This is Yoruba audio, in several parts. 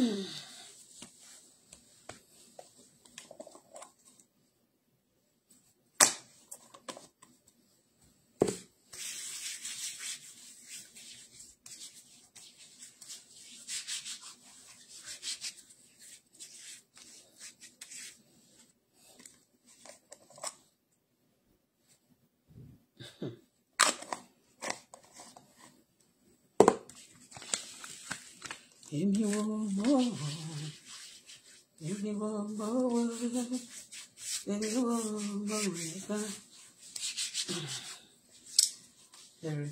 Mm-hmm. Give me one more. Give me one more. Give me one more. ẹ̀rí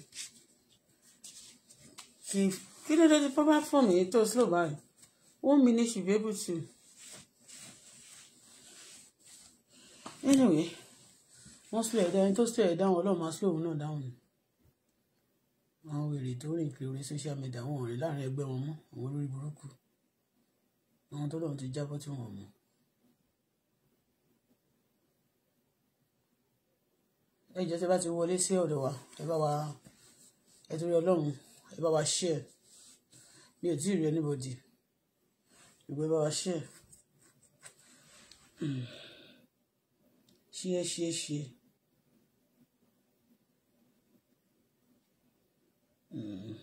kì kí ló the ní for me. It was slow báyìí one minute you be able to anyway wọ́n slow ẹ̀ down ẹni tó slow ẹ̀ down ọlọ́run máa slow òun náà down àwọn wèrè tó rìn kiri social media wọn ò rí láàrin ẹgbẹ́ wọn mọ́ àwọn olórí burúkú àwọn tó lọ́run ti jábọ́ tí wọ́n mọ̀ ẹ jẹ́ tí bá ti wọlé sí ọ̀dọ̀ wa ẹ bá wa ẹ torí ọlọ́run ẹ bá wa share mi ò tí ì rí anybody ìgbé bá wa share share share share. Mm.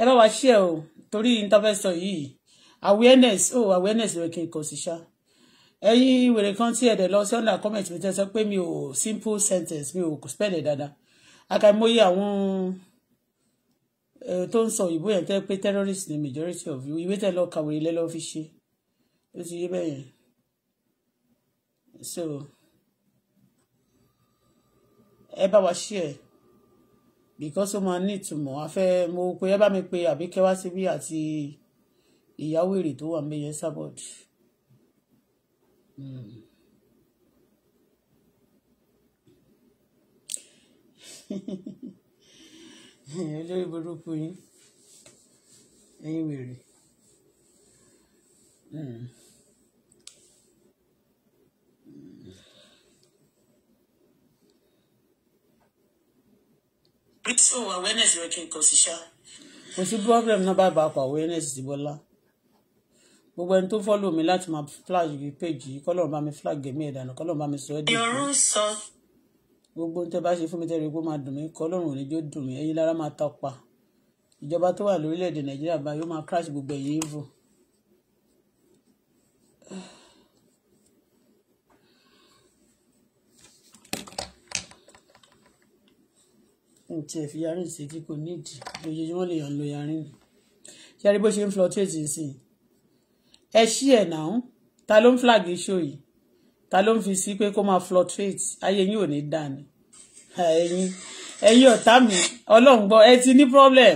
ẹ bá wa ṣe o torí intervestor yìí awareness o oh, awareness ló kí n kọ sí ṣá ẹ̀yin wèrè kan tí ẹdẹ lọ sí under comment mi tẹ sọ pé mi ò simple sentence mi ò spell ẹ dáadáa akàìmọye àwọn eh, tó ń sọ òyìnbó yẹn tẹ pé terrorist ni majority of you ìwé tẹ lọ kàwé ilé lọ fi ṣe ó ti yé bẹ́ẹ̀ yẹn so ẹ bá wa share because ó máa ní ìtumọ̀ afẹ́ mo pe ẹ bá mi pe àbíkẹ́ wá síbí àti ìyàwó èrè tó wà mẹ́yẹ sábọ̀d. Hmm. olórí burúkú yín ẹ̀yin wèrè. Mm. so awareness rẹ kí kò sí problem náà báyìí bá kọ awareness ti bọ́lá gbogbo ẹni tó follow mi láti máa flag yìí page yìí kọ́ bá mi flag gẹ̀mí ìdànù kọ́ bá mi sọ ẹ́ dìbò. ìyọrùn sọ. gbogbo tẹ bá ṣe fún mi tẹ́lẹ̀ gbogbo máa dùn mí kọ́ lọ́run jó dùn mí ẹ̀yin lára máa tọpa ìjọba tó wà lórílẹ̀‐èdè nàìjíríà báyìí ó máa crash gbogbo ẹ̀yìn evil. n tiẹ̀ fi yarin sí tí kò nídìí lójoojúmọ́ lè yàn lo yarin ni ṣe rí bó ṣe ń fluctuate sí i ẹ ṣí ẹ̀ náà ta ló ń flag iṣó yìí ta ló ń fi sí pé kó máa fluctuate ayé yín ò ní dà ní ẹ̀yin ẹ̀yin ọ̀tá mi ọlọ́run gbọ́ ẹ ti ní problem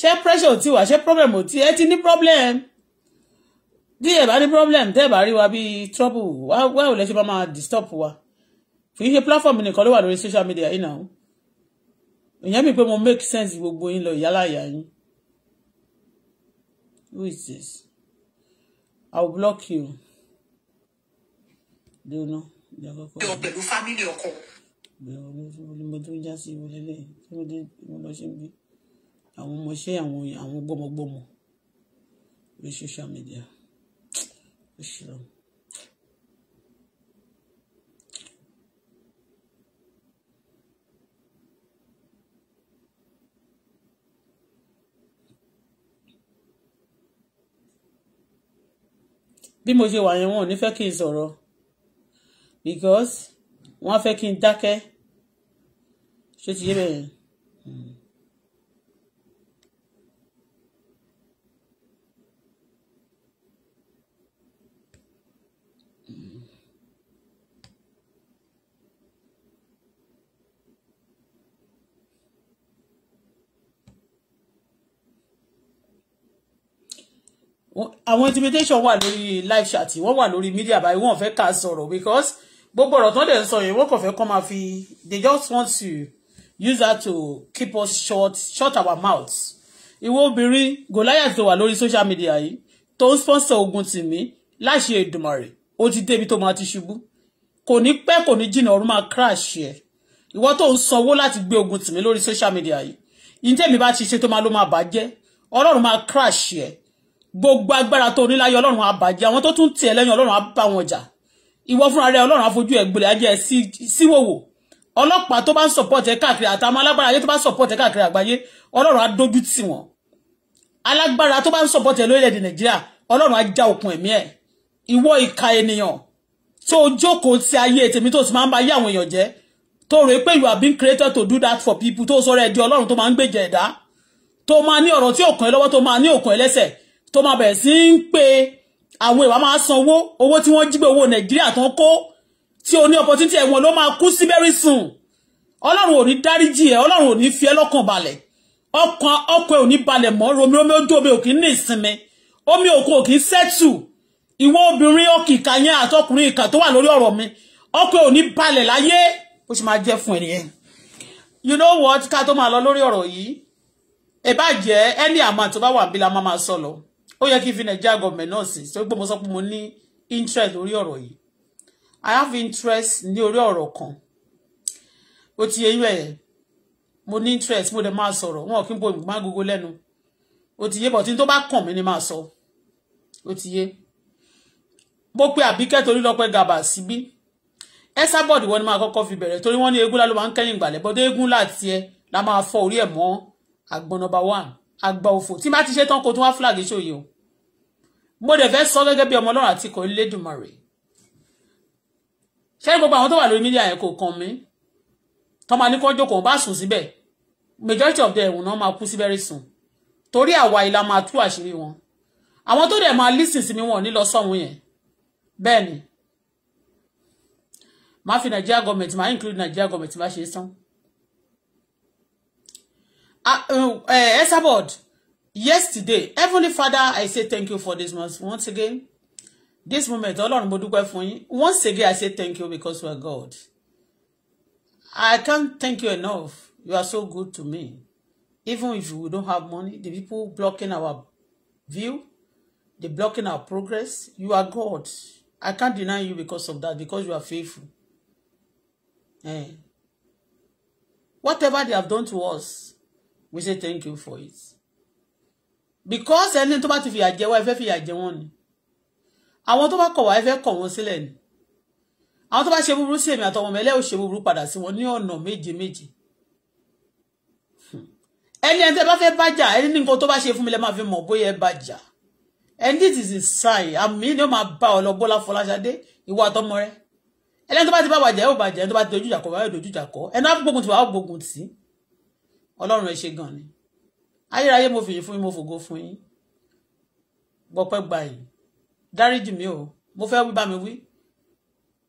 ṣé pressure ò ti wà ṣé problem ò ti ẹ ti ní problem bí ẹ bá ní problem tẹ́ ẹ bá rí wa bíi trouble wá wá ò lè ṣe máa disturb wa kì í ṣe platform nìkan ló wà lórí social media yìí náà ìyẹn mi pé mo make sense gbogbo yín lọ ìyálàyà yín who is this i will block you do you know ìyá kọkọ. ìyọ̀ pẹ̀lú fámìlì ọkọ. bẹ̀rù ní mo tún já sí ìwọlé lẹ́yìn tí mo dé mo lọ ṣe ń bí àwọn ọmọọṣẹ́ àwọn àwọn gbọ́mọgbọ́mọ lórí social media ó ṣe lọ́wọ́. bí mo ṣe wà yẹn wọn ò ní fẹ́ kí n sọ̀rọ̀ because wọ́n á fẹ́ kí n dákẹ́ ṣé ti yé bẹ́ẹ̀ yẹn. Hmm. àwọn intimidation wà lórí live chat wọ́n wà lórí media báyìí wọ́n fẹ́ ká sọ̀rọ̀ because gbogbo ọ̀rọ̀ tó dẹ̀ ń sọ yẹn wọ́n kàn fẹ́ kọ́ máa fi they just want to use that to keep us short shut our mouths ìwọ obìnrin Goliath tó wà lórí social media yìí tó ń sponsor ogun tìmí láṣẹ Èdùmàrè ó ti débi tó máa ti ṣubú kò ní pẹ́ kò ní jìnnà ọ̀run máa crash ẹ̀ ìwọ tó ń sanwó láti gbé ogun tìmí lórí social media yìí ìyẹn tẹ̀mí bá ti ṣe tó máa ló máa bàjẹ́ ọlọ́run máa crash ẹ̀ gbogbo agbára tó ní láyé ọlọ́run àbàjẹ́ àwọn tó tún tiẹ̀ lẹ́yìn ọlọ́run á wọn jà ìwọ fúnra rẹ ọlọ́run àfojú ẹ̀ ajẹ́ síwòwò ọlọ́pàá tó bá ń sọ̀pọ̀tẹ̀ káàkiri àtàwọn alágbára ayé tó bá ń sọ̀pọ̀tẹ̀ káàkiri àgbáyé ọlọ́run á dójú tì wọ́n alágbára tó bá ń sọ̀pọ̀tẹ̀ lórílẹ̀‐èdè nàìjíríà ọlọ́run á já okùn ẹ̀mí ẹ̀ ìwọ ìka ènìyàn tó jókòó ti ayé tèmi tó sì máa ń ba ayé àwọn èèyàn jẹ́ tó rò pé you have been created to do that for people tó sọ̀rọ̀ ẹ̀ di ọlọ́run tó máa ń gbèjà ẹ̀dá tó máa ní ọ̀rọ̀ tí òkàn ẹ lọ́wọ́ tó máa ní òkàn ẹ lẹ́sẹ̀ tó máa bẹ̀rẹ̀ sí ń pe àwọn ìwà máa sanwó owó tí wọ́n jí gbé owó nàìjíríà tán kó tí o ní opportunity ẹ̀wọ̀n ló máa kú sí very soon ọlọ́run ò ní dáríjì ẹ̀ ọlọ́run fi ẹ́ lọ́kàn balẹ̀ ọkàn ọkọ ẹ̀ ò ní balẹ̀ mọ́ romi omi ojú omi ò kì omi òkú ò kì í sẹ́tù ìwọ obìnrin ọkìkà yẹn àtọkùnrin ìkà tó wà lórí ọ̀rọ̀ mi ọkọ ẹ̀ ò ní balẹ̀ láyé ó sì máa jẹ́ fún you know what ká tó máa lọ lórí ọ̀rọ̀ yìí ẹ̀ ba jẹ́ any amount tó bá wà bí la máa máa sọ lọ ó yẹ kí n fi nàìjíríà gọọmẹ̀ntì náà sí sọ pé mo sọ pé mo ní interest lórí ọ̀rọ̀ yìí i have interest ní orí ọ̀rọ̀ kan ó ti yẹ yẹ mo ní interest mo dẹ̀ máa sọ̀rọ̀ wọn kí n bo ìgbìmọ̀ agogo lẹ́nu ó ti yé bọ̀tí tó bá kàn mí ni máa sọ ó ti yé mo pe àbíkẹ́ torí lọ́pẹ́ gàbà síbí Esabod wọn ni máa kọ́kọ́ fi bẹ̀rẹ̀ torí wọ́n ní egúnlá ló máa ń kẹ́yìn ìgbàlẹ̀ bọ́dọ̀ egúnlá tiẹ̀ la máa fọ orí ẹ̀ mọ́ àgbọn number one àgbà òfò tí má ti ṣe tán kó tún wá flag show yìí o mo dẹ̀ fẹ́ sọ gẹ́gẹ́ bí ọmọ ọlọ́run àti kò lédùmarè ṣé gbogbo àwọn tó wà lórí mídíà yẹn kò kàn mí tọ́mọ ní kó jókòó bá sùn síbẹ̀ majority of them náà máa kú sí very soon torí àwa ìlà máa tú àṣírí wọn àwọn tó dẹ̀ máa lísìn sí mi wọn ní lọ sọ́hun yẹn bẹ́ẹ̀ ni máa fi Nigeria government máa include Nigeria government bá ṣe sán Ah, uh, uh, eh, Esabod, yesterday, Heavenly Father, I say thank you for this month once again. This moment, Ọlọ́run mo dúpẹ́ fún yín. Once again, I say thank you because you are God. I can't thank you enough. You are so good to me. Even if we don't have money, the people blocking our view, they blocking our progress, you are God. I can't deny you because of that, because you are faithful. Eh. Whatever they have done to us, we say thank you for it because ẹni tó bá ti fìyà jẹ wá ẹ fẹ́ fìyà jẹ wọ́n ni àwọn tó bá kọ̀ wá ẹ fẹ́ kọ̀ wọ́n sílẹ̀ ni àwọn tó bá ṣe búburú sí èmi àtọmọ mi ẹlẹ́wọ̀n ṣe búburú padà sí wọn ní ọ̀nà méje méje ẹni ẹni tẹ bá fẹ́ bájà ẹni ní nǹkan tó bá ṣe fún mi lẹ́ máa fi mọ̀ bóyá ẹ bájà and this is a sign àmì ni ó máa bá ọ lọ Bọ́lá Fọláṣadé ìwọ àtọmọ rẹ ẹlẹ́ni tó bá ti bá wàjà ẹ ò bàjà ẹni tó bá ti dojú ìjà kọ ẹ ò dojú ìjà kọ ẹni á gbógun tì wà á gbógun tì í ọlọ́run ẹ ṣe gan ni ayérayé mo fìyìn fún yín mo fògo fún yín gbọpẹ́ gbà yìí dáríjì mi o mo fẹ́ wí bá mi wí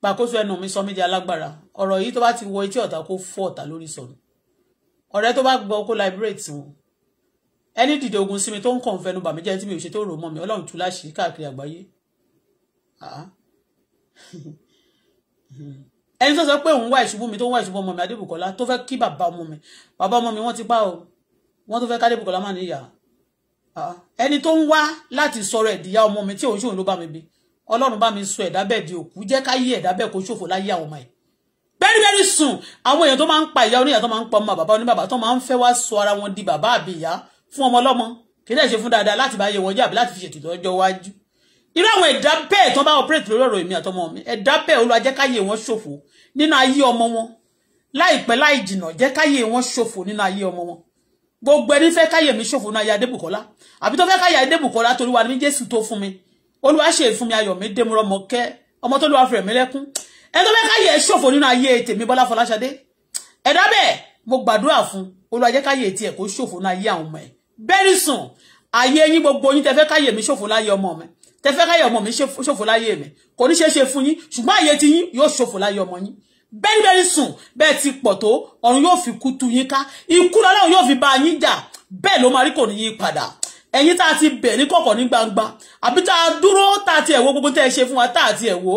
pàkóso ẹnu mi sọ mí di alágbára ọ̀rọ̀ yìí tó bá ti wọ etí ọ̀tá kó fọ́ ọ̀tá lórí sọnù ọ̀rẹ́ tó bá gbọ́ kó liberate wọn ẹni dìde ogun sí mi tó ń kàn fẹnu bà mí jẹ́ tí mi ò ṣe tó rò mọ́ mi ọlọ́run tú láṣìí káàkiri àgbáyé ẹni tó sọ pé òun wá ìṣubú mi tó ń wá ìṣubú ọmọ mi adébùkọ́lá tó fẹ́ kí bàbá ọmọ mi bàbá ọmọ mi wọ́n ti pa o wọ́n tó fẹ́ kádébùkọ́lá má níyà ẹni tó ń wá láti sọ̀rọ̀ ẹ̀dìyà ọmọ mi tí òun ṣòun ló bá mi bí ọlọ́run bá mi sọ ẹ̀dá bẹ́ẹ̀ di òkú jẹ́ ká yí ẹ̀dá bẹ́ẹ̀ kó ṣòfò láyé àwọn ọmọ ẹ̀ very very soon àwọn èèyàn tó máa ń pa ìyá oníyà tó máa ń pa ọmọ bàbá oníbàbá tó máa ń fẹ́ wá sọ ara wọn di bàbá àbí ìyá fún ọmọ ọlọ́mọ kì í dẹ̀ ṣe fún dáadáa láti bá yẹ wọn jẹ́ àbí láti fi ṣètò ọjọ́ iwájú irú àwọn ẹ̀dá bẹ́ẹ̀ tó bá operate lórí ọ̀rọ̀ èmi àtọmọ mi ẹ̀dá bẹ́ẹ̀ Olúwa jẹ́ káyé wọn ṣòfò nínú ayé ọmọ wọn láìpẹ́ láì jìnà jẹ́ káyé wọn ṣòfò nínú ayé ọmọ wọn gbogbo ẹni fẹ́ káyé mi ṣòfò nínú ayé Adébùkọ́lá àbí tó fẹ́ káyé Adébùkọ́lá torí wa ní Jésù tó fún mi Olúwa ṣe fún mi ayọ̀ mi démúrọ́ mọ́ kẹ́ ọmọ tó lọ́wọ́ fẹ̀rẹ̀ mi lẹ́kún ẹni tó fẹ́ káyé ṣòfò nínú ayé tèmi Bọ́lá Fọláṣadé ẹ̀dá bẹ́ẹ̀ mo gbàdúrà fún Olúwa jẹ́ káyé tiẹ̀ kó ṣòfò nínú ayé àwọn ọmọ ẹ̀ very soon ayé yín gbogbo yín tẹ́ fẹ́ káyé mi ṣòfò láyé ọmọ mi tẹ fẹ́ káyọ̀ ọmọ mi ṣòfò láyé mi kò ní ṣeé ṣe fún yín ṣùgbọ́n àyè ti yín yóò ṣòfò láyé ọmọ yín bẹ́ẹ̀ Very sùn bẹ́ẹ̀ ti pọ̀ tó ọ̀run yóò fi kú tu yín ká ikú lọ́lọ́run yóò fi bá yín jà bẹ́ẹ̀ ló máa rí kò ní yí padà ẹ̀yin tá a ti bẹ̀ ní kọ̀kọ̀ ní gbangba àbí tá a dúró tá a ti ẹ̀wò gbogbo tẹ́ ẹ ṣe fún wa tá a ti ẹ̀wò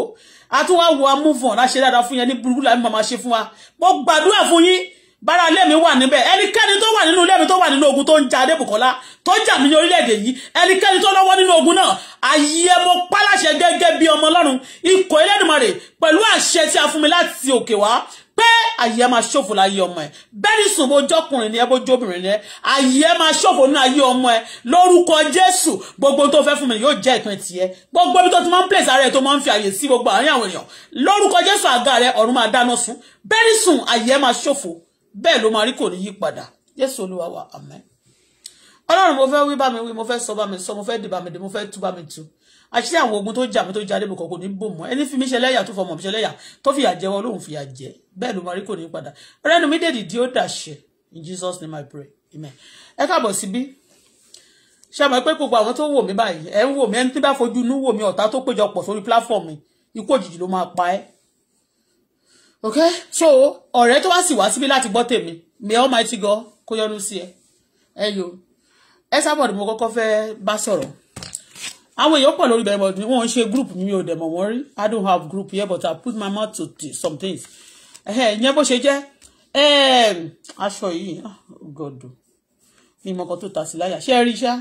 a tún wá wo amúfọ̀n láṣẹ dáadáa fún yẹn ní burúkú làmì máa ṣe fún wa mo gbàdúrà fún yín bára ilé mi wà níbẹ̀ ẹnikẹ́ni tó wà nínú ilé mi tó wà nínú ogun tó ń ja Adébùkọ́lá tó jà mí ní orílẹ̀-èdè yìí ẹnikẹ́ni tó lọ́wọ́ nínú ogun náà ayé mo pálàṣẹ gẹ́gẹ́ bí ọmọ Ọlọ́run ikọ̀ Elédùmarè pẹ̀lú àṣẹ tí a fún mi láti òkè wá pé ayé máa ṣòfò láyé ọmọ ẹ bẹ́ẹ̀ni sùn bó jọkùnrin ni ẹ bó jóbìnrin ni ẹ ayé máa ṣòfò ní ayé ọmọ ẹ lórúkọ Jésù gbogbo tó fẹ́ fún mi yóò jẹ́ ìpín tiẹ̀ gbogbo ibi tó ti máa ń pèsè ara tó máa ń fi àyè sí gbogbo àárín àwọn èèyàn lórúkọ Jésù àga rẹ ọ̀run máa dáná sun bẹ́ẹ̀ni sùn ayé máa ṣòfò bẹ́ẹ̀ ló máa rí kò ní yí padà Jésù Olúwa wa àmín Ọlọ́run mo fẹ́ wí bá mi wí mo fẹ́ sọ bá mi sọ mo fẹ́ dì bá mi dì mo fẹ́ tú bá mi tú àṣírí àwọn ogun tó jà mí tó jáde bòkọ̀ kò ní bò mọ́ ẹni fi mí ṣẹlẹ́yà tó fọmọ mi ṣẹlẹ́yà tó fìyà jẹ wọn lòun fìyà bẹ́ẹ̀ ló máa rí kò ní padà ọ̀rẹ́nu mi dèdì di ó dàṣẹ in Jesus name I pray amen ẹ káàbọ̀ síbí ṣàmọ pé gbogbo àwọn tó wò mí báyìí ẹ ń wò mí ẹni tí bá fojú inú wò mí ọ̀tá tó péjọpọ̀ sórí pláfọ̀mù ikú òjijì ló máa pa ẹ́ okay so ọ̀rẹ́ tó wá sì wá síbí láti gbọ́ tèmi may almighty god kó yọ́nú sí ẹ ẹ yo ẹ sábọ̀ ni mo kọ́kọ́ fẹ́ bá sọ̀rọ̀ àwọn èèyàn pọ̀ lórí bẹ̀rẹ̀ bọ̀dún wọn ń ṣe group mi ò dẹ̀ mọ̀ wọ́n rí i don't have group here but i put my mouth to some things ìyẹn bó ṣe jẹ́ aṣọ yìí gọ̀dọ̀ ní mọ̀kàn tó ta sí láyà ṣé ẹ rí iṣá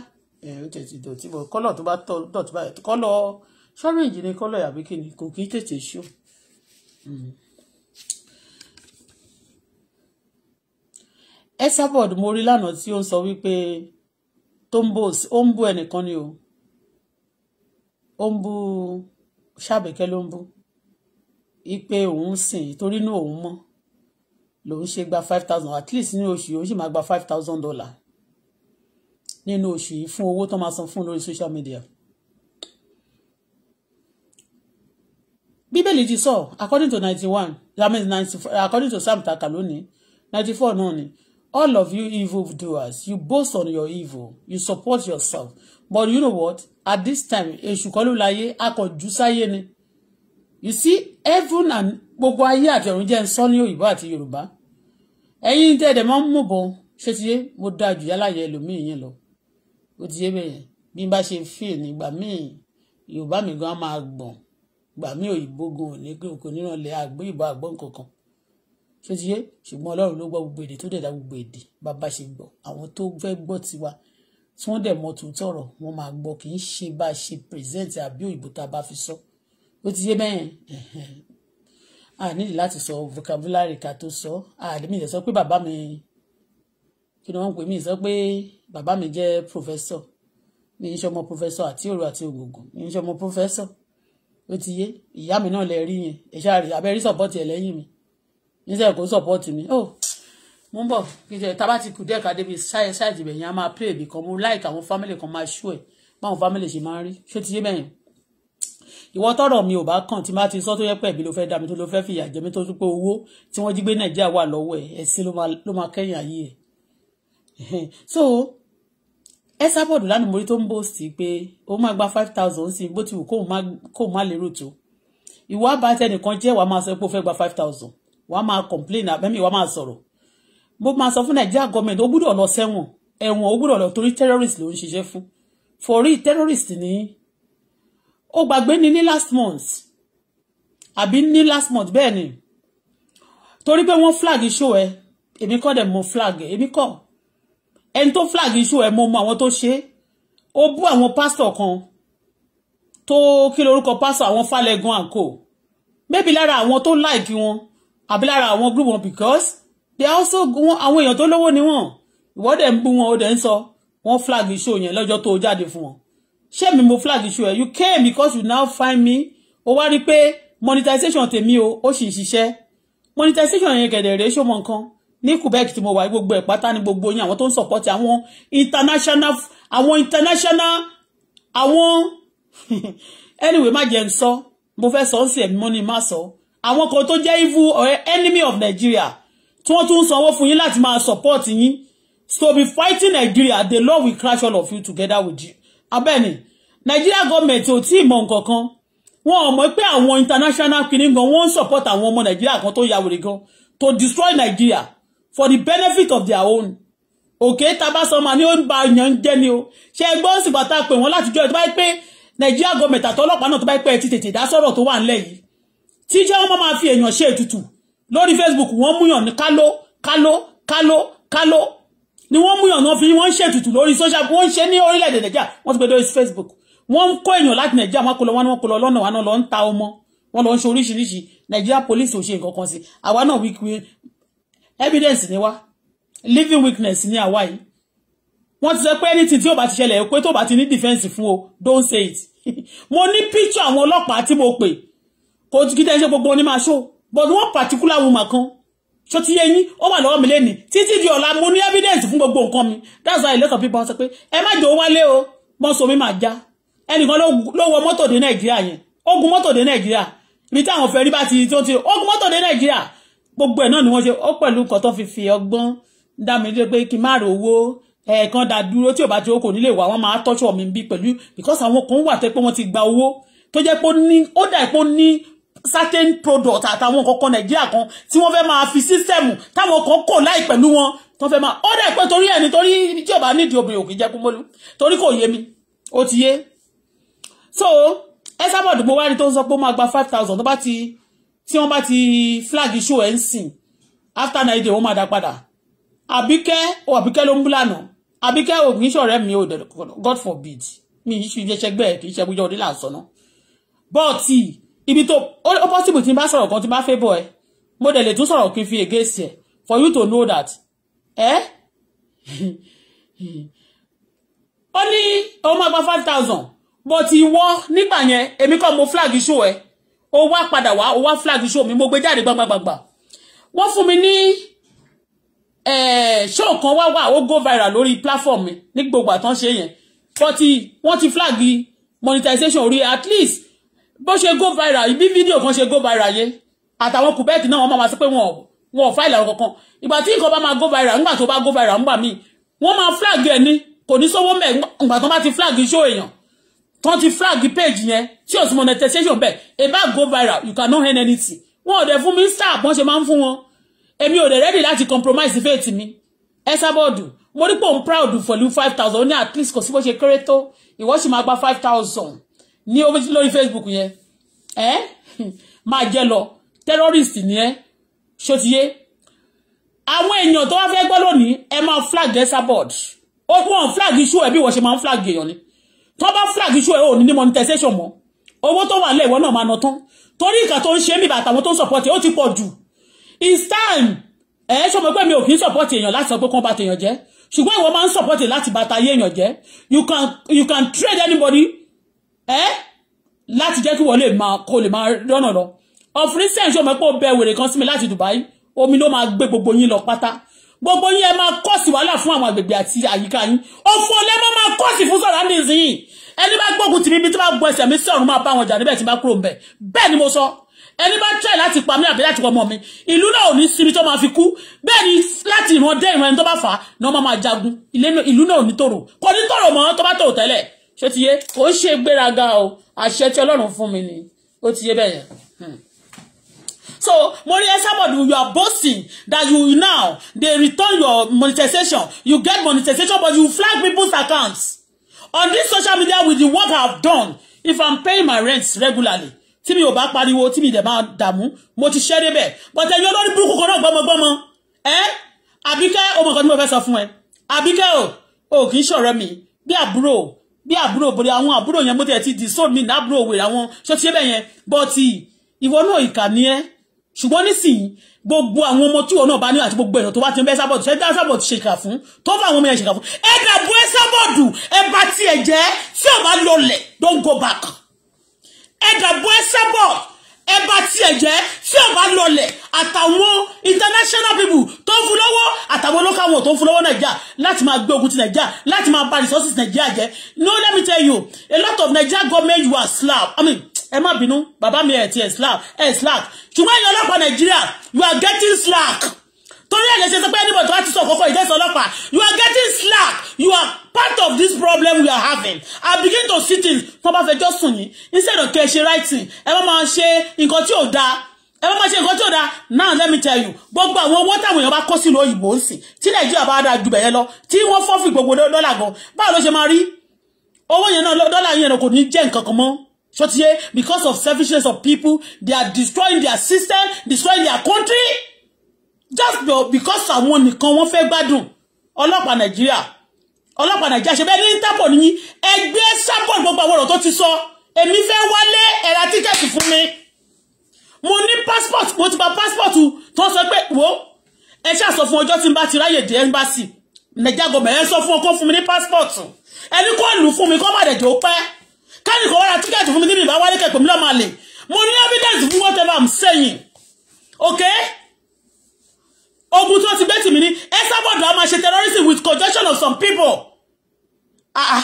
ó tètè dọ̀tí bọ̀ kọ́lọ̀ tó bá dọ̀tí báyìí kọ́lọ̀ ṣọ́rẹ́ǹjì ni kọ́lọ̀ àbí kí ni kò kí tètè ṣó. Esabod mo rí lánàá tí ó ń sọ wípé tó ń bò ó ń bú ẹnìkan ni o ó ń bú ṣàbẹ̀kẹ́ ló ń bú ipe òun sìn torí inú òun mọ́ lòun ṣe gba five thousand at least nínú oṣù yìí ó sì máa gba five thousand dollar nínú oṣù yìí fún owó tó máa san fún lórí social media. bíbélì ti sọ according to ninety one that means ninety four according to sam takaloni ninety four náà ni All of you evil doers, you boast on your evil, you support yourself. But you know what? At this time, èṣù kọ́ ló láyé, a kò ni. You see, heaven and gbogbo ayé àti ọ̀run jẹ́ ń sọ ní òyìnbó àti Yorùbá. Ẹ̀yin tẹ́ ẹ̀dẹ̀ máa ń mú bọ̀, ṣé ti yé? Mo dáa jù yálà ẹlòmíì yẹn lọ. Ó ti yé bẹ́yẹn. Bí n bá ṣe fi èèní ìgbà míì, Yorùbá mi gan máa gbọ̀n. Ìgbà míì òyìnbó gan ò ní kí n kò níran lẹ́ àgbó ìbò àgbọ̀n kankan ṣé ti yé ṣùgbọ́n ọlọ́run ló gbọ́ gbogbo èdè tó dẹ̀ dá gbogbo èdè bàbá ṣe gbọ́ àwọn tó fẹ́ gbọ́ tiwa tí wọ́n dẹ̀ mọ tòótọ́ ọ̀rọ̀ wọ́n máa gbọ́ kì í ṣe bá a ṣe present àbí òyìnbó tá a bá fi sọ ó ti yé bẹ́ẹ̀ a nílì láti sọ vocabulary ká tó sọ a mi lè sọ pé bàbá mi kí ni wọ́n ń pè mí sọ pé bàbá mi jẹ́ professor mi ń ṣọmọ professor àti òru àti ògògùn mi ń ṣọmọ professor ó ti yé ìyá mi náà lè rí yẹn ẹ̀ṣá rẹ̀ abẹ́rí sọ̀pọ̀tì ẹ̀ lẹ́yìn mi níṣẹ́ kò support mi oh mo ń bọ̀ kíjẹ tábà ti kù díẹ̀ ká débi ṣáyẹ ṣáàjì bẹ̀yẹn a máa play bìkan mo like àwọn family kan máa ṣú ẹ̀ báwọn family ṣe máa ń rí ṣé ti yé bẹ́yẹn ìwọ tọrọ mi ò bá kàn tí má ti sọ tó yẹ pẹ̀bí ló fẹ́ dá mi tó ló fẹ́ fìyà jẹ mi tó tún pé owó tí wọ́n jí gbé nàìjíríà wà lọ́wọ́ ẹ̀ ẹ̀sìn ló máa kẹ́yìn ayé ẹ̀ so Esabod lánàá mórí tó ń bòsì pé ó máa gba five thousand sí bó ti wù kóun má lérò tó ìwọ àbá tẹnìkan jẹ́ wàá máa sọ pé ó fẹ́ gba five thousand wàá máa complain àbẹ́mi wàá máa sọ̀rọ̀ mo máa sọ fún nàìjíríà gọọmenti ó gbúdọ̀ lọ sẹ́wọ̀n ẹ̀wọ̀n ó gbúdọ̀ lọ torí terrorist ló ń ṣiṣẹ́ fún forí terrorist ní ó gbàgbé ni ní last month àbí ní last month bẹ́ẹ̀ ni torí pé wọ́n flag show ẹ èmi kọ́ dẹ̀ mo flag èmi kọ́ ẹni tó flag show ẹ mo mọ àwọn tó ṣe ó bú àwọn pásítọ̀ kan tó kí lórúkọ pásítọ̀ àwọn falẹ̀gùn àǹkò mẹ́bi lára àwọn tó láìkí wọn àbí lára àwọn group wọn because they also wọn àwọn èèyàn tó lówó ni wọn ìwọ dẹ̀ ń bú wọn ó dẹ̀ ń sọ wọn flag show yẹn lọ́jọ́ tó jáde fún wọn ṣé mi mo flag show ẹ you came because you now find me ó wá rí pé monetization tèmi o ó sì ń ṣiṣẹ́ monetization yẹn kẹ̀dẹ̀ rèé ṣó mọ nǹkan ní Quebec tí mo wà gbogbo ẹ̀ pátá ní gbogbo yín àwọn tó ń support àwọn international àwọn international àwọn anyway má jẹ́ ń sọ mo fẹ́ sọ ń sì ẹ̀mí mọ́ ni má sọ. So àwọn kan tó jẹ́ evil or eh, enemy of Nigeria tí wọ́n tún ń sanwó fún yín láti máa support yín so be fighting Nigeria the Lord will crush all of you together with you abẹ́ni Nigeria government ò tí ì mọ nǹkan kan wọn ò mọ̀ pé àwọn international kìíní gan wọ́n ń support àwọn ọmọ Nigeria kan tó ya gan to destroy Nigeria for the benefit of their own òkè tabasọ́mà ni ó ń ba èèyàn jẹ́ ni o ṣe é gbọ́n sì bàtà pé wọ́n láti jọ ẹ̀ tó bá yẹ pé Nigeria government àtọ́lọ́pàá náà tó bá yẹ pé ẹ ti tètè dá sọ̀rọ̀ tó wà ńlẹ̀ yìí tí jẹ́ wọ́n máa fi èèyàn ṣe ètùtù lórí Facebook wọ́n múyàn ní káló káló káló káló ni wọ́n múyàn náà fi wọ́n ṣe ètùtù lórí social wọ́n ṣe ní orílẹ̀-èdè nàìjíríà wọ́n ti gbé lórí Facebook wọ́n ń kó èèyàn láti nàìjíríà wọ́n kó lọ wọ́n ní wọ́n kó lọ lọ́nà wọn lọ ń ta ọmọ wọ́n lọ ń ṣe oríṣiríṣi nàìjíríà police ò ṣe nǹkan kan sí àwa náà wí pé evidence ni wá living witness ni àwa yìí wọ́n ti sọ pé anything tí ò bá ti ṣẹlẹ̀ pé tó bá ti ní defence fún o don't say it mo ní picture àwọn ọlọ́pàá tí mo pè kò tí kí tẹ́ gbogbo ní máa ṣó but one particular woman kan ṣó ti yé yín ó wà lọ́wọ́ mi lẹ́ni títí di ọ̀la mo ní evidence fún gbogbo nǹkan mi that's why lẹ́kọ̀ọ́ people sọ pé ẹ má jò wálé o mọ́sọ̀ mi máa já ẹnìkan ló wọ mọ́tò dé nàìjíríà yẹn ó gun mọ́tò dé nàìjíríà ibi táwọn fẹ́ rí bá ti tó ti ó gun mọ́tò dé nàìjíríà gbogbo ẹ̀ náà ni wọ́n ṣe ó pẹ̀lú nǹkan tó fi fi ọgbọ́n dá mi lé pé kí n má rò owó ẹ̀ẹ̀kan dà dúró tí ò bá ti owó kò nílé wà wọ́n máa tọ́jú ọ̀mí bí pẹ̀lú because àwọn kan wà tó pé wọ́n ti gba owó tó jẹ́ pé ó dà pé ó ní certain product àtàwọn kọ̀ọ̀kan nàìjíríà kan tí wọ́n fẹ́ máa fi system táwọn kan kò láì pẹ̀lú wọn tó fẹ́ máa ó dẹ̀ pé torí ẹni torí tí ò bá nídìí obìnrin òkè jẹ́ kú mọ́lú torí kò yé mi ó ti yé so ẹ sábà dùgbò wárí tó ń sọ pé ó máa gba five thousand tó bá ti tí wọ́n bá ti flag show ẹ̀ ń sìn after nine day wọ́n máa dá padà àbíkẹ́ ó àbíkẹ́ ló ń bú lànà àbíkẹ́ ò kì í ṣọ̀rẹ́ mi ò dẹ̀ god forbid mi ì ṣe ẹgbẹ́ ẹ̀ kì í ṣe ẹgbẹ́ ọdún làásán náà bọ́ọ̀tì ibi tó ó possible tí n bá sọ̀rọ̀ kan tí n bá fẹ́ bọ̀ ẹ́ mo dẹ̀ lè tún sọ̀rọ̀ kí fi against for you to know that eh? Only ní ó gba five thousand but ìwọ nígbà yẹn èmi kọ́ mo flag show ẹ ó wá padà wá ó wá flag show mi mo gbé jáde gbàgbàgbà wọ́n fún mi Eh? show kan wa wa. ó go viral lórí platform mi ní gbogbo àtúnṣe yẹn but wọ́n ti flag monetization orí at least bó ṣe go viral ibi fídíò kan ṣe go viral yẹn àtàwọn kùbẹ́ẹ̀kì náà wọ́n máa sọ pé wọn wọn ò fáìlì àwọn kankan ìgbà tí nǹkan bá máa go viral ńgbà tó bá go viral ńgbà míì wọ́n máa flag ẹ̀ ni kò ní sọ́wọ́ mẹ́ ńgbà tó bá ti flag show èèyàn tó ti flag page yẹn tí ò sí monetization bẹ́ẹ̀ ẹ bá go viral you cannot hear anything wọn ò dẹ̀ fún mi star bọ́n ṣe máa ń fún wọn èmi ò dẹ̀ ready láti compromise faith mi ẹ sábọ́ọ̀dù mo rí pé òun proud pẹ̀lú five thousand ó ní at least kò sí bó ṣe kéré tó ìwọ sì máa gba five thousand ní omi tí lórí Facebook yẹn ẹ máa jẹ lọ terrorist ni ẹ ṣòtiyé àwọn èèyàn tó wá fẹ́ gbọ́ lónìí ẹ máa flag ẹ sábọ̀d ó kún wọn flag iṣu ẹ bí wọ́n ṣe máa ń flag èèyàn ni tó bá flag iṣu ẹ ò ní ní monetization mọ́ owó tó wà lẹ́wọ́ náà máa ná tán torí ìkà tó ń ṣe mí bàtàwọn tó ń support ó ti pọ̀ jù it's time ẹ ṣọmọ pé mi ò kì í support èèyàn láti sọ pé kán bá tèèyàn jẹ́ ṣùgbọ́n ìwọ máa ń support láti bàtà ayé èèyàn jẹ́ you can you can trade anybody ẹ́ eh? láti jẹ́ kí wọ́n lè máa kó lè máa rọ́nà lọ ọ̀fìn sẹ́yìn ṣọ́ mọ́ pé ó bẹ wèrè kan sí mi láti Dubai omi ló máa gbé gbogbo yín lọ pátá gbogbo yín ẹ máa kọ́ọ̀sì wàhálà fún àwọn àgbègbè àti àyíká yín òfò lẹ́mọ́ máa kọ́ọ̀sì fún sọ̀rọ̀ àmì ìsìn ẹni bá gbógun tì mí bí tí bá gbọ́ ẹsẹ̀ mi sọ̀rọ̀ máa bá wọn jà níbẹ̀ tí bá kúrò ńbẹ̀ bẹ́ẹ̀ ni mo sọ ẹni bá tẹ̀ láti pa mí àbí láti wọ́n mọ́ mi ìlú náà ò ní sinmi tó máa fi kú bẹ́ẹ̀ ni láti ìran dé ìran ẹni tó bá fà á ni wọ́n máa jagun ìlú náà ò ní tòrò kò ní tòrò mọ́ tó bá tòrò tẹ́lẹ̀ ṣé ti yé kò ń ṣe gbéraga o àṣẹ tí ọlọ́run fún mi ni ó ti yé bẹ́ẹ̀ yẹn. Hmm. so mo rí you are boasting that you now dey return your monetization you get monetization but you flag people's accounts on this social media with the work i have done if i'm paying my rent regularly tí mi ò bá pariwo tí mi dẹ̀ máa dààmú mo ti ṣe débẹ̀ bọ́tẹ̀ ẹ̀yin olórí burúkú kan náà gbọ́mọgbọ́mọ ẹ́ àbíkẹ́ ọmọ kan tí mo fẹ́ sọ fún ẹ àbíkẹ́ o ò kì í ṣọ̀rẹ́ mi bí àbúrò bí àbúrò bòde àwọn àbúrò yẹn bó tiẹ̀ ti disown mi láàbúrò òwe àwọn ṣọ́ọ́tì ṣẹ́ bẹ́ẹ̀ yẹn bọ́ọ̀tì ìwọ náà ìkà ni ẹ́ ṣùgbọ́n nísìnyí gbogbo àwọn ọmọ tí wọn náà bá ní àti gbogbo ẹ̀rọ tó bá ti ń bẹ́ sábọ̀dù ṣẹ́dá sábọ̀dù ṣe kà fún tó bá àwọn ọmọ yẹn ṣe kà fún ẹ dàbọ̀ ẹ sábọ̀dù ẹ bá tiẹ̀ jẹ́ tí ò bá lọlẹ̀ don't go back ẹ dàbọ̀ ẹ sábọ̀dù ẹ bá tiẹ̀ jẹ́ tí ò bá lọlẹ̀ àtàwọn international people tó ń fún lọ́wọ́ àtàwọn local world tó ń fún lọ́wọ́ nàìjíríà láti máa gbé ogun ti nàìjíríà láti máa bà resources nàìjíríà jẹ́ no let me tell you a lot of nigerian government you are slap i mean ẹ má bínú bàbá mi ẹ̀ ti ẹ̀ slack ẹ̀ slack ṣùgbọ́n ìyá ọlọ́pàá nàìjíríà you are getting slack torí ẹ̀ sọ pé anybody tó ti sọ kókó ìjẹ́sọ ọlọ́pàá you are getting slack you are part of this problem we are having i begin to see things tó bá fẹjọ́ sùn yín instead of kẹ́ ẹ ṣe writing ẹ bá máa ṣe nǹkan tí ò dáa ẹ bá máa ṣe nǹkan tí ò dáa now let me tell you gbogbo àwọn owó táwọn èèyàn bá kó sílùú òyìnbó ń sìn tí nàìjíríà bá dáa ju bẹ̀yẹn lọ tí wọ́n fọ́fì gbogbo dọ́là gan báwo ló ṣe máa rí owó yẹn náà dọ́là yẹn kò ní jẹ́ nǹkan kan mọ́ ṣó because of selfishness of people they are destroying their system destroying their country just because àwọn nìkan wọ́n fẹ́ gbádùn ọlọ́pàá nàìjíríà ọlọ́pàá nàìjíríà ṣe bẹ́ẹ̀ ní interpol nìyí ẹgbẹ́ sábọ̀n gbogbo àwọn ọ̀rọ̀ tó ti sọ èmi fẹ́ wálé ẹ̀rà tíkẹ́ẹ̀tì fún mi mo ní passport mo ti gba passport tó sọ pé wo ẹ ṣáà sọ fún ọjọ́ tí n bá ti ráyè dé embassy nàìjíríà gọbẹ̀ ẹ sọ fún ọkọ fún mi ní passport ẹni kò lù fún mi kó má dẹ̀jọ́ pẹ́ káàdì kan wára tíkẹ́ẹ̀tì fún mi níbi ìbáwálé kẹ̀pẹ̀ mi lọ́ọ́ máa lè mo ní evidence fún whatever I'm saying okay ogun tó ti gbé tì mí ní Esabod a máa ṣe terrorism with conjunction of some people Ah, ah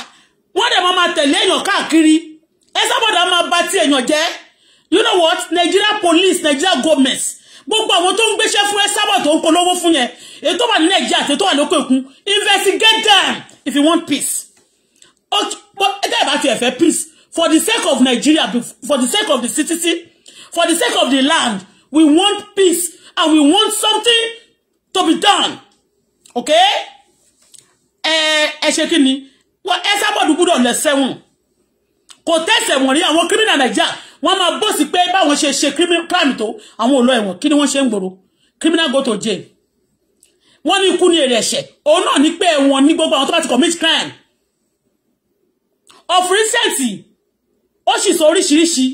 wọ́n dẹ̀ máa tẹ̀lé èèyàn káàkiri Esabod a máa bà ti èèyàn jẹ́ you know what Nigeria police Nigeria government gbogbo àwọn tó ń gbéṣẹ́ fún Esabod tó ń polówó fún yẹn èyí tó wà ní Nàìjíríà àti èyí tó wà lókè òkun investigate them if you want peace But ẹ̀dá ìbá ti ẹ̀fẹ́ peace for the sake of Nigeria for the sake of the citizen for the sake of the land we want peace and we want something to be done okay ẹ ẹ ṣe kí ni wọ́n ẹ sábọ̀dù gbúdọ̀ lẹ̀ sẹ́wọ̀n kò tẹ̀sẹ̀ wọ̀n rí àwọn kírímìnà nàìjíríà wọ́n máa bó sí pé báwọn ṣe ṣe crime tó àwọn òlò ẹ̀wọ̀n kí ni wọ́n ṣe ń gbòòrò criminal go to jail wọ́n ní ikú ní èrè ẹ̀ṣẹ̀ òun náà ní pé ẹ̀wọ̀n ní gbogbo àwọn tó bá ti commit crime of recent ó sì sọ oríṣiríṣi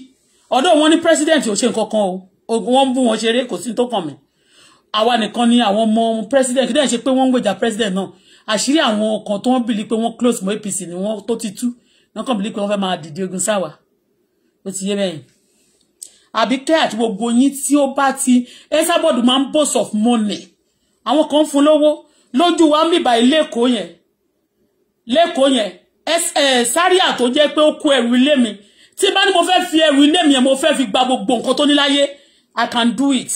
ọ̀dọ̀ wọn ní president ò ṣe nǹkan kan o ogun wọn bú wọn ṣeré kò sí tó kàn mí àwa nìkan ni àwọn ọmọ president kí dẹ́n ṣe pé wọ́n ń gbèjà president náà àṣírí àwọn kan tó ń bìlí pé wọ́n close mọ́ APC ni wọ́n tó ti tú wọ́n kàn bìlí pé wọ́n fẹ́ máa dìde ogun sáwà ó ti yé bẹ́yìn àbíkẹ́ àti gbogbo yín tí ó bá ti ẹ̀sàbọ̀dù máa ń boss of money àwọn kan ń fún lówó lójú wa ń bìbà ilé èkó yẹn lẹ́kọ̀ọ́ yẹn eh, sáríà tó jẹ́ pé ó kó ẹrù ilé mi tí bá ní mo fẹ́ fi ẹrù ilé mi yẹn mo fẹ́ fi gba gbogbo nǹkan tó ní láyé I can do it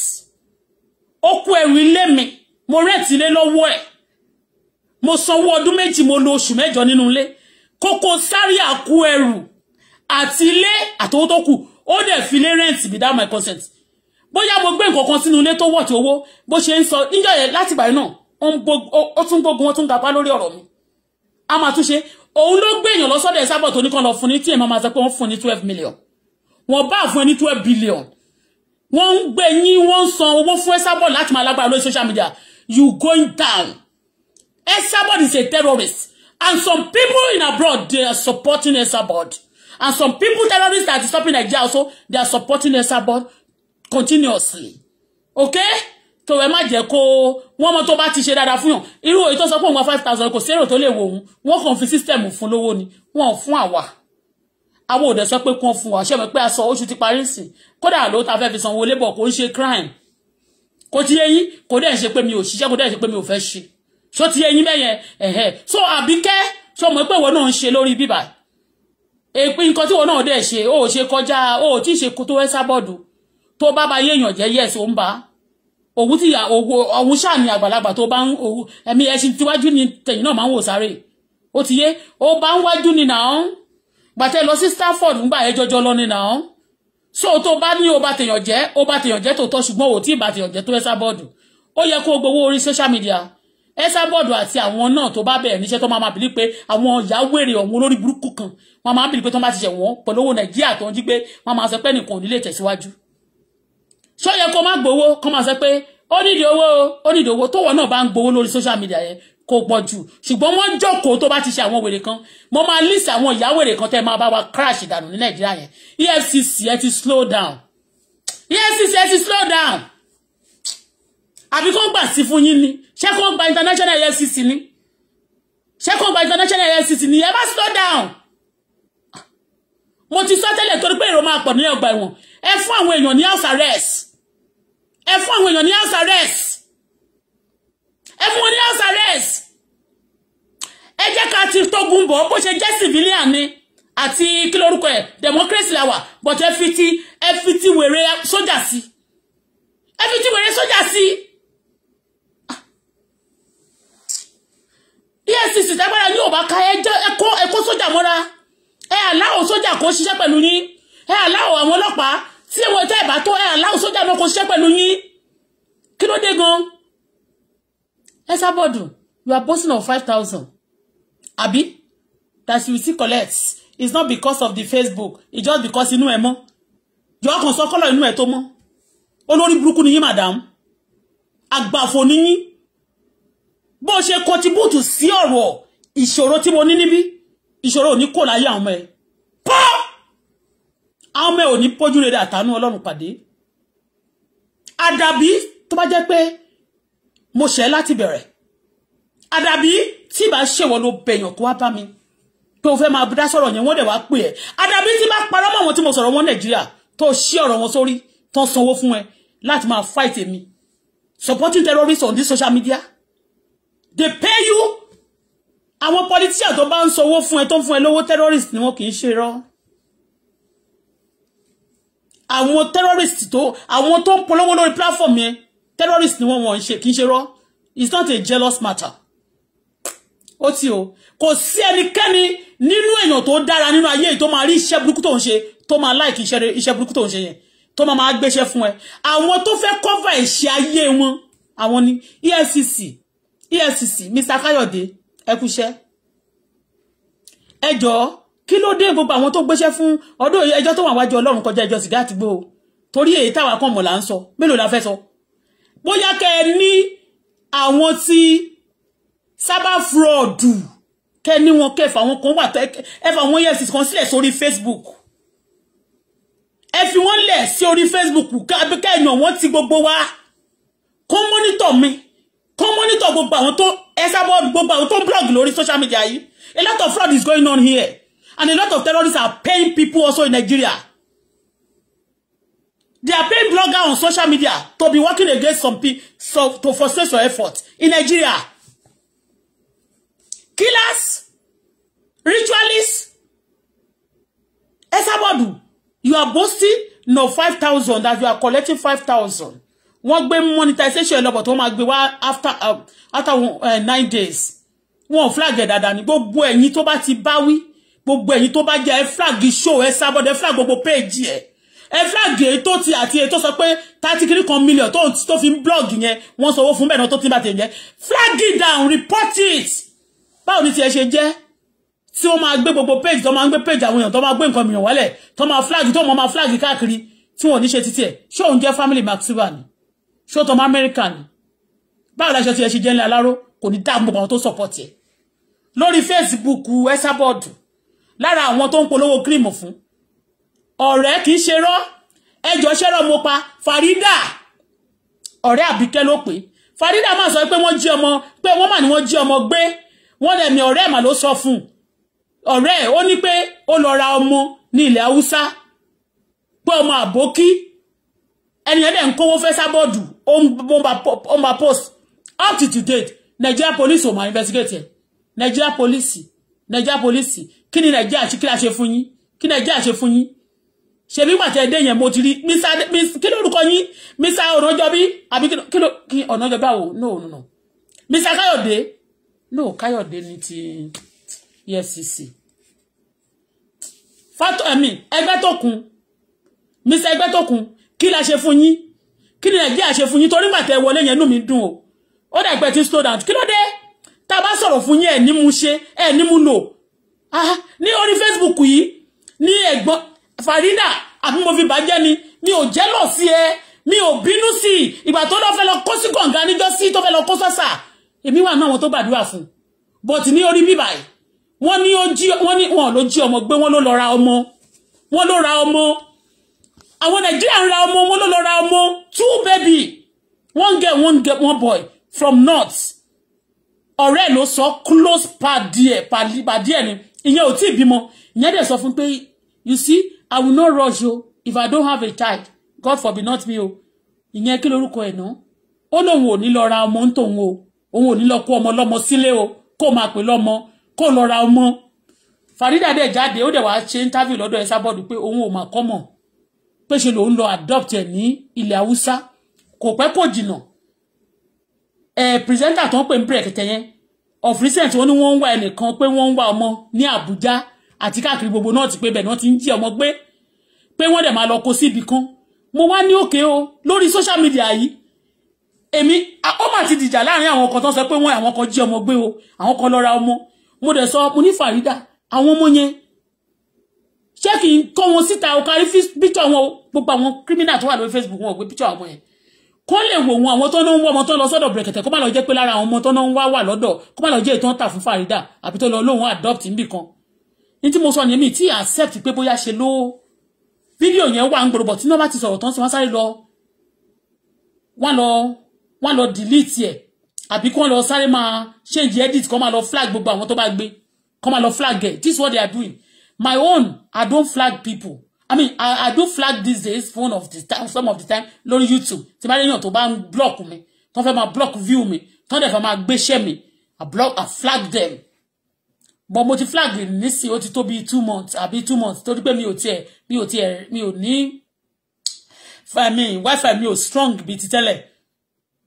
ó kó ẹrù ilé mi mo rẹ́ẹ̀tì ilé lọ́wọ́ ẹ̀ mo sanwó ọdún méjì mo lo oṣù mẹ́jọ nínú ilé Koko Zaria kó ẹrù àti ilé àtowó tó kù ó dẹ̀ fi ilé rẹ́ǹtì without my consent bóyá mo gbé nǹkan kan sínú ilé tó wọ̀tí owó bó ṣe ń sọ níjọ́ yẹn láti ìgbà náà ó tún gbógun wọn tún gapá lórí ọ̀rọ̀ mi a máa tún ṣe òun ló gbé èèyàn lọ́sọ́dọ̀ ẹ̀ sábọ̀ tó ní kan lọ fún ní tí èèyàn máa sọ pé wọ́n fún ní twelve million wọ́n bá fún ẹ ní twelve billion wọ́n ń gbé yín wọ́n ń san owó fún Esabod láti máa lágbára lórí social media you going down Esabod is a terrorist and some people in abroad they are supporting Esabod and some people terrorists that are stopping Nigeria also they are supporting Esabod continuously okay tó ẹ má jẹ́ kó wọ́n mọ̀ tó bá ti ṣe dáadáa fún yàn irú òye tó sọ pé òun wá five thousand kò sí èrò tó lè wò òun wọ́n kàn fi sísítẹ̀mù fún lówó ni wọ́n fún àwa àwọn òde sọ pé kún fún wa ṣé mo pé aṣọ oṣù ti parí sí kódà ló ta fẹ́ fi sanwó labour kò ń ṣe crime kò ti yé yín kò dẹ̀ ṣe pé mi ò ṣiṣẹ́ kò dẹ̀ ṣe pé mi ò fẹ́ ṣe so ti yé yín bẹ́yẹn ẹ̀hẹ́ so àbíkẹ́ so mo pé ìwọ náà ń ṣe lórí bíbà èpè nǹkan tí ìwọ náà dẹ̀ ṣe ó ṣe kọjá ó ti ṣe kó tó wẹ́ sábọ́ọ̀dù tó bá ba yéèyàn jẹ́ yẹ̀ sí ó ń bá òun ti òun ṣáà ní àgbàlagbà tó bá ń ẹ̀mí ẹṣin tíwájú ni tẹ̀yìn náà máa ń wò sáré ó ti yé ó bá ń wájú ni nàá gbàtẹ́ lọ sí Stafford ńgbà ẹ jọjọ lọ ní náà so tó bá ní o bá tèèyàn jẹ́ o bá tèèyàn jẹ́ tòótọ́ ṣùgbọ́n o tí ì bá tèèyàn jẹ́ tó ẹ sábọ́ọ̀dù ó yẹ kó gbowó orí social media ẹ sábọ́ọ̀dù àti àwọn náà tó bá bẹ̀rẹ̀ níṣẹ́ tó máa ma bìlí pé àwọn ìyá wèrè ọ̀hún olórí burúkú kan wọn máa bìlí pé tó bá ti ṣẹ̀ wọ́n pẹ̀lú owó Nàìjíríà tó ń jí gbé wọn máa sọ pé nìkan ò ní lè yẹ kó má gbowó kó máa sọ pé ó nídìí owó ó nídìí owó tó wọ náà bá ń gbowó lórí social media yẹn kò pọ̀ jù ṣùgbọ́n wọ́n jókòó tó bá ti ṣe àwọn wèrè kan mo máa list àwọn ìyá wèrè kan tẹ́ máa bá wa crash ìdànù ní nàìjíríà yẹn EFCC ẹ ti slow down EFCC ẹ ti slow down àbí kó ń gbà sí fún yín ni ṣé kó ń gba international EFCC ni ṣé kó ń gba international EFCC ni ẹ bá slow down mo ti sọ tẹ́lẹ̀ torí pé èrò máa pọ̀ ní ọgbà ẹ̀wọ̀n ẹ fún àwọn èèyàn ní house arrest ẹ fún àwọn èèyàn ní house arrest. Everyone fún wọn ní house arrest ẹ jẹ́ ká ti tógun bọ̀ bó ṣe jẹ́ civilian ni àti kí lórúkọ ẹ̀ democracy la wà but ẹ fi ti ẹ fi ti wèrè sójà sí ẹ fi ti wèrè sójà sí. EFCC tágbára ní òbá ká ẹkọ ẹkọ sójà mọ́ra ẹ aláwọ̀ sójà kò ṣiṣẹ́ pẹ̀lú yín ẹ aláwọ̀ àwọn ọlọ́pàá tí ẹ wọ ẹ̀tọ́ ẹ̀bá tó ẹ aláwọ̀ sójà náà kò ṣiṣẹ́ pẹ̀lú yín kí ló dé gan-an. Esabod, you are boasting of thousand. Abi, that you see collects. is not because of the Facebook. It's just because inú ẹ mọ́. You are concerned color inú ẹ tó mọ́. Olórí burúkú ni yín madam. Àgbàfọ̀ ni yín. Bó ṣe contribute sí ọ̀rọ̀ ìṣòro tí mo ní níbí. Ìṣòro ò ní kò láyé àwọn ọmọ ẹ. Pọ́! Àwọn ọmọ ẹ ò ní pójú rere àtàánú Ọlọ́run pàdé. Àdàbí tó bá jẹ́ pé mo ṣẹ̀ láti bẹ̀rẹ̀ àdàbí tí bá ṣèwọ ló bẹyàn kó wá bá mi pé o fẹ́ máa dá sọ̀rọ̀ yẹn wọ́n dẹ̀ wá pè ẹ́ àdàbí tí bá parọ́ mọ́ àwọn tí mo sọ̀rọ̀ wọn nàìjíríà tó ṣí ọ̀rọ̀ wọn sórí tó sanwó fún ẹ láti máa fight èmi supporting terrorists on this social media they pay you àwọn politician tó bá ń sanwó fún ẹ tó ń fún ẹ lówó terrorist ni wọn kì í ṣe rọ àwọn terrorist tó àwọn tó ń polówó lórí platform yẹn terrorist ni wọ́n wọ́n ń ṣe kì í ṣe rọ́ it's not a jealous matter ó ti o kò sí ẹnikẹ́ni nínú èèyàn tó dára nínú ayé yìí tó máa rí iṣẹ́ burúkú tó ń ṣe tó máa láìkí iṣẹ́ burúkú tó ń ṣe yẹn tó máa máa gbéṣẹ́ fún ẹ àwọn tó fẹ́ kọ́fà ìṣe ayé wọn àwọn ni EFCC EFCC Mr. Kayode ẹkúṣẹ́ ẹjọ́ kí ló dé gbogbo àwọn tó gbéṣẹ́ fún ọdún ẹjọ́ tó wà wájú Ọlọ́run kọjá ẹjọ́ sìgá àtìgbò torí èyí táwa kan mọ̀ là ń sọ mélòó la fẹ́ sọ bóyá kẹ́ ẹ ní àwọn tí cyber fraud kẹ́ ní wọn kẹ́ fà wọn kan wà ẹ fà wọn yẹ̀sì kan sílẹ̀ sórí Facebook ẹ fi wọ́n lẹ̀ sí orí Facebook kẹ́ ẹ̀yàn wọ́n ti gbogbo wa kó mọ́nítọ̀ mi kó mọ́nítọ̀ gbogbo àwọn tó ẹ sábọ́ gbogbo àwọn tó blog lórí social media yìí a lot of fraud is going on here and a lot of terrorists are paying people also in Nigeria They are paying bloggers on social media to be working against some people so, to frustrate your efforts in Nigeria. Killers, ritualists, Esabadu, you are boasting no 5,000 that you are collecting 5,000. Wọ́n gbé monetization lọ́pọ̀ tó máa after, uh, after uh, nine days. Wọ́n flag ẹ̀ dáadáa ní gbogbo ẹ̀yin tó bá ti báwí, gbogbo ẹ̀yin tó bá jẹ́ flag show Esabadu, flag gbogbo page ẹ̀ ẹ flag èyí tó ti àti èyí tó sọ pé thirty kiri kan million tó tó fi ń blog yẹn wọ́n sanwó fún bẹ́ẹ̀ náà tó ti ń bá tèmi jẹ́ flag it down report it báwo ni tiẹ̀ ṣe jẹ́ tí wọ́n máa gbé gbogbo page tó máa ń gbé page àwọn èèyàn tó máa gbé nǹkan mìíràn wálẹ̀ tó máa flag tó máa flag káàkiri tí wọ́n ní ṣe títí ẹ̀ ṣé òun jẹ́ family maxima ni ṣé òun tọ́ amẹ́ríkà ni báwo la ṣe ti ẹ̀ ṣe jẹ́ ńlẹ̀ aláró kò ní dáàbò àwọn tó support ẹ̀ lórí Facebook Esabod lára ọ̀rẹ́ kì í ṣe rọ́ ẹjọ́ ṣẹ́rọ̀ mo pa Farida ọ̀rẹ́ Àbíkẹ́ ló pè Farida máa sọ pé wọ́n jí ọmọ pé wọ́n mà ní wọ́n jí ọmọ gbé wọ́n dẹ̀ mi ọ̀rẹ́ mà ló sọ fún ọ̀rẹ́ ẹ̀ ó ní pé ó lọ ra ọmọ ní ilẹ̀ Haúsá pé ọmọ àbókí ẹni ẹ̀dẹ̀ ń kówó fẹ́ sábọ́ọ̀dù ó máa post up to date Nigeria police ò máa investigate Nigeria police Nigeria police kí ni Nigeria ṣe kí la ṣe fún yín kí Nigeria ṣe fún yín ṣe bí pàtẹ ẹdẹ yẹn mo ti rí kí lórúkọ yín misa ọ̀nàjọbí àbí kí ló kí ọ̀nàjọba o no no no misa káyọ̀dé no káyọ̀dé ni ti efcc fatu ẹ̀mí ẹgbẹ́ tó misa ẹgbẹ́ tó kun la ṣe fún yín kí ni nàìjíríà ṣe fún yín torí pàtẹ wọlé yẹn inú mi dùn o ó dà pé ti slow down kí ló dé tá a bá sọ̀rọ̀ fún yín ẹ̀ ní mu ṣe ẹ̀ ní mu lò ní orí facebook yìí ni ẹ̀gbọ́n. Farida àbí mo fi bàjẹ́ ni mi ò jẹ́ lọ sí ẹ mi ò bínú sí i ìgbà tó lọ fẹ́ lọ kó sí kànga níjọ́ sí tó fẹ́ lọ kó sọ́sà èmi wà náà wọn tó gbàdúrà fún bọ́ọ̀tì ní orí bíbà yìí wọ́n ní wọ́n ní wọn ló jí ọmọ gbé wọ́n ló lọ ra ọmọ wọ́n ló ra ọmọ àwọn Nàìjíríà ń ra ọmọ wọ́n ló lọ ra ọmọ two baby one girl one girl one boy from north ọ̀rẹ́ ló sọ close pàdíẹ̀ pàdíẹ̀ ni ìyẹn ò tí ì bímọ ìyẹn dẹ̀ sọ fún pé you see I will not rush o if I don't have a child God forbid not me o ìyẹn kí lorúkọ ẹ̀ náà ó lóun ò ní lọ ra ọmọ ń tòun o òun ò ní lọ kó ọmọ lọ́mọ sílé o kó máa pè lọ́mọ kó lọ ra ọmọ Farida dẹ̀ jáde ó dẹ̀ wá ṣe interview lọ́dọ̀ ẹ̀ sábọ́ọ̀dù pé òun ò máa kọ́mọ̀ pé ṣe lòun lọ adopt ẹ̀ ní ilẹ̀ Haúsá kò pẹ́ kò jìnà ẹ̀ pírẹsẹ́ńtà tó ń pè ń bẹ̀rẹ̀ kẹ̀kẹ́ yẹn of recent wọ́n ní wọ́n ń wá ẹnìkan pé wọ́n ń wá ọmọ ní Àbújá àti káàkiri gbogbo náà ti pé bẹ́ẹ̀ náà ti ń jí ọmọ gbé pé wọ́n dẹ̀ máa lọ kó síbi kan mo wá ní òkè o lórí social media yìí èmi ó mà ti dìjà láàrin àwọn kan tó sọ pé wọ́n àwọn kan jí ọmọ gbé o àwọn kan lọ ra ọmọ mo dẹ̀ sọ mo ní Farida àwọn ọmọ yẹn ṣé kì í kọ́ wọn síta o kárí picture wọn o gbogbo àwọn criminal tó wà lórí Facebook wọn ò gbé picture àwọn yẹn kó lè wò wọn àwọn tó ń wọ ọmọ tó ń lọ sọ́dọ̀ bẹ̀rẹ̀kẹ̀tẹ̀ kó má lọ jẹ́ pé lára àwọn ọmọ tó ń wá wà lọ́dọ̀ kó má lọ jẹ́ ìtàn tà fún Farida àbí tó lọ lóun adopt níbì kan ní tí mo sọ nìyẹn mi tí accept pé bóyá ṣe ló fídíò yẹn wà ń gbòòrò bọ̀ tí wọ́n bá ti sọ̀rọ̀ tán sí wọ́n sáré lọ wọ́n lọ wọ́n lọ delete ẹ̀ àbí kí wọ́n lọ sáré máa change edit kọ́ máa lọ flag gbogbo àwọn tó bá gbé kọ́ máa lọ flag ẹ̀ this is what they are doing my own i don flag people i mean i i do flag these days for of the time some of the time lórí youtube tí bá léèyàn tó bá ń block mi tó fẹ́ máa block view mi tó dẹ̀ fẹ́ máa gbéṣẹ́ mi i block i flag them but mo ti flag nísìn ó ti tó bíi two months àbí two months torí pé mi ò tiẹ̀ mi ò tiẹ̀ mi ò ní fami wifi mi ò strong bíi ti tẹ́lẹ̀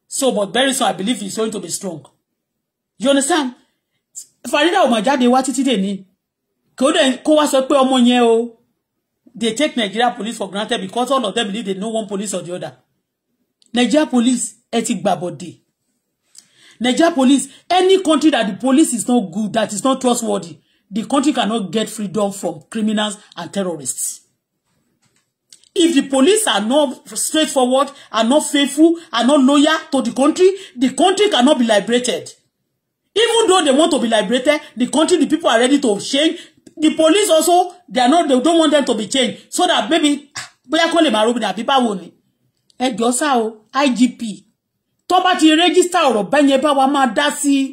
so but very soon i believe it's going to be strong you understand Farida ò mà jáde wá títí dè ní kò dẹ̀ kó wá sọ pé ọmọ yẹn o they take Nigeria police for granted because all of them believe they know one police or the other Nigeria police ẹ ti gbàbọ̀dè Nigeria police, any country that the police is not good, that is not trustworthy, the country cannot get freedom from criminals and terrorists. If the police are not straightforward, are not faithful, are not loyal to the country, the country cannot be liberated. Even though they want to be liberated, the country, the people are ready to change. The police also, they are not, they don't want them to be changed. So that maybe, ah, bóyá kó lè máa rómi àbí báwo ni. Ẹ jọ sá IGP, tó bá ti rẹ́gísítà ọ̀rọ̀ bẹ́yẹn bá wa máa dá sí i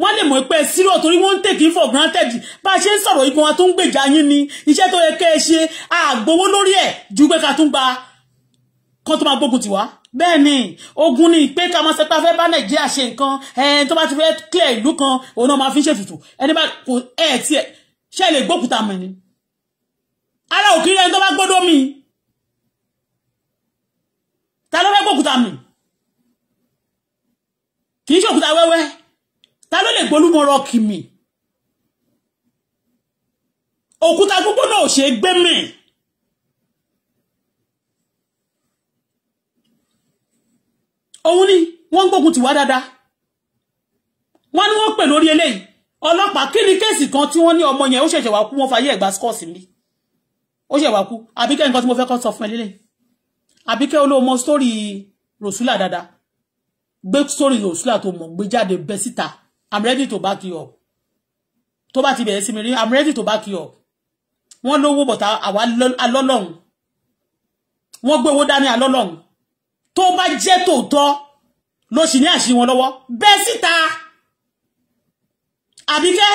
wọ́n lè mọ̀ pé sírò torí wọ́n ń tèkì for granted bá a ṣe ń sọ̀rọ̀ igun wa tó ń gbèjà yín ni iṣẹ́ tó yẹ kẹ́ ẹ ṣe àgbowó lórí ẹ̀ ju pé ká tún gba kán tó máa gbógun tiwa bẹ́ẹ̀ ni ogun ni pé ká máa ṣẹta fẹ́ bá nàìjíríà ṣe nǹkan ẹni tó bá ti fẹ́ clear ìlú kan òun náà máa fi ń ṣètùtù ẹni bá kò ẹ̀ tiẹ̀ ṣe lè gbókùtà mọ̀ ni ara òkìrí ẹni tó bá gbọ́dọ̀ mi ta ló fẹ́ gbókùtà mi kì í ṣòkúta wẹ́wẹ́ ta ló lè gbólúmọ rọọkì mi òkúta gbogbo náà ò ṣe é gbé mì. òun ni wọ́n ń gbógun tì wá dáadáa wọ́n ní wọ́n pè lórí eléyìí ọlọ́pàá kí ni kéèsì kan tí wọ́n ní ọmọ yẹn ó ṣẹ̀ṣẹ̀ wá kú wọ́n fàyè ẹ̀gbà skọ́ọ̀sì mi ó ṣẹ̀ wá kú àbíkẹ́ nǹkan tí mo fẹ́ kọ́ sọ fún ẹ lélẹ̀ àbíkẹ́ olóòmọ sórí rọ̀ṣúlà dáadáa gbé sórí òṣùlà tó mọ̀ gbé jáde bẹ síta i'm ready to back you up tó bá ti bẹ̀rẹ̀ sí mi rí i'm ready to back you up wọ́n lówó bọ̀tà àwa alọ́lọ́run wọ́n gbé owó dání alọ́lọ́run tó bá jẹ́ tòótọ́ ló sì ní àṣì wọn lọ́wọ́ bẹ síta àbíkẹ́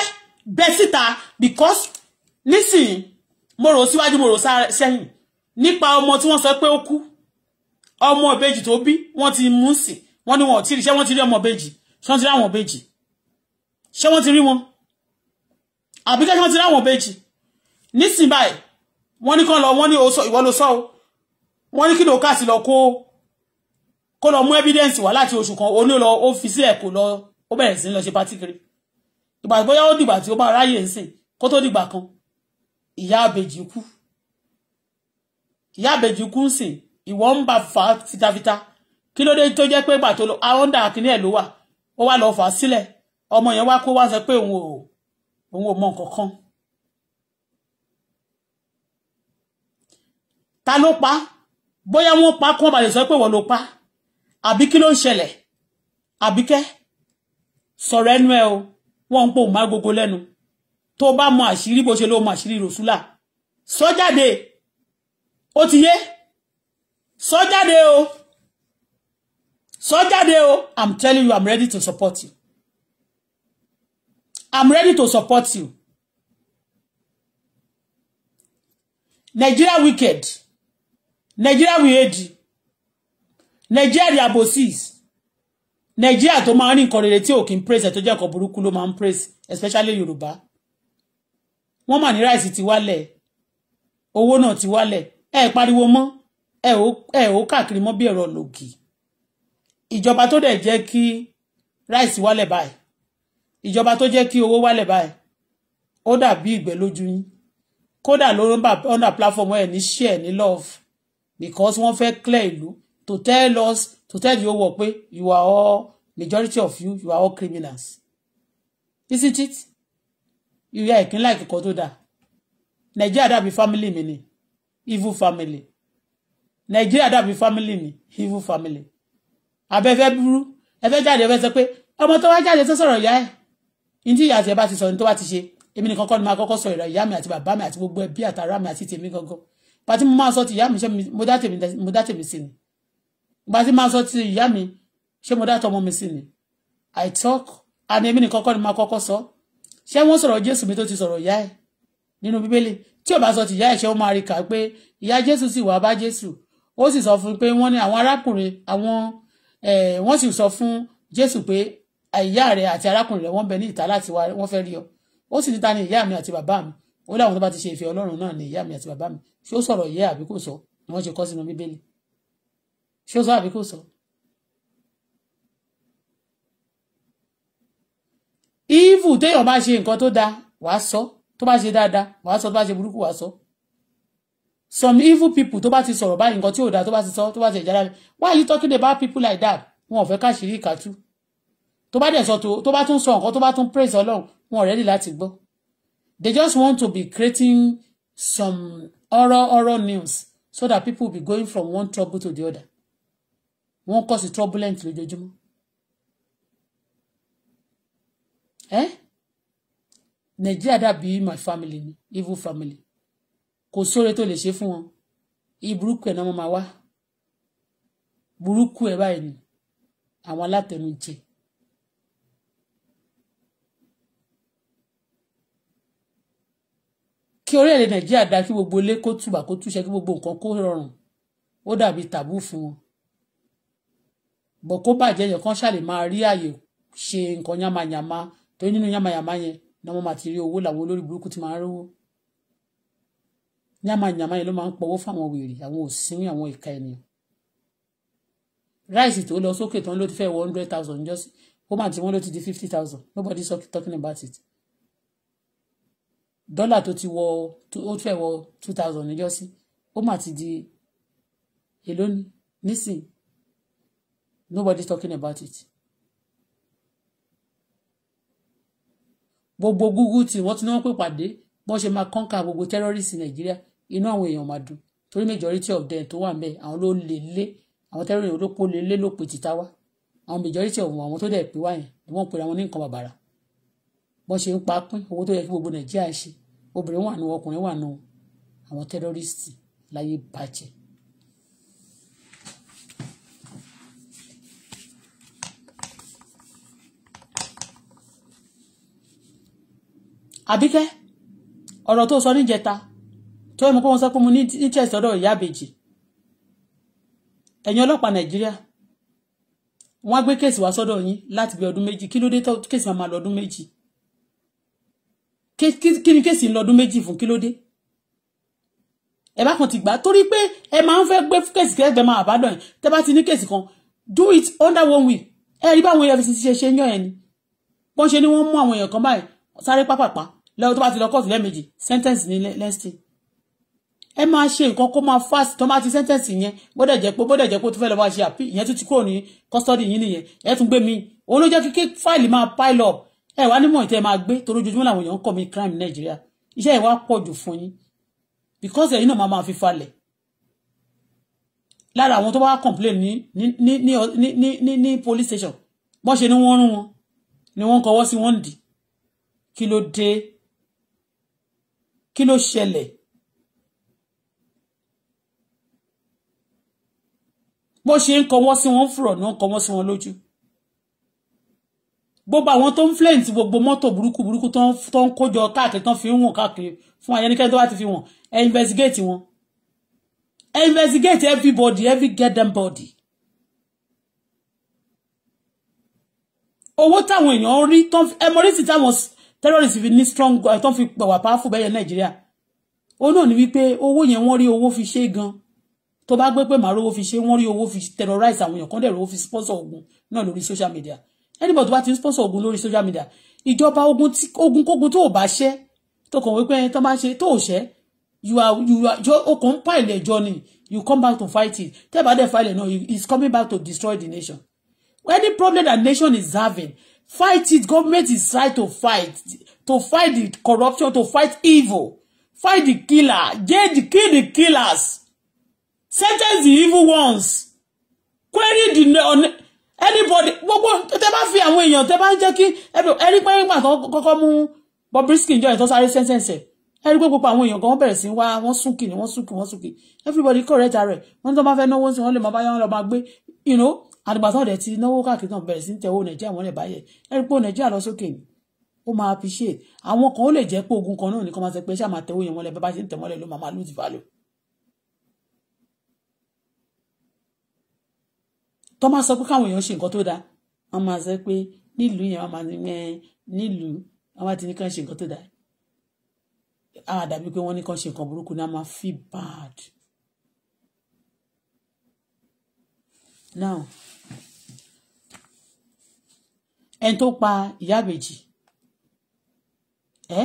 bẹ síta because nísìn mo rò síwájú mo rò sẹ́yìn nípa ọmọ tí wọ́n sọ pé ó kú ọmọ ìbejì tó bí wọ́n ti mú sìn wọ́n ní wọn ti ṣé wọ́n ti rí ọmọ bèjì ṣé wọ́n ti rí àwọn bèjì ṣé wọ́n ti rí wọn àbí kẹ́kẹ́ wọ́n ti rí àwọn bèjì nísìnyí báyìí wọ́n ní kàn lọ wọ́n ní ìwọ ló sọ o wọ́n ní kí ló kà sí lọ kó kó lọ mú evidence wá láti oṣù kan oní lọ ó fi sí ẹ̀kọ́ lọ ó bẹ̀rẹ̀ sí lọ ṣe pátí kiri ìgbà bóyá ó dìgbà tí ó bá ráyè ń sìn kó tó dìgbà kan ìyá àbèjì kú ìyá àbèjì kú ń sìn ìwọ ń bá fà fitafita kí ló dé tó jẹ́ pé gbà tó lọ àọ́ndà kìíní ẹ̀ ló wà ó wá lọ fà á sílẹ̀ ọmọ yẹn wá kó wá sọ pé òun ò òun ò mọ nǹkan kan ta ló pa bóyá wọ́n pa kó ba lè sọ pé wọ́n ló pa àbí kí ló ń ṣẹlẹ̀ àbíkẹ́ sọ̀rọ̀ ẹnu ẹ o wọ́n ń pò má gbogbo lẹ́nu tó bá mọ àṣírí bó ṣe ló mọ àṣírí rọ̀ṣúlà sọ jáde ó ti yé sọ jáde o sọ jáde o i'm telling you i'm ready to support you i'm ready to support you nigeria wicked nigeria wihedi nigeria the abosis nigeria to máa ń ní nǹkan rere tí ò kí praise ẹ̀ tó jẹ́ ọkọ̀ burúkú ló praise especially Yoruba. wọ́n mà ní ráìsì ti wálẹ̀ owó náà ti wálẹ̀ ẹ̀ pariwo mọ́ ẹ̀ ò káàkiri mọ́ bí ẹ̀rọ lògì ìjọba tó dẹ̀ jẹ́ kí ráìsì wálẹ̀ báyìí ìjọba tó jẹ́ kí owó wálẹ̀ báyìí ó dàbí ìgbẹ́ lójú yín kódà ló ń bà under platform ẹ̀ ní share ní love because wọ́n fẹ́ clear ìlú to tell us to tell the whole world pé you are all majority of you you are all criminals isn't it You ìyá ìkínlá ìkẹ́kọ̀ọ́ tó dáa nàìjíríà dàbí family mi ni evil family nàìjíríà dàbí family mi evil family abẹ́fẹ́ burú ẹfẹ́ jáde ẹfẹ́ sọ pé ọmọ tó wá jáde tó sọ̀rọ̀ ìyá ẹ̀ ní tí ìyá àti ẹ̀ bá ti sọ ní tó wá ti ṣe èmi nìkan kọ́ ni máa kọ́kọ́ sọ ìrọ̀ ìyá mi àti bàbá mi àti gbogbo ẹbí àtàrà mi àti tèmi gangan pàtí mo máa sọ ti ìyá mi ṣé mo dá tèmi sí ni pàtí mo máa sọ ti ìyá mi ṣé mo dá tọmọ mi sí ni I talk àní èmi nìkan kọ́ ni máa kọ́kọ́ sọ ṣé wọ́n sọ̀rọ̀ Jésù mi tó ti sọ̀rọ̀ ìyá ẹ̀ nínú Bíbélì tí ò bá sọ ti ìyá ẹ̀ ṣé ó máa rí kà pé ìyá Jésù sì wá bá Jésù ó sì sọ fún pé wọ́n ní àwọn arákùnrin àwọn Eh, wọ́n sì sọ fún Jésù pé ìyá rẹ̀ àti arákùnrin rẹ̀ wọ́n bẹ ní ìta láti wá wọ́n fẹ́ rí ọ ó sì níta ní ìyá mi àti bàbá mi ó láwọn tó bá ti ṣe ìfẹ́ Ọlọ́run náà ní ìyá mi àti bàbá mi ṣé ó sọ̀rọ̀ ìyá àbí kò sọ ni wọ́n ṣe kọ sínú Bíbélì ṣé ó sọ àbí kò sọ. ìfù téèyàn bá ṣe nǹkan tó dáa wàá sọ tó bá ṣe dáadáa wàá sọ tó bá ṣe burúkú wàá sọ. So some evil people tó bá ti sọ̀rọ̀ báyìí nǹkan tí ò dáa tó bá ti sọ tó bá ti ẹ̀jára why are you talking about people like that wọn ò fẹ́ káṣírí ìkàtú tó bá dẹ̀ sọ tó bá tún sọ nǹkan tó bá tún praise ọlọ́run wọn ò rẹ́dí láti gbọ́ they just want to be creating some oral oral news so that people be going from one trouble to the other wọn kọ́ sí turbulent lójoojúmọ́ ẹ́ eh? nàìjíríà dàbí my family ni evil family kò sóore tó lè ṣe fún wọn ìburúkú ẹ̀ náà máa wá burúkú ẹ̀ báyìí ni àwọn alátẹnujẹ kí orílẹ̀-èdè nàìjíríà dá kí gbogbo ilé kó tùbà kó túṣẹ kí gbogbo nǹkan kó rọrùn ó dàbí tàbú fún wọn bọ̀ kó bàjẹ́ yẹn kán ṣàlè máa rí àyè ṣe nǹkan yàmàyàmá torí nínú yàmàyàmá yẹn ni wọ́n máa ti rí owó làwọn olórí burúkú ti máa ń rówó yàmàyàmà yìí ló máa ń pọwọ́ fáwọn wèrè àwọn òsínwìn àwọn ìka ènìyàn ráìsì tó lọ sókè tán ló ti fẹ́ wọ hundred thousand just ó mà ti wọ́n ló ti di fifty thousand nobody is talking about it dọ́là tó ti wọ ó fẹ́ wọ two thousand níjọ́ sí ó mà ti di èló nísìn nobody is talking about it. gbogbo Google tí wọ́n ti ní wọ́n pè pàdé bọ́n ṣe máa kọ́ńkà gbogbo terrorists Nàìjíríà inú àwọn èèyàn máa dùn torí majority of them tó wà ń bẹ àwọn ló lè lé àwọn tẹ́rù olóko lè lé ló pe tìta wá àwọn majority of àwọn tó dẹ̀ pé wá yẹn ni wọ́n pe àwọn ní nǹkan bàbàrà bọ́n ṣe ń pa pín owó tó yẹ kí gbogbo nàìjíríà ṣe obìnrin wà nù ọkùnrin wà nù àwọn tẹ́rọ́rìsì láyé bàjẹ́. àbíkẹ́ ọ̀rọ̀ tó sọ níjẹta tó yẹ mo kọ́ wọn sọ pé mo ní interest ọ̀dọ̀ ìyá àbèjì ẹ̀yin ọlọ́pàá nàìjíríà wọ́n á gbé kéèsì wá sọ́dọ̀ yín láti bí ọdún méjì kí ló dé tó kéèsì máa lọ ọdún méjì kí ni kéèsì ń lọ ọdún méjì fún kí ló dé ẹ bá kàn ti gbà torí pé ẹ máa ń fẹ́ gbé kéèsì kẹ́gbẹ́ máa àbádọ́ yẹn tẹ́ bá ti ní kéèsì kan do it under one week ẹ rí báwọn èèyàn fi ṣe ṣe yàn ẹ ni bọ́n ṣe ni wọ́n mú àwọn èèyàn kan báyìí sáré pápápá lẹ́wọ́n tó bá ti lọ kóòtù lẹ́ẹ̀mejì sentence ní lẹ́sìn ẹ máa ṣe nǹkan kó máa fast tó máa ti sẹ́ńtẹ̀sì yẹn bọ́dẹ̀ jẹ́ pé bọ́dẹ̀ jẹ́ pé ó tún fẹ́ lọ́ọ́ máa ṣe àpí ìyẹn tún ti kúrò ní kọ́sítọ́dì yín nìyẹn ẹ tún gbé mi òun ló jẹ́ kí fáìlì máa pile up ẹ wá nímọ̀ ìtẹ́ máa gbé torí ojoojúmọ́ làwọn èèyàn ń commit crime ní nàìjíríà iṣẹ́ ìwà pọ̀ jù fún yín because ẹ̀yin náà máa máa fi falẹ̀ lára àwọn tó bá complain ní ní ní ní ní police station bọ́n ṣe ni wọ́n rún wọn ni wọ́n kọwọ́ sí wọ́n dì kí ló dé kí ló ṣẹlẹ̀ bó ṣe ń kọ wọ́n sí wọn fúrọ̀ náà kọ wọ́n sí wọn lójú gbogbo àwọn tó ń flint gbogbo mọ́tò burúkú burúkú tó ń kójọ káàkiri tó ń fi wọn káàkiri fún ayẹnikẹ́ni tó bá ti fi wọn ẹ investigate wọn ẹ investigate everybody every get them body. owó táwọn èèyàn rí ẹ mọ orísìí táwọn terrorist fi ní strong tó ń fi pẹ̀wà powerful bẹ́yẹ nàìjíríà ó náà ní wípé owó yẹn wọ́n rí owó fi ṣe gan-an tó bá gbé pé màá rówó fi ṣe wọ́n rí owó fi terrorize àwọn èèyàn kan dẹ̀ rówó fi sponsor ogun náà lórí social media anybody tó bá ti ń sponsor ogun lórí social media ìjọba ogun tí ogun kógun tó ò bá ṣẹ́ tó kàn wípé tó bá ṣe tó ò ṣẹ́ you are you are okùn ń pàìlì ẹjọ́ ni you come back to fight it tẹ́ bá dẹ̀ fàìlì náà it's coming back to destroy the nation any problem that nation is having fight it government is right to fight to fight the corruption to fight evil fight the killer get the kill the killers sentence the evil ones query the on anybody gbogbo tẹ bá fi àwọn èèyàn tẹ bá ń jẹ́ kí ẹni pé nígbà tó kọ́kọ́ mú Bobrisky jọ ìtọ́ sáré sentence ẹ rí gbogbo àwọn èèyàn kan wọ́n bẹ̀rẹ̀ sí wá wọ́n ni wọ́n súnkì wọ́n súnkì everybody correct rẹ̀ wọ́n ní tó máa fẹ́ náwó sí wọ́n lè máa bá yẹn lọ máa gbé you know and àdìgbà tó ọ̀dẹ̀ ti náwó káàkiri náà bẹ̀rẹ̀ sí ń tẹ̀wọ́ nàìjíríà wọ́n lè báyẹ̀ ẹ rí pé nàìjíríà lọ sókè ni ó máa appreciate àwọn kan ó lè jẹ́ pé ogun kan náà nìkan máa sọ pé ṣáà máa tẹ̀wọ́ yẹn wọ́n lẹ bá ṣe ń tẹ̀wọ́ lẹ ló máa máa lose value tó sọ pé káwọn èèyàn ṣe nǹkan tó dáa wọ́n máa sọ pé nílùú yẹn wọ́n máa ní ẹ nílùú wọ́n máa ti ní kàn ṣe nǹkan tó dáa á dàbí pé wọ́n ní kàn ṣe nǹkan burúkú náà máa feel bad. now ẹni tó pa ìyá àbèjì ẹ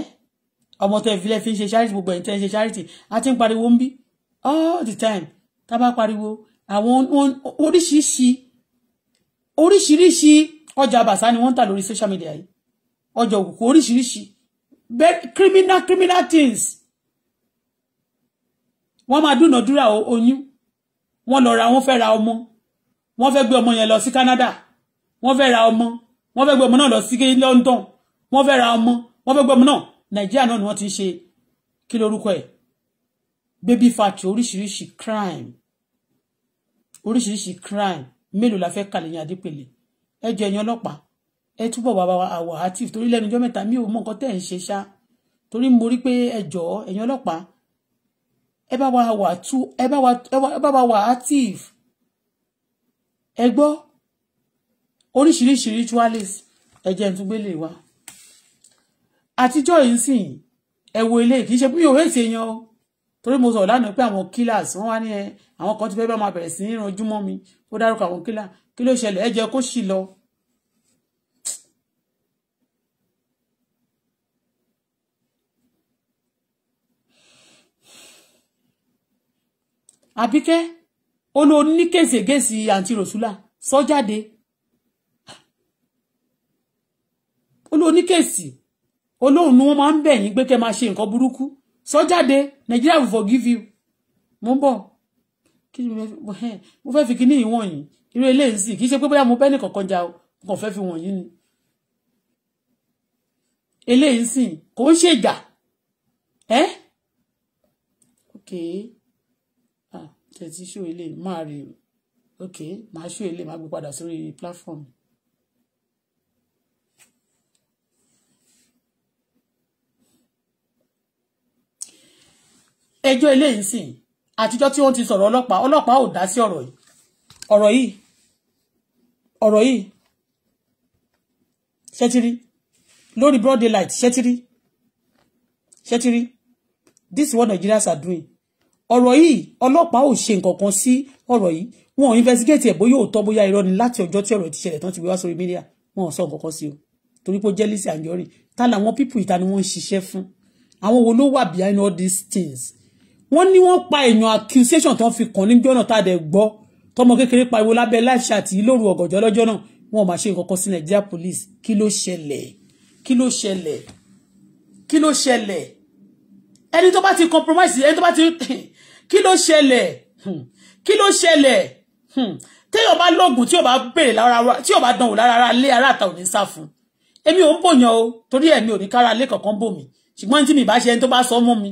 ọmọ tẹ ìfilẹ fi ń ṣe charity gbogbo ẹni tẹ ń ṣe charity a ti ń pariwo ń bí all the time tá a bá pariwo àwọn oríṣiríṣi oríṣiríṣi ọjà bàṣà ni wọ́n ń tà lórí social media yìí ọjà òkùnkùn oríṣiríṣi criminal criminal things wọ́n máa dúnàádúrà oyún wọ́n lọ ra wọ́n fẹ́ ra ọmọ wọ́n fẹ́ gbé ọmọ yẹn lọ sí Canada wọ́n fẹ́ ra ọmọ wọ́n fẹ́ gbé ọmọ náà lọ sí London wọ́n fẹ́ ra ọmọ wọ́n fẹ́ gbé ọmọ náà Nàìjíríà náà ni wọ́n ti ń ṣe kí lorúkọ ẹ̀ baby factory oríṣiríṣi crime oríṣiríṣi crime mélòó la fẹ́ kàlẹ́yìn adépele ẹ jọ ẹ̀yin ọlọ́pàá ẹ túbọ̀ bàbá àwọ̀ àtìf torí lẹ́nu ọjọ́ mẹ́ta mi ò mọ nǹkan tẹ́ ẹ̀ ń ṣe ṣá torí mo rí pé ẹ jọ ẹ̀yin ọlọ́pàá ẹ bá wa wà tú ẹ bá wa ẹ bá wa wà àtìf ẹ gbọ́ oríṣiríṣi ritualist ẹ jẹ́ ń tún gbélé wa àtijọ́ yìí sìn ẹ wo ilé kì í ṣe bí mi ò hèsì èèyàn o torí mo sọ̀rọ̀ lánàá pé àwọn killers wọ́n wá ní ẹ àwọn kan ti fẹ́ bá máa bẹ̀rẹ̀ sí ní ranjú mọ́ mi ó dárúkọ àwọn kílá kí ló ṣẹlẹ̀ ẹjẹ kó sì lọ. àbíkẹ́ ó ló ní kéṣègéṣì àǹtí rọ̀ṣúlà sọ jáde ó ló ní kéṣì olóhùn ni wọ́n máa ń bẹ̀ pé kẹ́ máa ṣe nǹkan burúkú sọjáde: jáde Nigeria will forgive you mo kí ni mo fẹ́ fi kíní ìwọ̀n yìí irú eléyìí sì kì í ṣe pé bóyá mo bẹ́ẹ̀ nìkan kan jà o kàn fẹ́ fi wọ̀nyí ni eléyìí sì kò ń ṣèjà ẹ́ ok ah tẹ̀sí ṣó eléyìí máa rí o ok máa ṣó eléyìí máa gbé padà sórí platform. ẹjọ́ eléyìí sì àtijọ́ tí wọ́n ti sọ̀rọ̀ ọlọ́pàá ọlọ́pàá ò dá sí ọ̀rọ̀ yìí ọ̀rọ̀ yìí ọ̀rọ̀ yìí ṣẹ́tírí lórí broad daylight ṣẹ́tírí ṣẹ́tírí this is what Nigerians are doing ọ̀rọ̀ yìí ọlọ́pàá ò ṣe nǹkan kan sí ọ̀rọ̀ yìí wọn ò investigate ẹ̀ bóyá òótọ́ bóyá irọ́ ni láti ọjọ́ tí ọ̀rọ̀ ti ṣẹlẹ̀ tán ti wá sórí media wọn ò sọ nǹkan kan sí o torí pé ó jẹ́ Lizzy Anjorin tá làwọn pípù ìta ni wọ́n ń ṣiṣẹ́ fún àwọn wo ló wà behind all these things wọ́n ní wọ́n pa èèyàn accusation tó ń fi kàn níjọ́ náà tá a dẹ̀ gbọ́ tọmọ kékeré pariwo lábẹ́ láìsí àti ìlóru ọ̀gànjọ́ lọ́jọ́ náà wọn ò máa ṣe nǹkan sí Nigeria police kí ló ṣẹlẹ̀ kí ló ṣẹlẹ̀ kí ló ṣẹlẹ̀ ẹni tó bá ti compromise ẹni tó bá ti kí ló ṣẹlẹ̀ hmm. kí ló ṣẹlẹ̀ hmm. téèyàn bá lóògùn tí ò bá béèrè lára tí ò bá dánwò lára ara lé ara àtà ò ní sá fún èmi ò ń bòyàn o torí ẹ̀mí ò ní kára lé kankan bò mí ṣùgbọ́n tí mi bá ṣe ẹni tó bá sọ mọ́ mi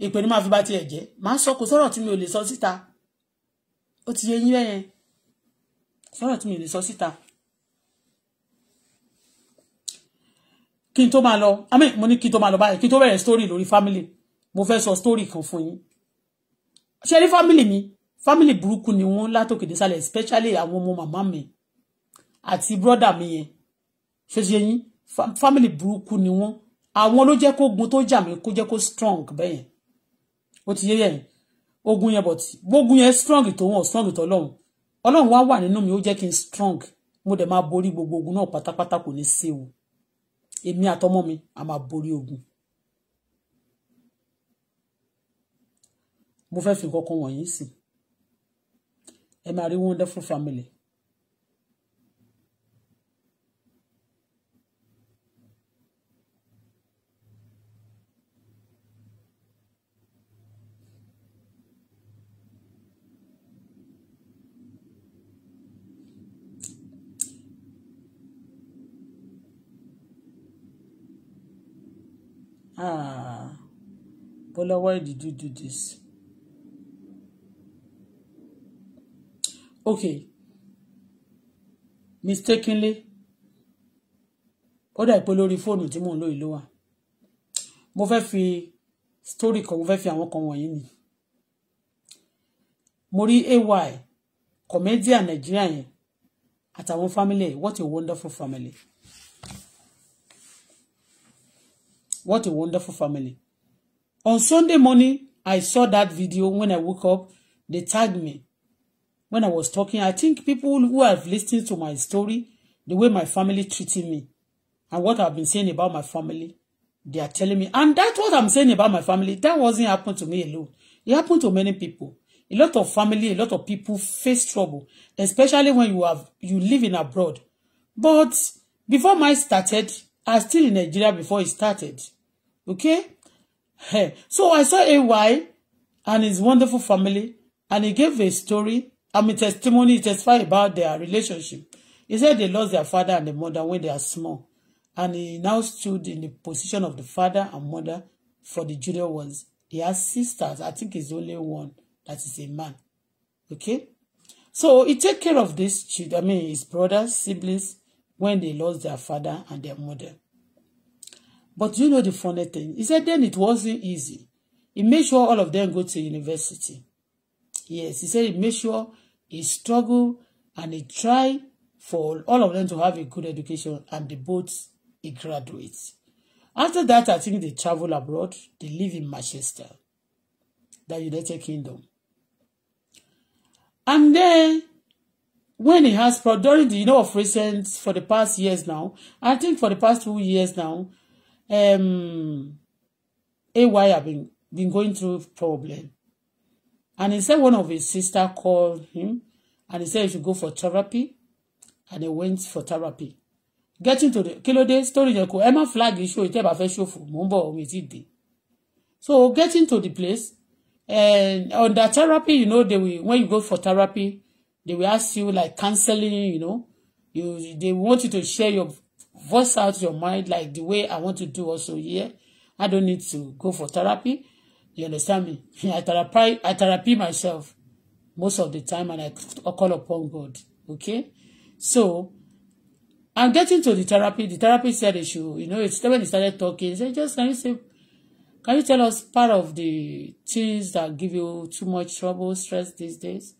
ìpè ní máa fi bá tiẹ̀ jẹ́ máa sọ kò sọ̀rọ̀ tí mi ò lè sọ síta ó ti yé yín bẹ́yẹn sọ̀rọ̀ tí mi ò lè sọ síta. kí n tó máa lọ àmì mo ní kí n tó máa lọ báyìí kí n tó bẹ̀rẹ̀ story lórí family mo fẹ́ sọ story kan fún yín ṣe rí family mi family burúkú ni wọ́n látòkè désàlẹ̀ especially àwọn ọmọ màmá mi àti brọ́dà mi yẹn ṣe ṣe yín family burúkú ni wọ́n àwọn ló jẹ́ kó gun tó jà mí kó jẹ́ kó strong bẹ́yẹn ó ti yé yẹn ogun yẹn but gbógun yẹn strong tó strong tó ọlọ́run ọlọ́run wá wà nínú mi ó jẹ́ kí n strong mo dẹ̀ máa borí gbogbo ogun náà pátápátá kò ní séwu èmi àtọmọ mi a máa borí ogun. mo fẹ́ fi nǹkan kan wọ̀nyí sí ẹ máa rí wonderful family Ah, Bola, why did you do this? Okay. Mistakenly. Ó dà pé lórí fóònù tí mò ń lò yìí ló Mo fẹ́ fi story kan mo fẹ́ fi àwọn kan wọ̀nyí ni. Mo rí AY, comedian Nàìjíríà yẹn, àtàwọn family, what a wonderful family. What a wonderful family. On Sunday morning, I saw that video when I woke up. They tagged me. When I was talking, I think people who have listened to my story, the way my family treated me, and what I've been saying about my family, they are telling me. And that's what I'm saying about my family. That wasn't happened to me alone. It happened to many people. A lot of family, a lot of people face trouble, especially when you have you live in abroad. But before mine started, I was still in Nigeria before it started. Okay? Hey. So I saw AY and his wonderful family, and he gave a story, I mean, testimony, testify about their relationship. He said they lost their father and their mother when they are small, and he now stood in the position of the father and mother for the junior ones. He has sisters. I think he's the only one that is a man. Okay? So he take care of this child. I mean, his brothers, siblings, when they lost their father and their mother. But you know the funny thing? He said then it wasn't easy. He made sure all of them go to university. Yes, he said he made sure he struggled and he tried for all of them to have a good education and they both he graduates. After that, I think they travel abroad. They live in Manchester, the United Kingdom. And then when he has during the you know of recent for the past years now, I think for the past two years now, um, AY have been, been going through problem. And he said one of his sister called him and he said he should go for therapy. And he went for therapy. Getting to the kilo ló story yẹn kò ẹ flag show ìtẹ́ bá fẹ́ show for mumbo bọ̀ So getting to the place and eh, on the therapy you know they will when you go for therapy they will ask you like counseling you know you they want you to share your voice out your mind like the way I want to do also here. I don't need to go for therapy. You understand me? I therapy, I therapy myself most of the time and I call upon God. Okay? So, I'm getting to the therapy. The therapist said they you know, it's when he started talking, he said, just can you say, can you tell us part of the things that give you too much trouble, stress these days?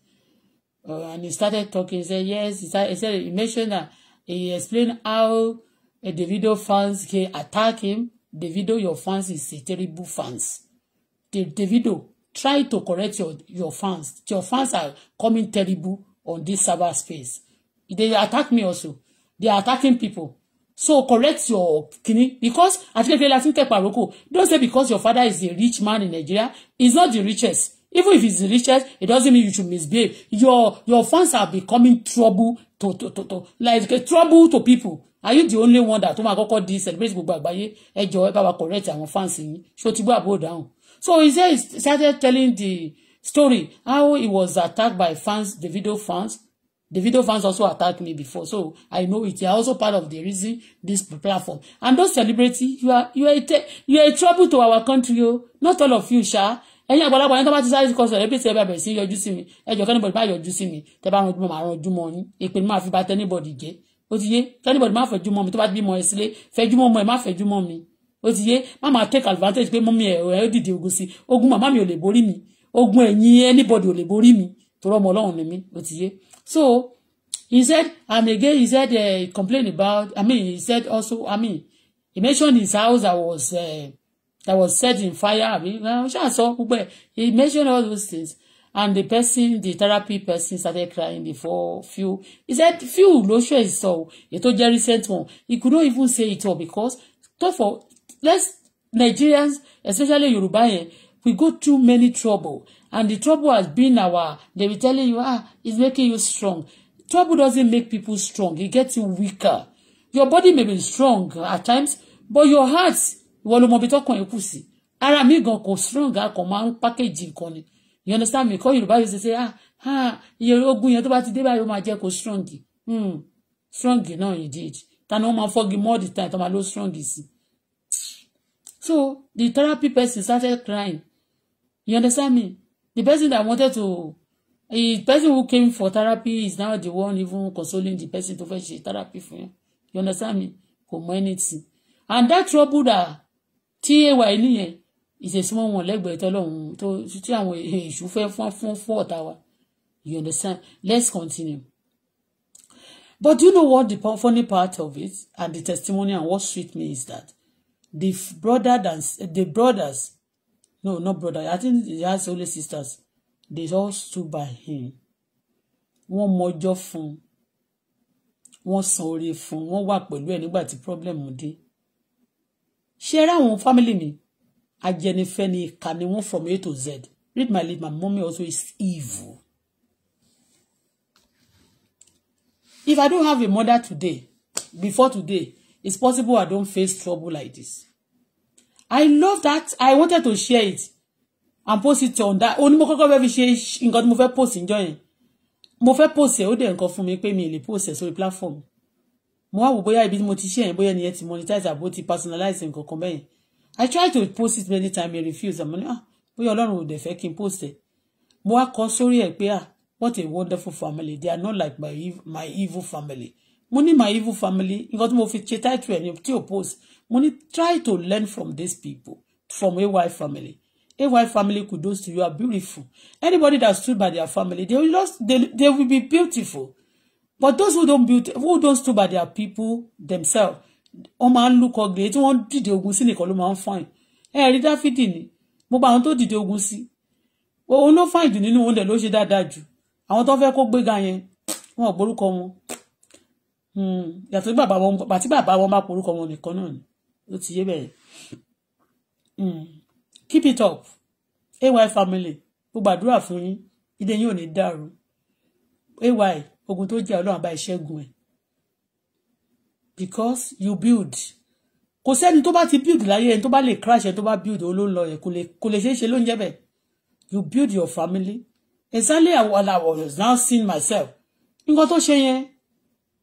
Uh, and he started talking. He said, yes. He, started, he said, he mentioned that he explained how a Davido fans can attack him. Davido, your fans is a terrible fans. Davido, try to correct your, your fans. Your fans are coming terrible on this cyber space. They attack me also. They are attacking people. So correct your kini because àti kékeré la fi paroko. Don't say because your father is a rich man in Nigeria, he's not the richest. Even if he's the richest, it doesn't mean you should misbehave. Your your fans are becoming trouble to to to, to like trouble to people are you the only one that tó máa kọ́kọ́ di celebrate gbogbo àgbáyé ẹ jọ̀ọ́ ẹ bá wa correct àwọn fans yín ṣó ti gbọ́ àbúrò dáhùn so he said he started telling the story how he was attacked by fans Davido fans Davido fans also attacked me before so I know it they are also part of the reason this platform and those celebrity you are you are a you are a trouble to our country o oh. not all of you sha ẹ̀yin àgbàlagbà yẹn tó bá ti sáré kọ celebrity ẹ bá bẹ̀rẹ̀ sí yọjú sí mi ẹ jọ̀ọ́ kẹ́nìbọ̀dì bá yọjú sí mi tẹ bá ranjú mọ́ màá ranjú mọ́ máa fi bà tẹ́nìbọ̀dì jẹ́ ó ti yé kẹ́nìbọ̀dì má fẹ̀jú mọ́ mi tó bá bímọ ẹ̀ sílé fẹ̀jú mọ́ ọmọ ẹ̀ má fẹ̀jú mọ́ mi ó ti yé má máa take advantage pé mọ́mí ẹ̀ ẹ̀ ó dìde ogun sí ogun màmá mi ò lè borí mi ogun ẹ̀yìn anybody ò lè borí mi torọ́ ọmọ ọlọ́run ni mi ó ti yé so he said and again he said uh, eh, he complained about i mean he said also i mean he mentioned his house that was uh, that was set in fire abi ṣáà sọ gbogbo ẹ he mentioned all those things and the person the therapy person started crying before few he said few ló ṣe ìsọ ètò jẹ́ recent one he could not even say it all because tó for let's Nigerians especially Yorùbá yẹn we go through many trouble and the trouble has been our they be telling you ah it's making you strong trouble doesn't make people strong it gets you weaker your body may be strong at times but your heart ìwọ tọkàn ẹ sí ara mi gan kò strong a kàn máa ń pákéjì nǹkan ni you understand me kọ́ yorùbá yóò ṣe ṣe ah ah iye ogun yẹn tó bá ti dé báyìí ó máa jẹ́ kó strong hmm strong náà indeed ta ni máa fọ́gi more the time tó máa lo strong sí so the therapy person started crying you understand me the person that wanted to the person who came for therapy is now the one even consoling the person tó fẹ́ ṣe therapy for yẹn you understand me kò mọ anything and that trouble that tí ay nìyẹn ìṣèsímọ́ wọn lẹ́gbẹ̀ẹ́ tọ́lọ́hún tó tí àwọn èṣù fẹ́ fún fún fún ọ̀tá wa you understand let's continue but do you know what the funny part of it and the testimony and what sweet me is that the brother than the brothers no not brother i think he has only sisters they all stood by him wọ́n mọjọ́ fún wọ́n san oore fún wọ́n wà pẹ̀lú ẹ̀ nígbà tí problem dé ṣe é ráwọn family mi ajẹnifẹ́ni ìkà ni wọ́n from A to Z read my lips my mommy also is evil if I don't have a mother today before today it's possible I don't face trouble like this I love that I wanted to share it and post it on that onímọ̀ kọ́kọ́ fẹ́ fi ṣe nǹkan tí mo fẹ́ post ǹjọ́ yẹn mo fẹ́ post ẹ̀ ó dẹ̀ nǹkan fún mi pé mi lè post ẹ̀ sórí platform mo wá wò bóyá ibi tí mo ti share yẹn bóyá ẹnìyẹn ti monetize àbó ti personalize nǹkan kan I try to post it many times he refused àmọ́ ní ah bóyá ọlọ́run ò dẹ̀ fẹ́ kí n post ẹ̀ mo wá kọ sórí ẹ̀ pé ah what a wonderful family they are not like my my evil family mo ní my evil family nǹkan tí mo fi ṣe title ẹ̀ ní tí ò post mo ní try to learn from these people from AY family AY family kudos to you are beautiful anybody that stood by their family they will just they, they will be beautiful but those who don't build who don't stood by their people themselves wọ́n máa ń lúkọ gèé tí wọ́n dìde ogun sí nìkan ló máa ń fọyín ẹ rí dáfídì ni mo bá àwọn tó dìde ogun sí òun ló fọyín jù nínú oúnjẹ ló ṣe dáadáa jù àwọn tó fẹ́ kó gbéga yẹn wọn ò gborúkọ wọn yàtọ̀ tí bàbá wọn bàtí bàbá wọn bá porúkọ wọn nìkan náà ni ó ti yé bẹ́ẹ̀ hmm, keep it up ay family mo gbàdúrà fún yín ilé yín ò ní dàrú ay ogun tó jẹ́ ọlọ́run àbá ìṣẹ́gun ẹ̀ because you build kò sẹ́ni tó bá ti build láyé ẹni tó bá lè crash ẹni tó bá build olóńlọ yẹn kò lè kò lè ṣeé ṣe ló ń jẹ́ bẹ́ẹ̀ you build your family exactly what I was now seeing myself nǹkan tó ṣe yẹn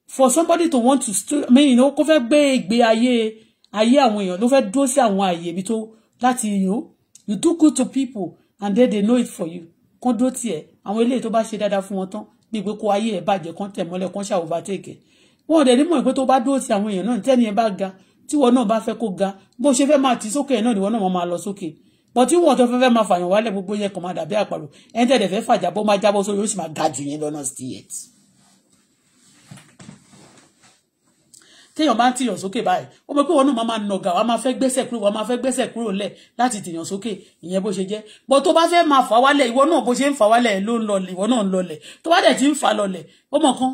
for somebody to want to still I mean you know kó fẹ́ gbé ìgbé ayé ayé àwọn èèyàn ló fẹ́ dúró sí àwọn ààyè ibi tó láti you know you do good to people and then they know it for you kán dó tiẹ̀ àwọn eléyìí tó bá ṣe dáadáa fún wọn tán bí ìgbé kó ayé ẹ̀ bàjẹ́ kán tẹ̀ mọ́lẹ̀ kán ṣàwòbá tèkè wọn ò dẹ̀ ní mọ̀ pé tó bá dúró ti àwọn èèyàn náà tẹ́ni ẹ bá ga tí wọn náà bá fẹ́ kó ga bó ṣe fẹ́ máa ti sókè náà ni wọn náà máa lọ sókè bọ́ tí wọn tó fẹ́ fẹ́ máa fàyàn wálẹ̀ gbogbo yẹn kàn máa dàbí àpàrọ̀ ẹni tẹ̀lé fẹ́ fàjà bó máa jábọ́ sórí ó sì máa ga jù yẹn lọ́nà sí yẹn. téèyàn bá ń tìyàn sókè báyìí ó mọ pé wọn náà máa nàgà wàá máa fẹ́ gbẹ́sẹ̀ kúrò wàá máa fẹ́ gbẹ́sẹ̀ kúrò lẹ̀ láti tìyàn sókè ìyẹn bó ṣe jẹ́ bọ́ tó bá fẹ́ máa fà wálẹ̀ ìwọ náà bó ṣe ń fà wálẹ̀ ló ń lọlẹ̀ ìwọ náà ń lọlẹ̀ tó bá dẹ̀ ti ń fà lọlẹ̀ ó mọ̀ kán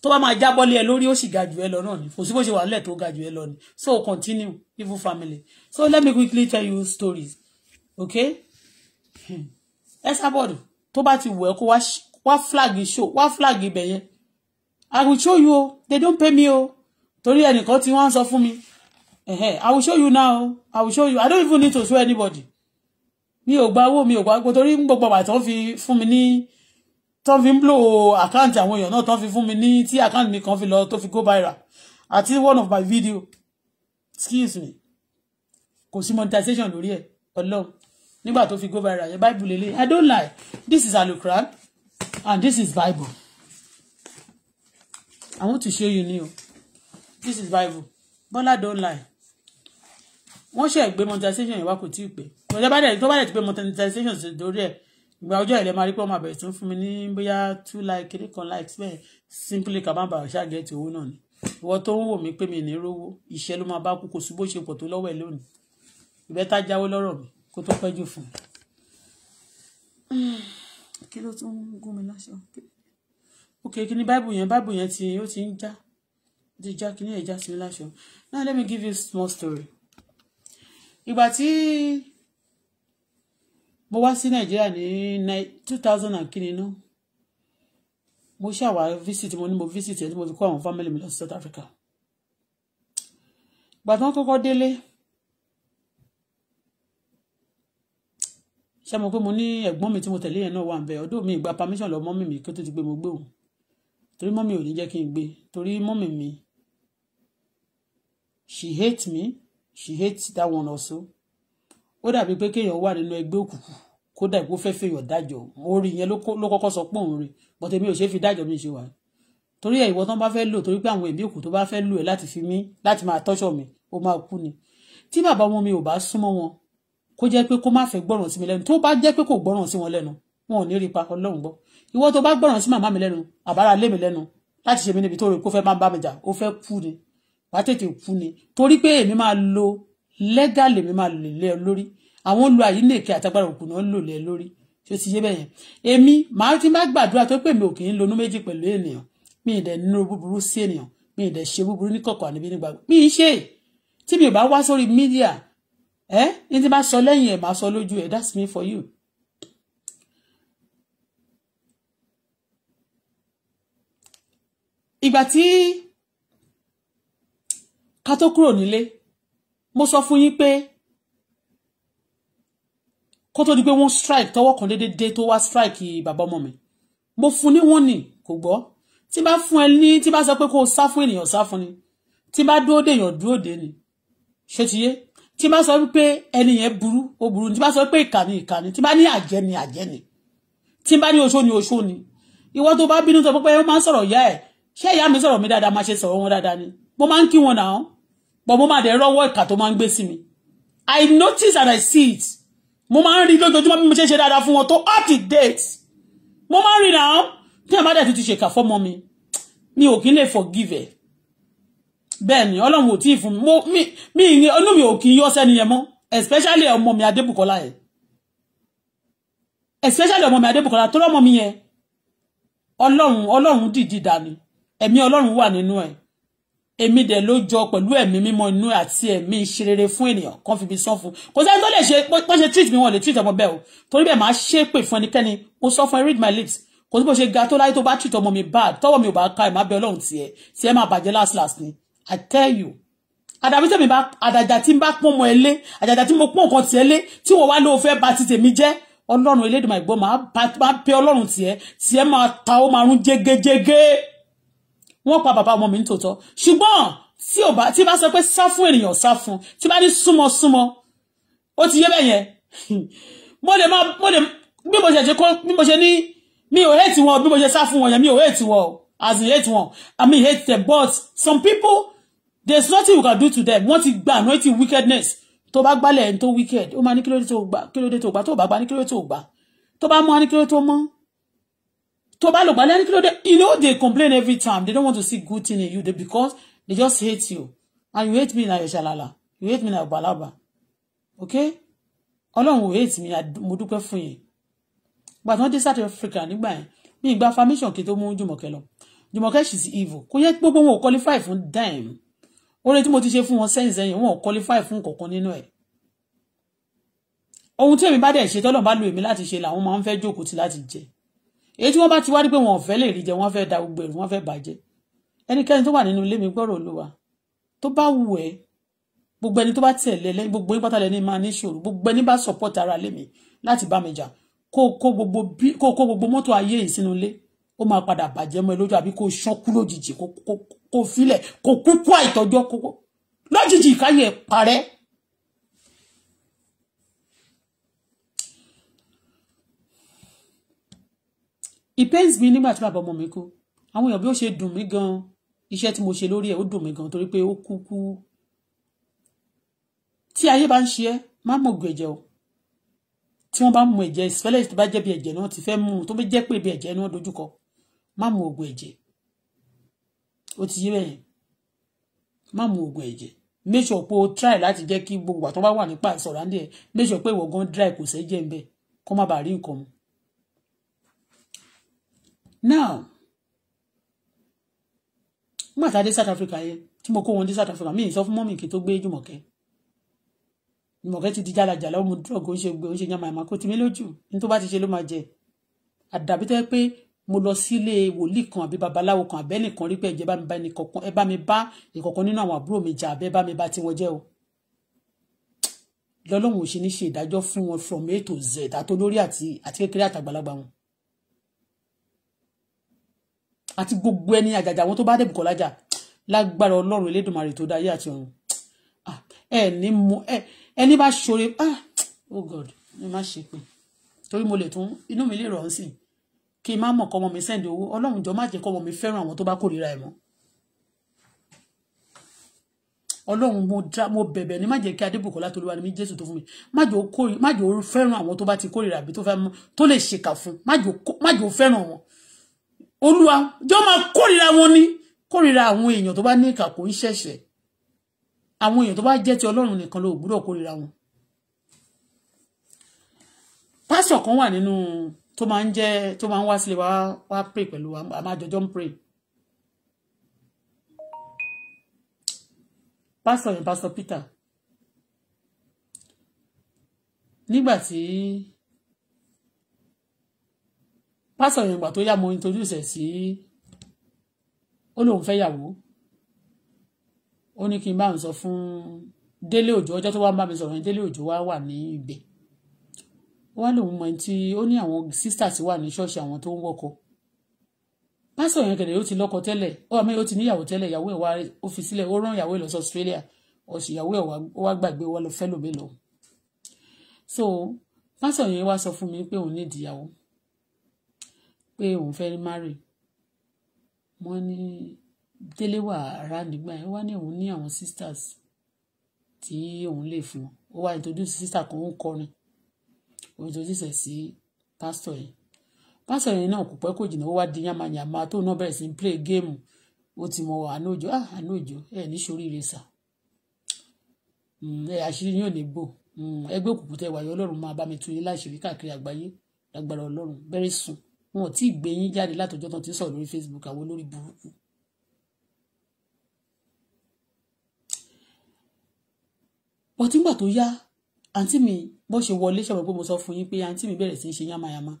tó bá máa jábọ́lé ẹ lórí ó sì ga jù ẹ lọ náà ni kò sí bó ṣe wà nílẹ̀ tó ga jù ẹ lọ ni so continue even family so let me quickly tell you stories okay hmm. ẹ sábọ̀dù tó bá ti wù ẹ́ kó wá flag show wá flag ibẹ̀ yẹn i will show you o they don't pay me o torí ẹnìkan tí wọ́n sọ fún mi i will show you now i will show you i don't even need to show anybody mi ò gba owó mi ò gba gbogbo torí gbogbo àgbà tó fi fún mi ní tán fi ń blow àkáǹtì àwọn èèyàn náà tán fi fún mi ní tí àkáǹtì mi kan fi lọ tó fi go viral àti one of my video excuse me kò sí monetization lórí ẹ̀ ọlọ́run nígbà tó fi go viral yẹn bible lele i don't lie this is alukuran and this is bible i want to show you new this is bible bọ́lá don't lie wọ́n ṣe gbé monetization yẹn wá kò tí ì pé tó bá dẹ̀ tó bá dẹ̀ ti pé monetization sí lórí ẹ̀ ìgbà ọjọ́ ìlẹ̀ máa rí pé wọ́n máa bẹ̀rẹ̀ tó ń fún mi ní bóyá two like kiri kan like bẹ́ẹ̀ simply kà má bàa ṣàgẹ́tì owó náà ni ìwọ tó ń wò mí pé mi ní rówó ìṣẹ́ ló máa bá kú kò sí bó ṣe pọ̀ tó lọ́wọ́ ẹ̀ lónìí ìbẹ́ta jáwọ́ lọ́rọ̀ mi kó tó pẹ́jù fún mi. kí ló tún gún mi láṣọ. ok kí ni báìbù yẹn báìbù yẹn ti ó ti ń já ti já kí ni ẹ̀ já sí mi láṣọ now let me give you small story. ìgbà tí mo wá sí nàìjíríà ní two thousand and kí ni nú mo ṣàwà visit mo ní mo visit ẹ tí mo fi kó àwọn family mi lọ sí South Africa gbàtàn kọ́kọ́ délé ṣe mo pé mo ní ẹ̀gbọ́n mi tí mo tẹ̀lé yẹn náà wà ń bẹ ọdún mi ìgbà permission lọ mọ́mì mi kó tó ti gbé mo gbé òun torí mọ́mì ò ní jẹ́ kí n gbé torí mọ́mì mi she hate me she hate that one also ó dàbí pé kéèyàn wà nínú ẹgbẹ́ òkùnkùn kó dàbí pé ó fẹ́ fèèyàn dájọ́ mo rí ìyẹn ló kọ́kọ́ sọ pé òun rí but èmi ò ṣe é fi dájọ́ mi ṣe wà torí ẹ̀ ìwọ tán bá fẹ́ lò torí pé àwọn ẹ̀mí òkùnkùn tó bá fẹ́ lò ẹ̀ láti fi mí láti máa tọ́ṣọ̀ mi ó máa kú ni tí bàbá ọmọ mi ò bá súnmọ́ wọn kó jẹ́ pé kó má fẹ́ gbọ́ràn sí mi lẹ́nu tó bá jẹ́ pé kò gbọ́ràn sí wọn lẹ́nu wọn ò ní rí pa ọlọ́run gbọ́ ìwọ tó bá gbọ́ràn sí màmá mi lẹ́nu àbára lé mi lẹ́nu mi níbi tó rí kó fẹ́ máa bá mi jà ó fẹ́ kú ni wàá ni torí lo lẹ́gà lèmi máa lò lé ọ lórí àwọn lu àyílékè àtagbára òkú náà lò lé ọ lórí tí ó ti yé bẹ́yẹn èmi màá ti má gbàdúrà tó pè mí ò kì í lonú méjì pẹ̀lú ènìyàn mi ì dẹ̀ nínú búburú sí ènìyàn mi ì dẹ̀ ṣe búburú ní kọ̀kọ̀ àníbí nígbà mi ì ṣe tí mi ò bá wá sórí mídíà ẹ ní ti bá sọ lẹ́yìn ẹ̀ máa sọ lójú ẹ̀ that's me for you. ìgbà tí ká tó kúrò nílé mo sọ fún yín pé kó tó di pé wọ́n strike tọwọ́ kan déédéé dé tó wá strike bàbá ọmọ mi mo fún ní wọ́n nì kò gbọ́ tí bá fún ẹ ní tí bá sọ pé kó o sá fún ènìyàn sá fún ni tí bá dúró dé èèyàn dúró dé ni ṣé ti yé tí bá sọ pé ẹni yẹn burú ó burú tí bá sọ pé ìkà ni ìkà ni tí bá ní àjẹ́ ni àjẹ́ ni tí bá ní oṣó ni oṣó ni ìwọ tó bá bínú tó pé ó máa ń sọ̀rọ̀ ìyá ẹ̀ ṣé ìyá mi sọ̀rọ̀ mi dáadáa máa ṣe sọ̀rọ̀ wọn dáadáa ni mo máa ń kí wọn náà but mo máa dẹ̀ rọ́wọ́ ìkà tó máa ń gbé mi i notice and i see it mo máa ń rí lójoojúmọ́ mo ṣe ń ṣe dáadáa fún wọn tó up to date mo máa ń rí náà kí ẹ̀ má dẹ̀ tún ti ṣèkà fọ́mọ mi mi ò kí lè forgive ẹ̀ bẹ́ẹ̀ ni ọlọ́run ò tí ì fún mi mi ìyẹn inú mi ò kí yọ sẹ́ni yẹn mọ́ especially ọmọ mi adébùkọ́lá yẹn especially ọmọ mi adébùkọ́lá tó rọ́mọ mi yẹn ọlọ́run ọlọ́run dìdí dání ẹ̀mí ọlọ́run wà nínú ẹ̀ èmi dẹ̀ ló jọ pẹ̀lú ẹ̀mí mímọ́ inú àti ẹ̀mí ìṣerere fún ènìyàn kan fi bí sán fún kò sẹ́ni tó lè ṣe wọ́n ṣe treat mi wọ́n lè treat ọmọ bẹ́ẹ̀ o torí bẹ́ẹ̀ máa ṣe pè fún ẹnikẹ́ni mo sọ fún ẹ read my lips kò sí bó ṣe ga tó láyé tó bá treat ọmọ mi bad tọ́wọ́ mi ò bá ka ẹ̀ má bẹ ọlọ́run tiẹ̀ tí ẹ máa bàjẹ́ last last ni I tell you àdàbí tèmi bá àdàjà tí n bá pọ́n mọ ẹ lé àdàjà tí mo pọ́n nǹkan tiẹ̀ lé tí wọ́n wá lóò fẹ́ bà ti tèmi jẹ́ ọlọ́run elédùnmá ìgbọ́ máa bẹ ọlọ́run tiẹ̀ tiẹ̀ máa ta ó máa rún jégéjégé wọ́n pa bàbá ọmọ mi nítòótọ́ ṣùgbọ́n tí ò bá tí bá sọ pé sá fún ènìyàn sá fún tí bá ní súnmọ́ súnmọ́ ó ti yé bẹ́yẹn mo lè má mo lè bí mo ṣe ṣe kó bí mo ṣe ní mi ò hate wọn bí mo ṣe sá fún wọn yẹn mi ò hate wọn as in hate wọn i mean hate them but some people there's nothing you can do to them wọ́n ti gba anointing wickedness tó bá gbálẹ̀ ẹni tó wicked ó máa ní kílódé tó gbà kílódé tó gbà tó bá gbà ní kílódé tó gbà tó bá mọ́ ní kílódé tó mọ́. To bá lò gbà lẹ́ni kí ló you know they complain every time they don't want to see good thing in you they, because they just hate you and you hate me na yẹ̀ṣàlàlà you hate me na ọ̀gbàlàbà okay ọlọ́run ò hate me mo dúpẹ́ fún yẹn gbàtàn dé South Africa nígbà yẹn mi ìgbà formation kí n tó mú Jùmọ̀kẹ́ lọ Jùmọ̀kẹ́ she is evil kò yẹ gbogbo wọn ò qualify fún dime oore tí mo ti ṣe fún wọn sẹ́yìn sẹ́yìn wọn ò qualify fún kankan nínú ẹ̀ ohun tí èmi bá dẹ̀ ṣe tọ́lọ̀ bá lu èmi láti ṣe làwọn máa ń fẹ́ jókòó ti láti jẹ́ èyí tí wọ́n bá ti wá rí pé wọn ò fẹ́ lè rí jẹ wọ́n fẹ́ da gbogbo ẹ̀rù wọ́n fẹ́ bàjẹ́ ẹnikẹ́ni tó wà nínú ilé mi gbọ́rọ̀ olúwa tó bá wù ẹ́ gbogbo ẹni tó bá tẹ̀lé lẹ́yìn gbogbo yín pátá lẹ́ni máa ní ìṣòro gbogbo ẹni bá support ara lé mi láti bá mi jà kó kó gbogbo mọ́tò ayé yìí sínú ilé ó máa padà bàjẹ́ mọ́ ẹ lójú àbí kó ṣánkú lójijì kó filẹ̀ kó kúkú àìtọ́jọ́ lójijì káyé parẹ́ it pains me nígbà tí bàbá ọmọ mi kú àwọn èèyàn bí ó ṣe dùn mí gan iṣẹ́ tí mo ṣe lórí ẹ̀ ó dùn mí gan torí pé ó kú kú tí ayé bá ń ṣe ẹ́ má mọ̀gùn ẹ̀jẹ̀ o tí wọ́n bá mú ẹ̀jẹ̀ ìsìfẹ́lẹ̀ tó bá jẹ́ bí ẹ̀jẹ̀ náà ti fẹ́ mú tó bá jẹ́ pé bí ẹ̀jẹ̀ náà dojúkọ má mu oògùn ẹ̀jẹ̀ ó ti yé bẹ́yẹn má mu oògùn ẹ̀jẹ̀ make pé o try láti jẹ́ kí gbogbo àtọ́ bá wà nípa ìsọ̀rọ̀ àndẹ̀ make sure pé ìwọ gan dry kò sẹ́jẹ̀ ń bẹ̀ kó má bàa rí nǹkan mu now nígbà tá dé South Africa yẹn tí mo kó wọn dé South Africa mi ì sọ fún mọ́mì kí n tó gbé Jùmọ̀kẹ́ Jùmọ̀kẹ́ ti di jálajàlá ọmọ dúrọ̀gù ó ń ṣe gbé ó ń ṣe yàmà àmà kó ti mí lójú ní tó bá ti ṣe ló máa jẹ àdàbí tó yẹ pé mo lọ sílé wòlíì kan àbí babaláwo kan àbẹ́nìkan rí pé ẹ̀jẹ̀ bá mi bá ẹnìkọ̀kan ẹ bá mi bá ìkọ̀kan nínú àwọn àbúrò mi jà àbẹ́ bá mi bá tiwọn jẹ́ o lọ́lọ́run ò ṣe ní ṣe ìdájọ́ fún wọn from a to z àtolórí àti àti kékeré àtàgbàlagbà wọn àti gbogbo ẹni àjàjà àwọn tó bá dẹ̀ Bùkọ́lá jà lágbára ọlọ́run elédùnmarè tó dáyé àti ọ̀run ah, ẹni mo ẹni bá ṣoore ah oh god mi má ṣe pé torí mo lè tún inú mi lè rọ̀ ọ́n sí kí n má mọ̀ kọ́mọ mi sẹ́ndì owó ọlọ́run jọ má jẹ́ kọ́mọ mi fẹ́ràn àwọn tó bá kórìíra ẹ̀ mọ́ ọlọ́run mo bẹ̀bẹ̀ ní má jẹ́ kí adébùkọ́lá tó lówà ní jésù tó fún mi má jẹ́ ó fẹ́ràn àwọn tó bá ti kórìíra àbí tó lè ṣèkà fún má jẹ́ ó fẹ́ràn wọn olúwa jọ máa kórìíra wọn ní kórìíra àwọn èèyàn tó bá ní ìkà kò ń ṣẹ̀ṣẹ̀ àwọn èèyàn tó bá jẹ́ ti ọlọ́run nìkan ló gbúdọ̀ kórìíra wọn. pásọ̀ kan wà nínú tó máa ń jẹ́ tó máa ń wá sílé wa wá pray pẹ̀lú wa àmọ́ àjọjọ́ ń pray. pásọ̀ yẹn pásọ̀ Peter nígbà tí pásọ yẹn gbà tó yá mo introduce ẹ sí ó lóun fẹ́ yàwó ó ní kí n bá ń sọ fún délé òjò ọjọ́ tó wá ń bá mi sọ̀rọ̀ yẹn délé òjò wá wà ní ibẹ̀ wá lòun mọ tí ó ní àwọn sísítà tí wà ní ṣọ́ọ̀ṣì àwọn tó ń wọ́kọ pásọ yẹn kẹ̀lẹ́ ó ti lọ́kọ tẹ́lẹ̀ ó àmọ́ ó ti níyàwó tẹ́lẹ̀ ìyàwó ẹ̀ wá ó fi sílẹ̀ ó rán ìyàwó ẹ̀ lọ sí Australia ọ̀sùn ìyàwó ẹ̀ wá gbàgbé wọ́n lọ fẹ́ lòmí so pásọ yẹn wá sọ fún mi pé òun ní ìdíyàwó pé òun fẹ́ marry wọ́n ní délé wà ara nígbà yẹn wá ní òun ní àwọn sisters tí òun lè fún ó wá introduce sister kan ó ń kọrin òun introduce ẹ̀ sí pastor yẹn pastor yẹn náà kò pẹ́ kò jìnnà ó wá di yamayama tóun náà bẹ̀rẹ̀ sí ń play game ó ti mọ ànójọ ah ànójọ ẹ ní soríire sà hmm, ẹ àṣírí yóò ní gbò hmm, ẹgbẹ́ òkùnkùn tẹ wáyé ọlọ́run máa bá mi tu yín láṣìírí káàkiri àgbáyé lágbára ọlọ́run very soon wọn ò tí ì gbé yín jáde látọjọ́ tán ti sọ̀rọ̀ lórí Facebook àwọn olórí burúkú. wọ́n ti ń gbà tó yá àǹtí mi bó ṣe wọlé ṣe mọ̀ pé mo sọ fún yín pé àǹtí mi bẹ̀rẹ̀ sí í ṣe yánmayánmá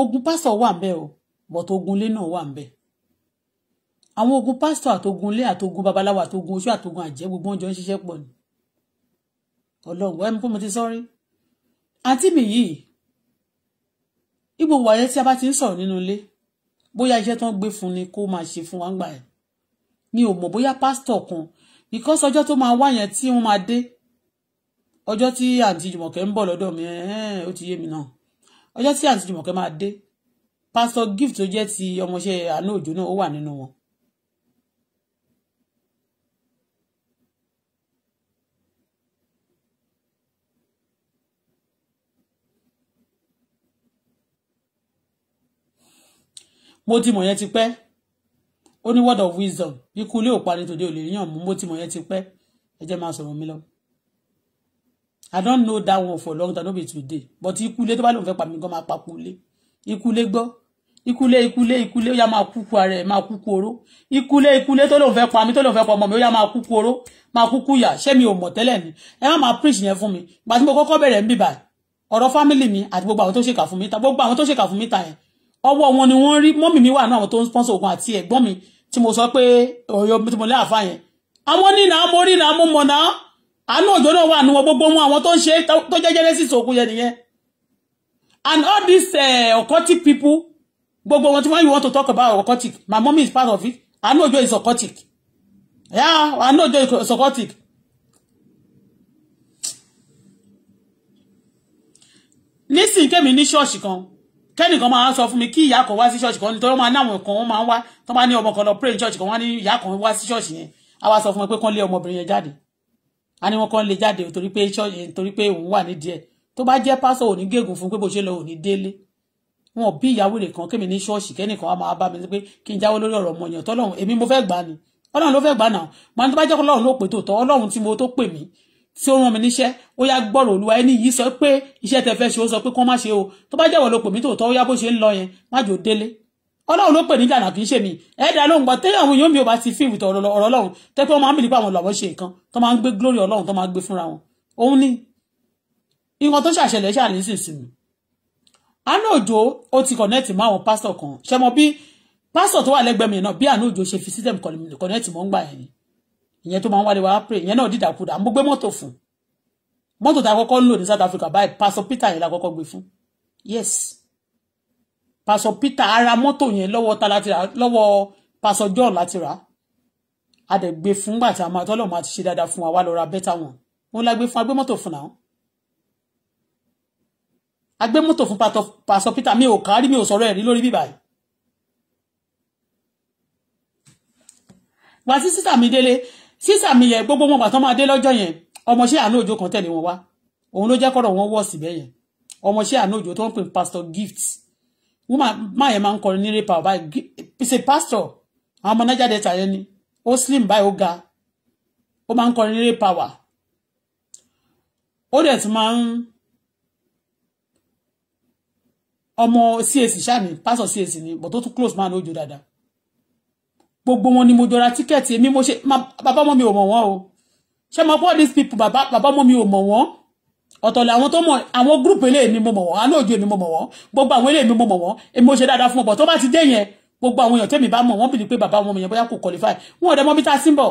ogun pásítọ̀ wà ń bẹ̀ o bọ̀t ogunlé náà wà ń bẹ̀ àwọn ogun pásítọ̀ àtogunlé àtogun babaláwo àtogun oṣù àtogun àjẹ́ gbogbo wọn jọ ń ṣiṣẹ́ pọ̀ ni ọlọ́run ẹni pé mo ti sọ́rí àǹtí mi yìí ní gbogbo ayé tí a bá ti ń sọ̀rọ̀ nínú ilé bóyá iṣẹ́ tó gbé fún ni kó máa ṣe fún wa ń gbà ẹ̀ mi ò mọ̀ bóyá pásítọ̀ kan because ọjọ́ tó máa wá yẹn tí wọ́n máa dé ọjọ́ tí àǹtí Jùmọ̀kẹ́ ń bọ̀ lọ́dọ̀ mi ó ti yé mi náà ọjọ́ tí àǹtí Jùmọ̀kẹ́ máa dé pásítọ̀ gift tó jẹ́ ti ọmọọṣẹ́ àánú òjò náà ó wà nínú wọn mo ti mọ̀ yẹn ti pẹ́ ó ní word of wisdom ikú ilé òpani tòde ò lè ríyàn mú mo ti mọ̀ yẹn ti pẹ́ ẹ jẹ́ máa sọ̀rọ̀ mi lọ. I don't know that one for long time no be today but ikú ilé tó bá lóun fẹ́ pa mí gan máa pa kú ilé ikú ilé gbọ́ ikúlé ikúlé ikúlé ó yá máa kúkú ara ẹ máa kúkú oró ikúlé ikúlé tó lóun fẹ́ pa mí tó lóun fẹ́ pa ọmọ mi ó yá máa kúkú oró máa kúkú yà ṣé mi ò mọ̀ tẹ́lẹ̀ ni ẹ má máa preach yẹn fún mi gbà tí mo kọ́kọ́ bẹ̀rẹ̀ ń bìbà ọ̀rọ̀ family mi àti gbogbo àwọn tó ṣèkà fún mi ta gbogbo àwọn tó ṣèkà fún mi ta yẹn ọwọ́ wọn ni wọ́n rí mọ́mì mi wà náà àwọn tó ń sponsor ogun àti ẹ̀gbọ́n mi tí mo sọ pé ọ̀yọ́ tí mo lé àfa yẹn àwọn ní ìnáwó mo rí ìnáwó mo mọ̀ náà àánú òjò náà wà nù wọn gbogbo wọn àwọn tó ń ṣe tó jẹ́ genesis ogun yẹn nìyẹn and all these uh, occultic people gbogbo wọn tí wọ́n you want to talk about occultic my mommy is part of it àánú òjò is occultic yeah àánú òjò is occultic nísìnyí kẹ́mi ní ṣọ́ọ̀ṣì kan kẹ́nìkan máa sọ fún mi kí ìyá kan wá sí ṣọ́ọ̀ṣì kan nítorí wọ́n máa ní kan wọ́n máa ń wá tó bá ní ọmọ kan lọ pray ní ṣọ́ọ̀ṣì kan wọ́n ní ìyá kan wá sí ṣọ́ọ̀ṣì yẹn á wá sọ fún mi pé kán lé ọmọbìnrin yẹn jáde á ní wọ́n kán lé jáde torí pé torí pé òun wà nídìí ẹ̀ tó bá jẹ́ pásọ̀ òní gégùn fún pé bó ṣe lọ òní délé wọn bí ìyàwó rẹ̀ kan kémi ní ṣọ́ọ̀ṣì kẹ́nìkan á máa bá mi pé kí tí ó rán mi níṣẹ́ ó yá gbọ́rọ̀ olúwa ẹni yìí sọ pé iṣẹ́ tẹ fẹ́ ṣe ó sọ pé kó má ṣe o tó bá jẹ́wọ́ ló pè mí tòótọ́ ó yá bó ṣe ń lọ yẹn má jò délé ọlọ́run ló pè ní jàǹdà kì mi ẹ̀ẹ́dà ló ń gbọ́ tẹ́lẹ̀ àwọn èèyàn mi ò bá ti fi ìwìtọ̀ ọ̀rọ̀ ọlọ́run tẹ́ pé wọ́n máa ń bìlí pé àwọn làwọn ṣe nǹkan tó máa ń gbé glory ọlọ́run tó máa ń gbé fúnra wọn òun ni nǹkan tó ṣàṣẹlẹ̀ ṣàlẹ́ sì sí mi. àánú òjò ó ti connect mọ́ àwọn pásítọ̀ kan ṣe mọ bí pásítọ̀ tó wà lẹ́gbẹ̀ẹ́ mi náà bí àánú òjò ṣe fi system connect mọ́ ń gbà yẹn ìyẹn tó máa ń wálé wá pray ìyẹn náà dìdàkudà mo gbé mọ́tò fún mọ́tò tá a kọ́kọ́ ń lò ní South Africa báyìí Pastor Peter yẹn la kọ́kọ́ gbé fún yes Pastor Peter ara mọ́tò yẹn lọ́wọ́ ta láti rà lọ́wọ́ Pastor John láti rà a dẹ̀ gbé fún gbà tí a máa tọ́lọ̀ máa ti ṣe dáadáa fún wa wá lọ ra bẹ́tà wọn wọn la gbé fún agbé fún náà agbé fún Pastor Peter mi ò kárí mi ò sọ̀rọ̀ ẹ̀rí lórí bíbá yìí wá sí délé sísà mi yẹn gbogbo wọn bàtán máa dé lọ́jọ́ yẹn ọmọọṣẹ́ àánú òjò kan tẹ̀lé wọn wá òun ló jẹ́ kọ́rọ̀ wọn wọ̀ síbẹ̀ yẹn ọmọọṣẹ́ àánú òjò tó ń pè pastor gift wọ́n máa yẹn máa ń kọrin ní rape ọba ṣe pastor àwọn ọmọ naija delta yẹn ni ó slim báyìí ó ga ó máa ń kọrin ní rape ọba ó dẹ̀ tún máa ń ọmọ CAC ṣáà ni pastor CAC ni but ó tún close man lójú dáadáa gbogbo wọn ni mo jọra tíkẹ́ẹ̀tì èmi mo ṣe bàbá ọmọ mi ò mọ̀ wọ́n o ṣé mo bọ́ these people bàbá bàbá ọmọ mi ò mọ̀ wọ́n ọ̀tọ̀ làwọn tó mọ̀ àwọn group eléyìí ni mo mọ̀ wọ́n àná òjò èmi mo mọ̀ wọ́n gbogbo àwọn eléyìí mi mo mọ̀ wọ́n èmi mo ṣe dáadáa fún ọ̀pọ̀ tó bá ti dé yẹn gbogbo àwọn èèyàn tẹ́mi bá mọ̀ wọ́n bìí pé bàbá ọmọ mi yẹn bóyá kò qualify wọn ò dẹ́ mọ́ bí tá a sí ń bọ̀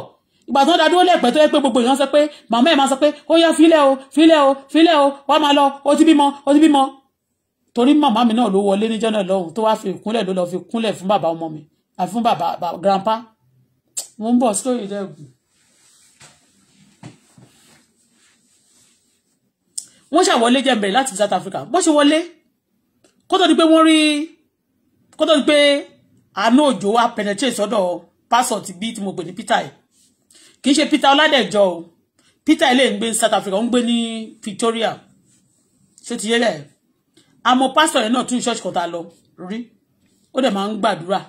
ìgbà tó dá dúró lẹ́pẹ́ tó yẹ pé gbogbo èèyàn sọ pé màmá ẹ̀ máa sọ pé ó yá filẹ̀ o filẹ̀ o filẹ̀ o wá máa lọ ó ti bímọ ó ti bímọ torí màmá mi náà ló wọlé níjọ́ náà lọ́hùn tó wá fi ìkúnlẹ̀ ló lọ fi kúnlẹ̀ fún bàbá ọmọ mi àti fún ba grandpa mo ń bọ̀ story dẹ̀ gùn. wọ́n ṣàwọlé jẹ́mbẹ̀ láti South Africa bó ṣe wọlé kó tó di pé wọ́n rí kó tó di pé àánú òjò wa penetrate sọ́dọ̀ pásọ̀ ti bí tí mo pè ní Peter yìí kì í ṣe Peter Ọládẹ̀jọ o Peter ilé ń gbé ní South Africa ó ń gbé ní Victoria ṣé ti yé lẹ̀ àmọ́ pásọ̀ yẹn náà tún ṣọ́ọ̀ṣì kan ta lọ rí ó dẹ̀ máa ń gbàdúrà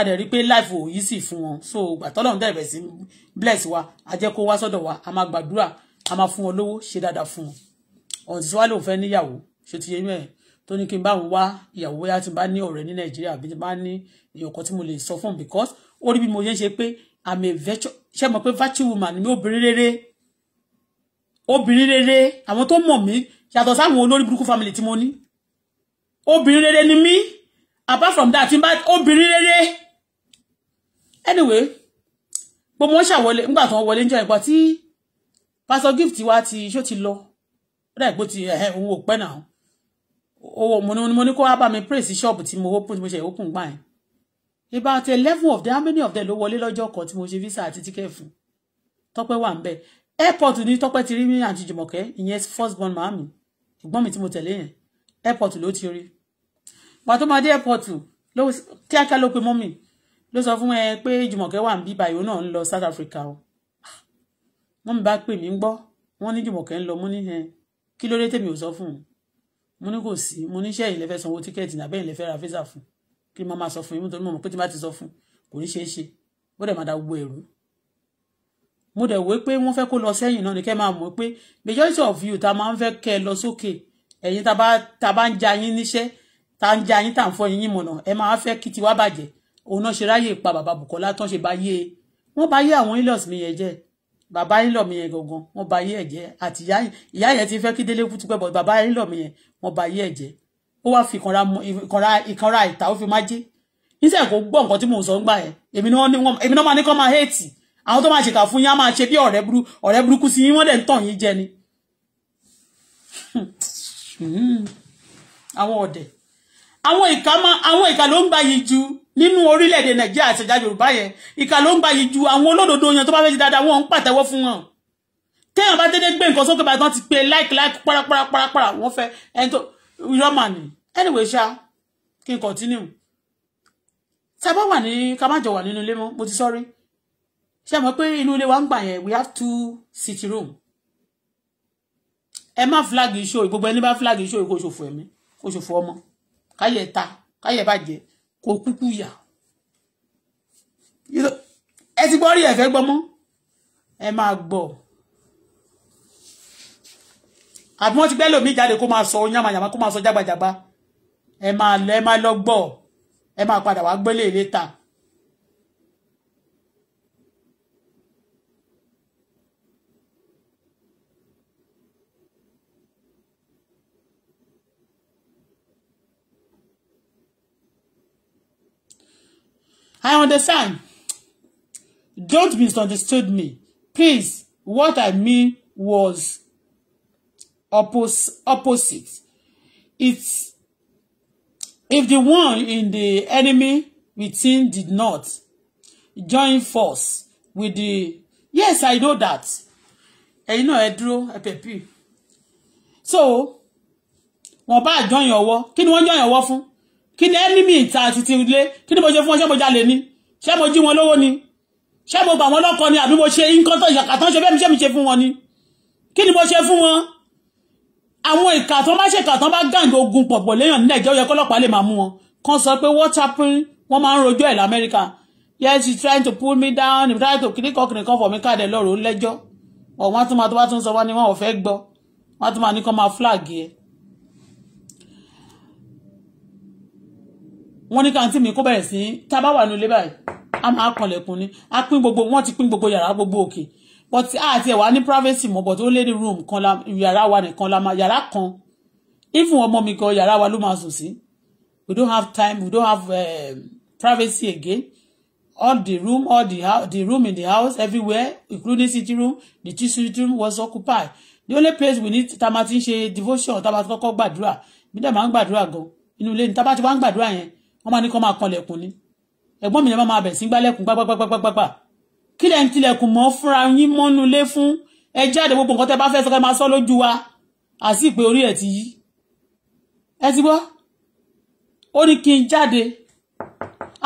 a dẹ̀ rí pé life ò yí sì fún wọn so ìgbà tọ́lọ́run dẹ̀ bẹ̀rẹ̀ sí bless wa a jẹ́ kó wá sọ́dọ̀ wa a máa gbàdúrà a máa fún wọn lówó ṣe dáadáa fún wọn ọ̀n tí wàá lòun fẹ́ níyàwó ṣe ti yé mẹ́ẹ̀ tó ní kí n bá wọn wá ìyàwó bóyá tí n bá ní ọ̀rẹ́ ní nàìjíríà àbí tí n bá ní ìyọ̀kọ́ tí mo lè sọ fún because ó rí bí mo ṣe ń ṣe pé àmì ṣe mọ̀ pé virtue woman ni mi obìnrin rere obìnrin rere àwọn tó mọ̀ mí yàtọ̀ sáwọn olórí burúkú family tí mo ní obìnrin rere ni mí apart from that tí n bá obìnrin rere anyway gbogbo wọn ṣàwọlé nígbà tí wọn wọlé ń jẹ ìgbà tí pastor gift wa ti ṣó ti lọ ó dà ìpò ti ẹhẹ òun ò pẹ́ náà owó mo ní mo ní kó wá bá mi praise ṣọ́ọ̀bù tí mo open tí mo ṣe open gbà yẹn about eleven of them how many of them ló wọlé lọ́jọ́ kan tí mo ṣe visa àti ticket fún tọ́pẹ́ wà ń bẹ̀ airport ní tọ́pẹ́ ti rí mi àti jùmọ̀kẹ́ ìyẹn first born màámi ẹ̀gbọ́n mi tí mo tẹ̀lé yẹn airport ló ti rí pàtó máa dé airport ló kíákíá ló pe mọ́mì ló sọ fún ẹ pé jùmọ̀kẹ́ wà ń bí báyìí ó náà ń lọ South Africa o wọ́n mi bá pè mí ń gbọ́ wọ́n ní jùmọ̀kẹ́ ń lọ mú ní ẹ kí ló dé tèmi ò sọ fún un mo ní kò sí mo ní sẹ́yìn lẹ́fẹ́ sanwó tíkẹ́ẹ̀tì ní abẹ́yìn lẹ́fẹ́ ra físà fún kí ni mo máa sọ fún yín nítorí mo mọ̀ pé tí n bá ti sọ fún kò ní ṣeé ṣe ó dẹ̀ máa da gbogbo ẹ̀rú mo dẹ̀ wé pé wọ́n fẹ́ kó lọ sẹ́yìn náà ni kẹ́ máa mọ̀ pé majority of you ta máa ń fẹ́ kẹ́ ẹ lọ sókè ẹ̀yin ta bá ń ja yín níṣẹ́ ta ń ja yín tà ń fọ yín mọ̀nà ẹ máa fẹ́ kí tiwa bàjẹ́ òun náà ṣe ráyè pa bàbá Bùkọ́lá tán ṣe bá yé e wọ́n bá yé àwọn in-laws mi yẹn jẹ́ bàbá in-law mi yẹn gangan wọ́n bá yé ẹ̀ jẹ́ àti ìyá yẹn ti fẹ́ kí délé kú tipẹ́ bọ̀ bàbá in-law mi yẹn wọ́n bá yé ẹ̀ jẹ́ ó wá fi ìkanra ìta ó fi má jẹ́ níṣẹ́ kò gbọ́ nǹkan tí mò ń sọ nígbà yẹn èmi náà máa ní kọ́ máa hẹ́ẹ̀tì àwọn tó máa ṣèkà fún yín á máa ṣe bí ọ̀rẹ́ burúkú sí yín wọ́n dẹ̀ ń tàn yín jẹ ni hmm. Hmm. àwọn ọ̀dẹ̀ àwọn ìka ló ń gbayì ju nínú orílẹ̀-èdè nàìjíríà àti ẹ̀dá yorùbá yẹn ìkà ló ń gba yìí ju àwọn olódodo yẹn tó bá fẹ́ ṣe dáadáa wọn ń pàtẹ́wọ́ fún wọn téèyàn bá dédé gbé nǹkan sókè bàtán ti pé láìkì láìkì párapárapárapára wọn fẹ́ ẹni tó irọ́mà ni anyway ṣá kí n continue tá a bá wà ní ká má jọ wà nínú ilé mọ́ mo ti sọ́rí ṣé mọ̀ pé inú ilé wa ń gbà yẹn we have two city room ẹ má flag iṣó gbogbo ẹni bá flag iṣó kó ṣòfò ẹ̀mí kó ṣòfò ọmọ káyẹ̀ ta káyẹ̀ bàjẹ́ kò kúkú yà ẹ ti gbọ́ rí ẹ̀fẹ́ gbọ́ mọ́ ẹ máa gbọ́ àbí wọ́n ti gbẹ́ lòmí jáde kó máa sọ yàmàyàmà kó máa sọ jágbàjàgbà ẹ máa lọ gbọ́ ẹ máa padà wá gbélé ìléta e I understand. Don't misunderstand me. Please, what I mean was oppos opposite. It's if the one in the enemy within did not join force with the yes I know that You know, ẹ dúró ẹ pẹ̀pì so wọ́n bá join your war. Can one join your war, fún kí ni enemy ìta àti ti ilé kí ni mo ṣe fún wọn ṣé mo jalè ni ṣé mo jí wọn lówó ni ṣé mo gbà wọn lọ́kọ ni àbí mo ṣe nǹkan tó ìyàkà tán ṣe bẹ́ẹ̀ mi ṣe mi ṣe fún wọn ni kí ni mo ṣe fún wọn àwọn ìka tó bá ṣèkà tán bá gàǹgì ogun pọ̀pọ̀ léèyàn nílẹ̀ ìjọ yẹ kọ́lọ́pàá lè máa mú wọn kan sọ pé what happened wọ́n máa ń rojọ́ ẹ̀ lamẹ́ríkà yes she trying to pull me down he trying to kiri kọkìnrin kan fọ̀mí káàdẹ̀ lọ́rọ̀ lẹ́jọ́ ọ̀wọ́n tó máa tó bá tún sọ wá ni wọ́n ò fẹ́ gbọ́ wọ́n tó máa ní kó máa flag yẹn wọ́n ní káàntì mi kó bẹ̀rẹ̀ sí tá a bá wà ní ilé báyìí a máa kanlẹ̀kùn ni a pín gbogbo wọ́n ti pín gbogbo yàrá gbogbo òkè but àti ẹ̀wà ní privacy mọ̀ but ó lé ní room kan la yàrá wa nìkan la máa yàrá kan if ọmọ mi kan yàrá wa ló máa sùn sí we don't have time we don't have uh, privacy again all the room all the house the room in the house everywhere including sitting room the two sitting room was occupied the only place we need tá a máa ṣe devotion tá a máa ti kọ́kọ́ gbàdúrà mi dẹ̀ máa ń gbàdúrà gan inú ilé ní tá a ń gbàdúrà yẹn wọ́n máa ní kó máa kanlẹ̀kùn ni ẹ̀gbọ́n mi lè máa bẹ̀ sí gbálẹ̀kùn gbágbágbágbágbá kí lẹ̀ ń tilẹ̀kùn mọ́ fúnra yín mọ́nú lé fún ẹ jáde gbogbo nǹkan tẹ́ bá fẹ́ sọ ká máa sọ lójú wa àti ìpè orí ẹ̀ ti yí ẹ ti gbọ́ ó ní kí n jáde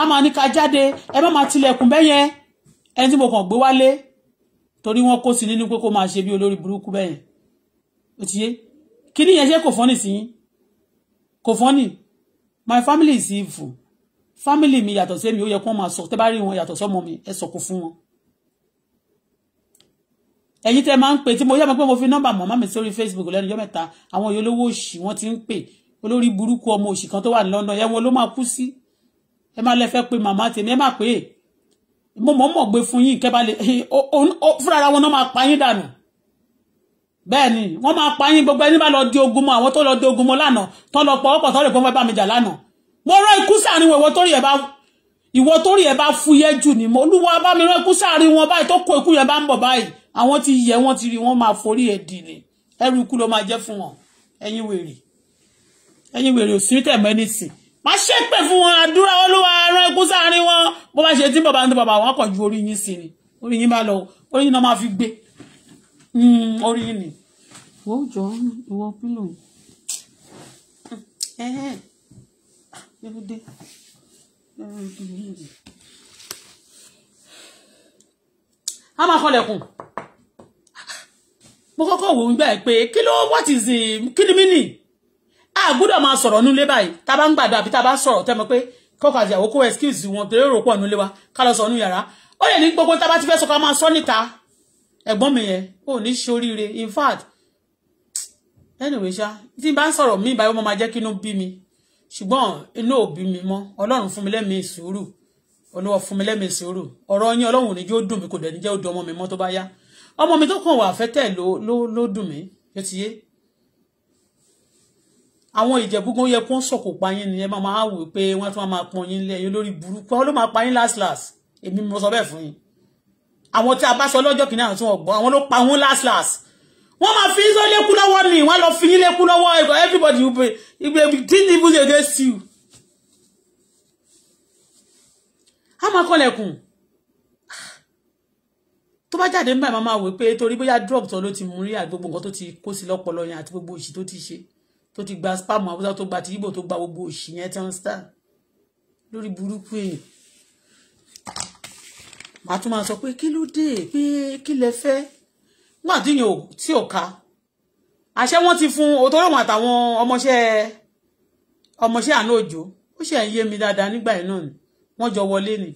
a máa ní ká jáde ẹ má máa tilẹ̀kùn bẹ́yẹn ẹni tí mo kàn gbé wálé torí wọ́n kó sí nínú pé kó máa ṣe bí olórí burúkú bẹ́yẹn ó ti yé kí ni ìyẹn ṣe kò fọ́nì sí yín kò fọ́nì my family is evil family mi yàtọ̀ sí èmi ó yẹ kí wọ́n máa sọ tẹ́ bá rí wọn yàtọ̀ sọ́mọ mi ẹ sọ̀kò fún wọn. ẹ̀yin tẹ́ máa ń pè tí mo yá mi pé mo fi nọ́mbà mọ̀ mọ́ mi sórí Facebook lẹ́nu ọjọ́ mẹ́ta àwọn èèyàn olówó òṣì wọ́n ti ń pè olórí burúkú ọmọ òṣì kan tó wà ní London ẹ̀wọ̀n ló máa kú sí ẹ má lẹ́fẹ́ pé màmá tèmi ẹ má pè é mo mọ̀ mọ̀ gbé fún yín kẹ́ bá lè fúnra ara wọn náà máa pa yín dànù bẹ́ẹ̀ ni wọ́n máa pa yín gbogbo ẹni bá lọ di ogun mọ́ àwọn tó lọ di ogun mọ́ lánàá tó lọ pọ̀ ọ̀pọ̀ tó lè pọ́n bá mi jà lánàá mo rán ikú sáàrin ìwọ tó rí ẹ bá ìwọ tó rí ẹ bá fúyẹ́ jù ni mo olúwa bá mi rán ikú sáàrin wọn báyìí tó kó ikú yẹn bá ń bọ̀ báyìí àwọn ti yẹ wọn ti rí wọn máa forí ẹ dì ni ẹrù ikú ló máa jẹ́ fún wọn ẹ̀yin wèrè ẹ̀yin wèrè òsì tẹ̀ mẹ́nìsì má ṣe pè fún wọn àdúrà olúwa rán ikú sáàrin wọn bó bá ṣe tí bàbá ń tẹ bàbá wọn kàn ju orí yín sí ni orí yín bá lọ orí yín náà máa fi gbé Hmm, orí ni. wọ́n jọ ìwọ pílò yìí. ẹ̀ẹ́n yẹ́rọ̀dé yẹ́rọ̀dé yẹ́rọ̀dé. a máa kọlẹ̀kùn mo kọ́kọ́ wò ń gbà ẹ́ pé kí ló what is the ni mí nì a gbọ́dọ̀ máa sọ̀rọ̀ nílé báyìí tá a bá ń gbàdúrà àbí tá a sọ̀rọ̀ tẹ́ pé kọ́kọ́ àti àwòkọ́ excuse wọn torí èrò pọ̀ nílé wa ká lọ sọ nínú yàrá ó lè ní gbogbo tá a bá ti fẹ́ sọ ká máa sọ níta ẹ̀gbọ́n mi yẹn ò ní ṣoríire in fact anyway ṣá tí n bá ń sọ̀rọ̀ mí ìbáyọ̀ mo máa jẹ́ kí inú bí mi ṣùgbọ́n inú ò bí mi mọ́ ọlọ́run fún mi lẹ́mìí sùúrù olúwa fún mi lẹ́mìí sùúrù ọ̀rọ̀ yín ọlọ́run ò ní jó dùn mí kò dẹ̀ ní jẹ́ ó dùn ọmọ mi mọ́ tó bá yá ọmọ mi tó kàn wà fẹ́tẹ̀ ló ló ló dùn mí ó ti yé àwọn ìjẹ̀búgbọ́n yẹ kó ń sọ̀kò pa yín ni ẹ máa máa wò pé wọ́n tún máa pọn yín lẹ́yìn lórí burúkú ọ ló máa pa yín last last èmi mo sọ bẹ́ẹ̀ fún yín àwọn tí a bá sọ lọ́jọ́ kìíní àwọn tí wọ́n gbọ́ àwọn ló pa wọ́n last last wọ́n máa fi sọ lékú lọ́wọ́ ni wọ́n lọ fi yín lékú lọ́wọ́ ẹ̀kọ́ everybody will be will did the business against you. a máa kọ́lẹ̀kùn tó bá jáde nígbà máa wò pé torí bóyá drop tó ló ti mú rí àgbogbo nǹkan tó ti kó sí lọ́pọlọ yẹn àti gbogbo òṣì tó ti ṣe tó ti gba spam àbúrò tó gba ti ibo tó gba gbogbo òṣì yẹn tí wọ́n ń sá lórí burúkú èèyàn màá tún máa sọ pé kí ló dé pé kí lẹ fẹ́ nígbà tí yàn tí ò ká àṣẹ wọn ti fún òtòròwọn àtàwọn ọmọọṣẹ́ ọmọọṣẹ́ àná ó ṣe ń yé mi dáadáa nígbà yẹn náà ni wọ́n jọ wọlé ni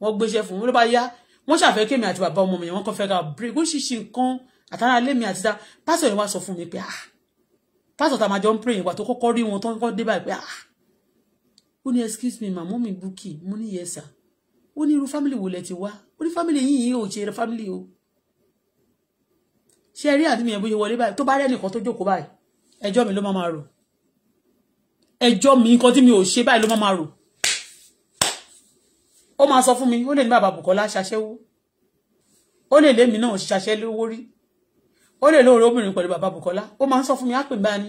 wọ́n gbéṣẹ́ fún un ló bá yá wọ́n ṣàfẹ́ kémi àti bàbá ọmọ mi wọ́n kàn fẹ́ ká break ó ṣì ṣe nǹkan àtàrà lémi àti ta pásítọ̀ yẹn wá sọ fún mi pé ah pásítọ̀ tá a máa jọ ń pray ìwà tó kọ́kọ́ rí wọn tó ń dé báyìí pé ah ó ní excuse me màmú mi búkì mo ní yẹsà ó ní irú fámìlì wo lẹ ti wá ó ní fámìlì yìí yìí ò ṣe fámìlì o ṣe rí àdúmí ẹ̀ bó ṣe wọlé báyìí tó bá rẹ́ nìkan tó jókòó báyìí ẹjọ́ mi ló máa máa rò ẹjọ́ mi nǹkan tí mi ò ṣe báyìí ló máa máa rò ó máa sọ fún mi ó lè ní bàbá Bùkọ́lá ṣaṣẹ́wó ó lè lémi náà ṣaṣẹ́ lówó rí ó lè lóore obìnrin pẹ̀lú bàbá Bùkọ́lá ó máa ń sọ fún mi á pè bá ní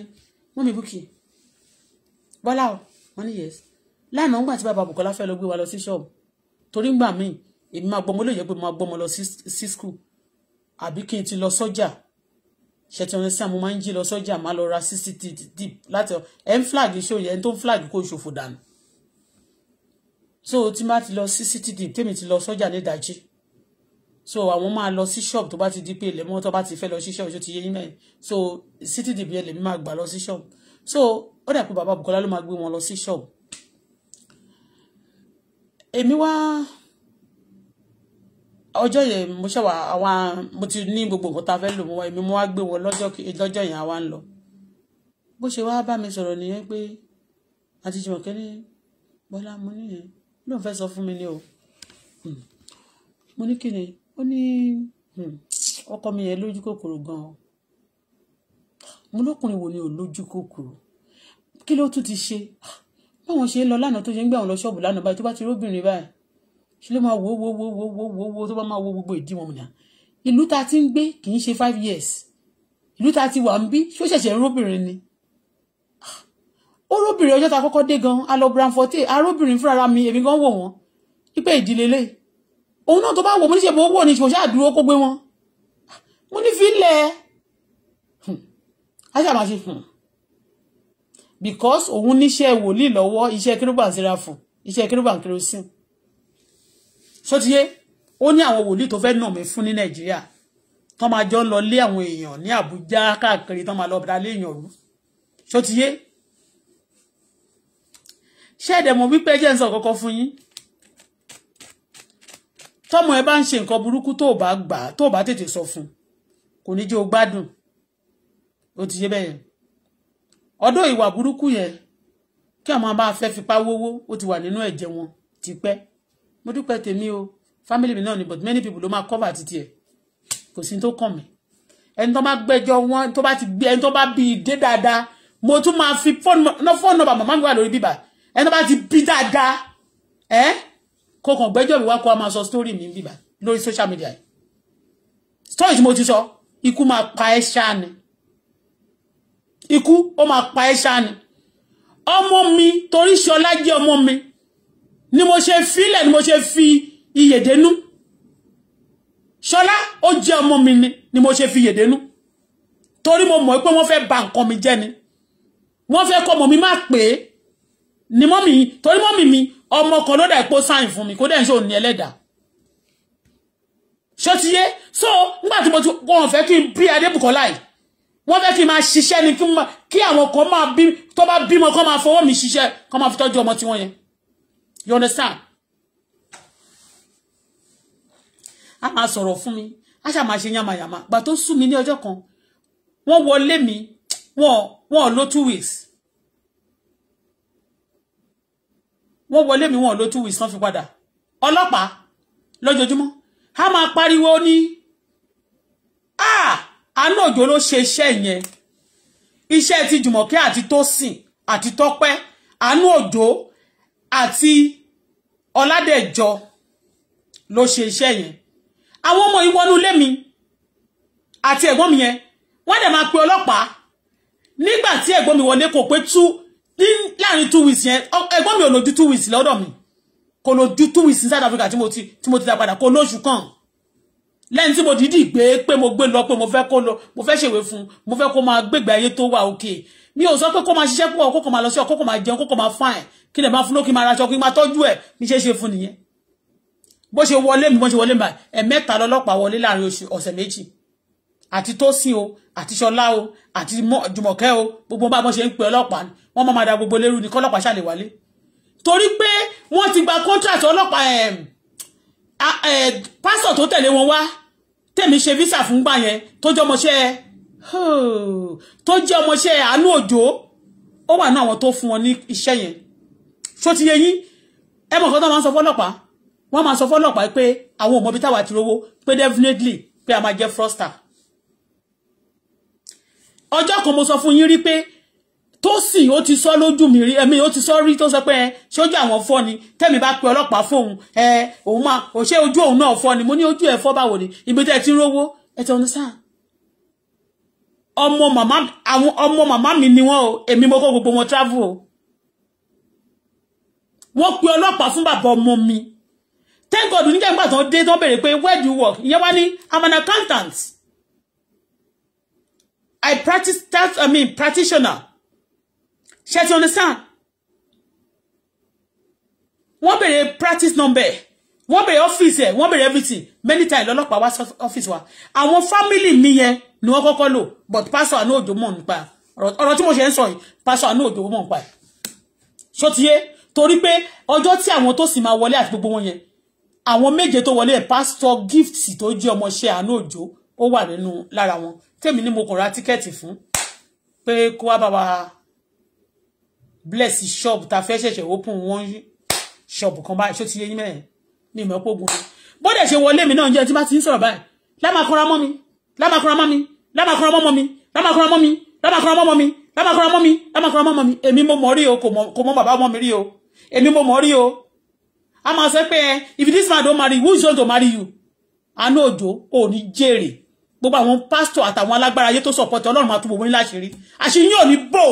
wọ́n mi búkì Bọ́lá o wọ́n ní yẹs lánàá ńgbà tí bàbá Bùkọ́lá fẹ́ lọ gbé wa lọ sí ṣọ́ọ̀bù torí ńgbà míì èmi máa gbọmọ lóye pé mo máa gbọmọ lọ sí school àbí kí n ti lọ sọ́jà ṣètìlọ́nì sí àmọ́ máa ń jí lọ sọ́jà máa lọ ra sixty deep láti ẹ̀ flag ṣó yẹn tó flag kó ṣòfò dànù so tí máa ti lọ sí deep tèmi ti lọ sọ́jà ní ìdájí so àwọn máa lọ sí shop tó bá ti di pé ilẹ̀ mọ́tò bá ti fẹ́ lọ sí shop tó ti yé yín so city dìbò yẹn lèmi máa gbà lọ sí shop so ó dà pé bàbá Bukola ló máa gbé wọn lọ sí shop èmi wá. Wa ọjọ́ yẹn mo ṣẹ̀wà àwa mo ti ní gbogbo nǹkan tá a fẹ́ lò mọ́ èmi mo wá gbé wọn lọ́jọ́ yẹn àwa ń lọ bó ṣe wá bá mi sọ̀rọ̀ nìyẹn pé àti Jùmọ̀kẹ́ ní Bọ́lá mo níyẹn ló ń fẹ́ sọ fún mi ni o hmm. mo ní kí ni ó ní hmm, ọkọ mi yẹn lójú kòkòrò gan-an mo lọ́kùnrin wo ni ò lójú kòkòrò kí ló tún ti ṣe ah, báwọn ṣe ń lọ lánàá tó ṣe ń gbé àwọn lọ ṣọ́ọ̀bù lánàá báyìí tó bá ti róbìnrin báyìí ṣe ló máa wo wo wo wo wo wo wo tó bá máa wo gbogbo ìdí wọn mìíràn ìlú ta ti ń gbé kì í ṣe five years ìlú ta ti wà ń bí ṣó ṣẹ̀ṣẹ̀ róbìnrin ni ó róbìnrin ọjọ́ ta kọ́kọ́ dé gan alobran forte aróbìnrin fúnra mi èmi gan wò wọ́n wípé ìdílé lè òun náà tó bá wò mo níṣẹ́ bó wò ní ṣòṣà dúró kó gbé wọn mo ní fi ń lẹ̀ aṣáà máa ṣe because òun níṣẹ́ wòlíì lọ́wọ́ iṣẹ́ kérúbà ń sera fún iṣẹ́ kérúbà ń kerosene ṣótiyé ó ní àwọn wòlíì tó fẹ́ nà mí fún ní nàìjíríà tó máa jọ ń lọ lé àwọn èèyàn ní àbújá káàkiri tó máa lọ bá lé èèyàn rú ṣótiyé ṣé ẹ̀dẹ̀ mọ̀ wípé jẹ́ ń sọ kọ́kọ́ fún yín tọ́mọ ẹ bá ń ṣe nǹkan burúkú tó bá gbà tó bá tètè sọ fún kò ní jẹ́ o gbádùn ó ti yé bẹ́yẹn ọdún ìwà burúkú yẹn kí àwọn máa fẹ́ fipá wówó ó ti wà nínú ẹ̀jẹ̀ wọn tipẹ́ mo dúpẹ́ tèmi o family mi náà ni but many people ló máa cover títí ẹ̀ kò sí tó kàn mí ẹni tó bá gbẹ́jọ́ wọn tó bá ti gbé ẹni tó bá bí dé dáadáa mo tún máa fi fóònù nọ́mbà màmá mi wà lórí bíbà ẹni tó bá ti bí dáadáa ẹ kò kàn gbẹ́jọ́ mi wá kó a máa sọ story mi bíbà lórí social media yìí story tí mo ti sọ ikú máa pa ẹ́ ṣáà ni ikú ó máa pa ẹ́ ṣáà ọmọ mi torí ṣọlá jẹ́ ọmọ mi ni mo ṣe filẹ̀ ni mo ṣe fi iyèdénú ṣọlá ó jẹ́ ọmọ mi ni ni mo ṣe fi iyèdénú torí mo mọ̀ pé wọ́n fẹ́ ba nǹkan mi jẹ́ ni wọ́n fẹ́ kọ́ ọmọ mi má pè é ni mọ́mì torí mọ́mì mi ọmọ kan ló dà epo sáìn fún mi kó dẹ̀ ń ṣe òní ẹlẹ́dàá ti yé so nígbà tí mo ti wọ́n fẹ́ kí n bí adébùkọ́lá yìí wọ́n fẹ́ kí n máa ṣiṣẹ́ ni kí àwọn kan máa bí tó bá bímọ kó máa fọwọ́ mi ṣiṣẹ́ kó máa fi tọ́jú ọmọ tiwọn yẹn you understand I'm a máa sọ̀rọ̀ fún mi a ṣáà máa ṣe yàmàyàmà gbà tó sú mi ní One kan let me. One. One ló two weeks One wọ́n let me one ló two weeks Not for what? tán fi padà ọlọ́pàá lójoojúmọ́ a máa pariwo ní ah! àánú òjò ló ṣe iṣẹ́ yẹn iṣẹ́ ti jùmọ̀kẹ́ àti tó sìn I know you. òjò àti ọ̀làdẹ̀jọ ló ṣe iṣẹ́ yẹn àwọn ọmọ ìwọnú ilé mi àti ẹ̀gbọ́n mi yẹn wọ́n dẹ̀ máa pe ọlọ́pàá nígbà tí ẹ̀gbọ́n mi wọlé kò pé tú láàrin two weeks yẹn ẹ̀gbọ́n mi ò lò ju two weeks lọ́dọ̀ mi kò lò ju two weeks ní South Africa tí mo ti tí mo ti dá padà kò lóṣù kan lẹ́yìn tí mo dìídì gbé pé mo gbé lọ pé mo fẹ́ kó lọ mo fẹ́ ṣèwé fún mo fẹ́ kó máa gbégbé ayé tó wà òkè mi ò sọ pé kó máa ṣiṣẹ́ púpọ̀ kó m'a máa lọ sí ọkọ́ kó máa jẹun kó kó máa fáìn kí lè máa fún lókè máa raṣọ kí máa tọ́jú ẹ̀ mi ṣe ṣe fún nìyẹn bó ṣe wọlé mi bó ṣe wọlé mi báyìí ẹ̀mẹ́ta lọ́lọ́pàá wọlé láàrin ọ̀sẹ̀ méjì àti Tósìn o àti Ṣọlá o àti Jùmọ̀kẹ́ o gbogbo bá wọn ṣe ń pe ọlọ́pàá wọn máa da gbogbo lérú ni kọ́lọ́pàá ṣàlè wálé torí pé wọ́n ti gba contract ọlọ́pàá eh, pásítọ̀ tó tẹ̀lé wọn wá tèmi ṣe visa fún gbà yẹn tó jọmọṣẹ́ Hmm. tó jẹ́ ọmọọṣẹ́ àánú òjò ó wà náà àwọn tó fún wọn ní iṣẹ́ yẹn ṣó ti yé yín ẹ mọ̀ kan tó máa ń sọ fọ́lọ́pàá wọ́n máa sọ fọ́lọ́pàá pé àwọn ò mọbi táwa ti rówó pé definitely pé a máa jẹ́ froster ọjọ́ kan mo sọ fún yín rí pé Tósìn ó ti sọ lójú mi rí ẹ̀mí ó ti sọ rí tó sọ pé ẹ ṣojú àwọn fọ́ ni tẹ́mi bá pe ọlọ́pàá fóun ẹ òun máa òṣè ojú òun náà fọ́ ni mo ní ojú ẹ̀ fọ́ báwo ni ibi tẹ́ ẹ ti rówó ẹ ti ọ̀nà sáà ọmọ màmá àwọn ọmọ màmá mi ni wọ́n o èmi mo kó gbogbo wọn travel o wọ́n pe ọlọ́pàá fún bàbá ọmọ mi thank God nígbà nígbà tó ń dé tó ń béèrè pé where do you work ìyẹn wá ní i'm an accountant i practice that i mean practitioner ṣe ti understand wọ́n béèrè practice number wọ́n béèrè office ẹ̀ wọ́n béèrè everything many times lọ́lọ́pàá wá ọ́fíìsì wa àwọn family mi yẹn ni wọ́n kọ́kọ́ lò but pastor àná òjò mọ̀ nípa ọ̀rọ̀ tí mo ṣe ń sọ yìí pásọ̀ àná òjò mọ̀ nípa ẹ̀ ṣó ti yé torí pé ọjọ́ tí àwọn tó sì máa wọlé àti gbogbo wọn yẹn àwọn méje tó wọlé pásítọ̀ gift tó jẹ́ ọmọọṣẹ́ àná òjò ó wà nínú lára wọn tèmi ni mo kàn ra tíkẹ́ẹ̀tì fún pé kó wá bàbá bless shop ta fẹ́ ṣẹ̀ṣẹ̀ open one shop kan báyìí ṣó ti yé yín mẹ́rin ní ìmọ̀ ọ̀pọ̀ ogun bó ṣe wọlé mi náà jẹ́ tí bá ti ń sọ̀rọ̀ báyìí lá mọ́ mi lámàkúrò ọmọ mi lámàkúrò ọmọ mi lámàkúrò ọmọ mi lámàkúrò ọmọ mi lámàkúrò ọmọ mi lámàkúrò ọmọ mi èmi mo mọ̀ rí o kò mọ̀ bàbá ọmọ mi rí o èmi mo mọ̀ rí o a máa sọ pé if this man don't marry who is going to marry you àánú òjò ò ní jèrè gbogbo àwọn pásítọ̀ àtàwọn alágbára ayé tó sọ̀pọ̀tì ọlọ́run máa túbọ̀ wọ́n ní láṣìírí àṣìyàn ò ní bò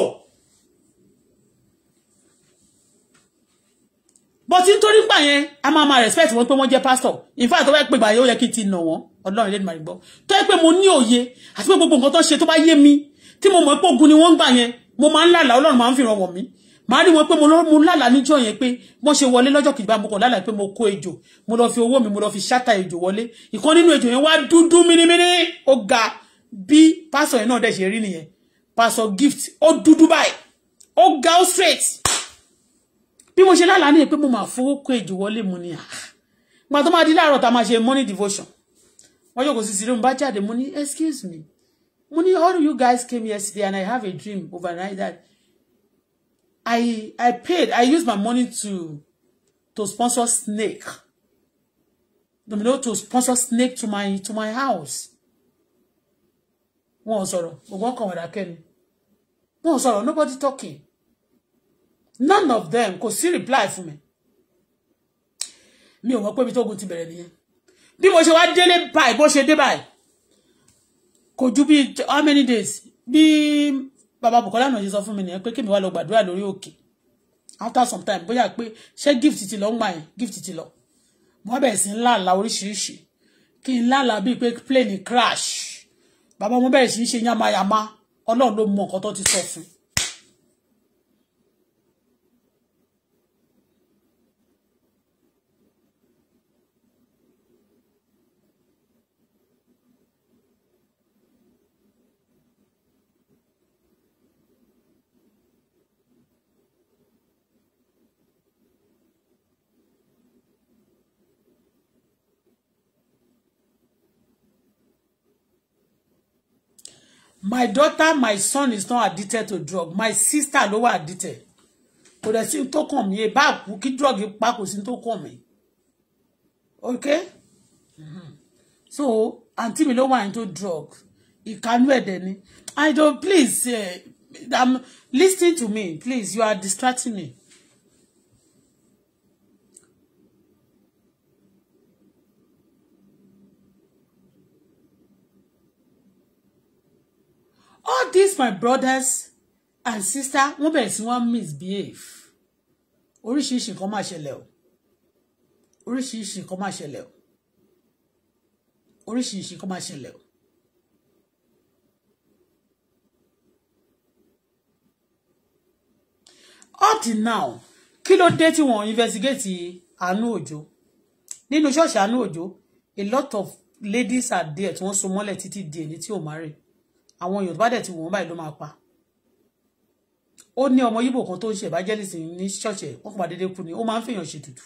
bó ti ń torí gbà yẹn a máa máa respect wọn pé wọ́n jẹ́ pastor in fact tó bá pè gbà yẹn ó yẹ kí n ti nà wọ́n ọlọ́run lẹ́nu màrí gbọ́ tó yẹ pé mo ní òye àti pé gbogbo nǹkan tó ṣe tó bá yé mi tí mo mọ̀ pé ogun ni wọ́n ń gbà yẹn mo máa ń lálàá ọlọ́run máa ń fìràn wọ̀n mi màá rí wọn pé mo lálàá níjọ́ yẹn pé wọ́n ṣe wọlé lọ́jọ́ kìgbà mo kàn lálàá pé mo kó ejò mo lọ fi owó mi mo lọ fi ṣáta ejò wọlé ìkan nínú ejò yẹn wá dúdú mínímíní ó ga bí pásọ yẹn náà dẹ̀ ṣe rí nìyẹn pásọ gift ó dúdú báyìí ó ga ó straight bí mo ṣe lálàá ní pé mo máa fowó kó èjì wọlé mu ni àgbà ah, tó máa di láàárọ̀ tá a máa ṣe morning devotion wọ́n yóò kó sí sílé mo bá jáde mo ní excuse me mo ní all you guys came yesterday and I have a dream overnight that I I paid I used my money to to sponsor snake you know to sponsor snake to my to my house wọn ò sọ̀rọ̀ gbogbo ọkàn wọn dákẹ́ ni wọn ò sọ̀rọ̀ nobody talking none of them kò sí reply fún mi mi ò mọ̀ pé ibi tó ogun ti bẹ̀rẹ̀ nìyẹn bí mo ṣe wá délé báyìí bó ṣe dé báyìí kò ju bí how many days bí baba Bukola náà ṣe sọ fún mi nìyẹn pé kémi wá lọ gbàdúrà lórí òkè after some time bóyá pé ṣé gift ti lọ ń gbà yẹn gift ti lọ mo wá bẹ̀rẹ̀ sí ń làlà oríṣiríṣi kí n làlà bíi pé plane crash bàbá mo bẹ̀rẹ̀ sí ń ṣe yamayama ọlọ́run ló mọ nǹkan tó ti sọ fún un my daughter my son is not addicted to drug my sister ló wà addicted kò dẹ̀ sí tó kàn mí ebá kú kí drug pa kò sí tó kàn mí ok mm-hmm. so àǹtí mi ló wà into drug ìkánú ẹ̀dẹ̀ ni i don't. please uh, i'm listening to me please you are distracting me. this my brothers and sister wọ́n bẹ̀rẹ̀ sí wọ́n misbehave oríṣiríṣi nǹkan máa ṣẹlẹ̀ o oríṣiríṣi nǹkan máa ṣẹlẹ̀ o oríṣiríṣi nǹkan máa ṣẹlẹ̀ o. up till now kí ló dé tí wọ́n investigate àánú òjò nínú ṣọ́ọ̀ṣì àánú òjò a lot of ladies are there tí wọ́n so mọ́lẹ̀ títí di èyí tí ò má rè àwọn èèyàn tó bá dẹ̀ ti wò báyìí ló máa pa ó ní ọmọ yíbò kan tó ń ṣe ìbájẹ́lìsì ní ṣọ́ọ̀ṣẹ̀ wọ́n kò dédé kú ni ó máa ń fèèyàn ṣe tutù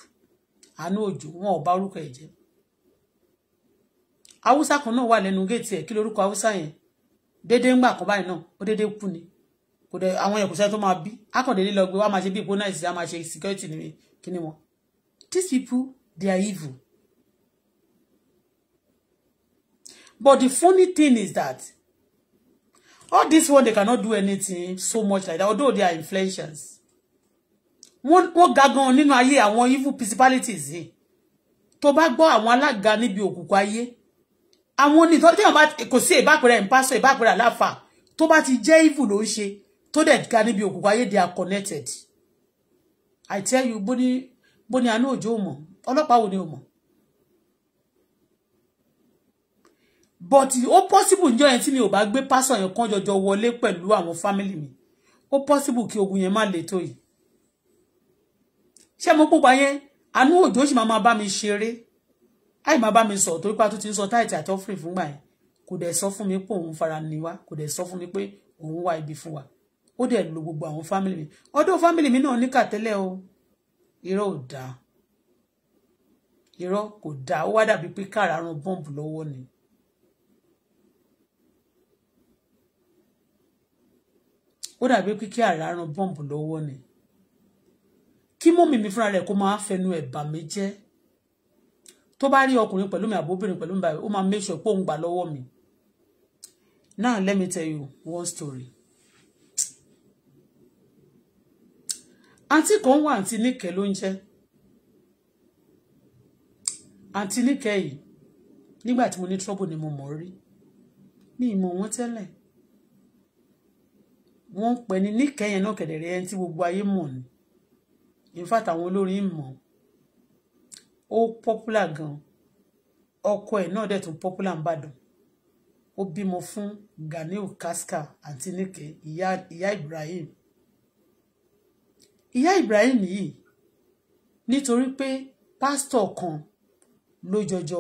àánú òjò wọn ò bá orúkọ ẹ̀ jẹ́ haúsá kan náà wà lẹ́nu géètì ẹ̀ kí lórúkọ haúsá yẹn dédé ń gbà kan báyìí náà ó dédé kú ni kò dẹ̀ àwọn yẹn kò sẹ́ni tó máa bí akọ̀délé lọ gbé wá máa ṣe bí ìbónà ìsìn but the funny thing is that all this one they cannot do anything so much like that although they are influencers wọ́n ga gan nínú ayé àwọn evil principalities yìí Tobago bá gbọ́ àwọn alága níbi òkùnkùn ayé àwọn ní tọ́jú àwọn bá kò sí ìbápẹ̀rẹ̀ ìpásọ̀ ìbápẹ̀rẹ̀ àláfà tó bá ti jẹ́ evil ló ń ṣe tó dẹ̀ ga níbi òkùnkùn they are connected i tell you Boni Boni bó ní àánú òjò mọ̀ wo ni o but ó possible ǹjọ́ yẹn tí mi ò bá gbé pásọ̀ yẹn kan jọjọ wọlé pẹ̀lú àwọn fámìlì mi ó possible kí ogun yẹn má le tó yìí ṣé mo pupa yẹn àánú òjò sì máa máa bá mi ṣeré àì máa bá mi sọ torí pa tó ti ń sọ táìtì àtọ́fìrì fúngbà yẹn kò dẹ̀ sọ fún mi pé òun fara ni wá kò dẹ̀ sọ fún mi pé òun wá ibi fún wa ó dẹ̀ lo gbogbo àwọn fámìlì mi ọdún fámìlì mi náà níkà tẹ́lẹ̀ o irọ́ ò dáa irọ́ kò dáa ó wá dàbí pé kàrà rán bọ́ǹbù ni ó dàbí kíkí àràrùn bọ́ǹbù lọ́wọ́ ni kí mọ́mì mi fúnra rẹ̀ kó máa fẹnu ẹ̀ bà jẹ́ tó bá rí ọkùnrin pẹ̀lú mi àbóbìnrin pẹ̀lú mi báyìí ó máa make pé òun gbà lọ́wọ́ mi now let me tell you one story àǹtí kan wà àǹtí níkẹ́ ló ń jẹ́ àǹtí níkẹ́ yìí nígbà tí mo ní trouble ni mo mọ̀ rí mi ì mọ̀ wọ́n tẹ́lẹ̀ wọ́n ń pè ní níkẹyìn náà kẹ̀dẹ̀rẹ́ ẹni tí gbogbo ayé mọ̀ ni in àwọn olórin mọ̀ ó popular gan ọkọ ẹ̀ náà dẹ̀ tún popular ń bàdàn ó bímọ fún Ganiu Kaska àti Nike ìyá ìyá Ibrahim ìyá Ibrahim yìí nítorí pé pásítọ̀ kan ló jọjọ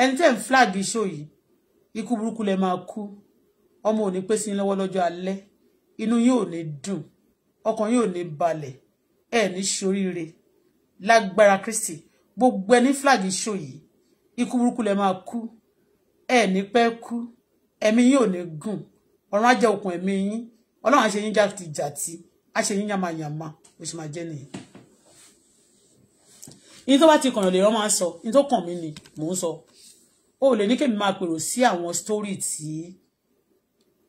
ẹni tẹ́ ń flag iṣó yìí ikú burúkú lẹ máa kú ọmọ ò ní pé sí lọ́wọ́ lọ́jọ́ alẹ́ inú yóò ní dùn ọkàn yóò ní balẹ̀ ẹ ní ṣoríire lágbára Kristi gbogbo ẹni flag ṣò yìí ikú burúkú lẹ máa kú ẹ ní pẹ́ kú ẹ̀mí yóò ní gùn ọ̀run á jẹ okùn ẹ̀mí yín ọlọ́run á ṣe yín jàtijàti á yamayama bó máa jẹ́ nìyẹn ní tó bá ti kànràn lè rán máa sọ ní tó kàn mí ni mò ń sọ o lè ní kémi máa pèrò sí àwọn sítórì tí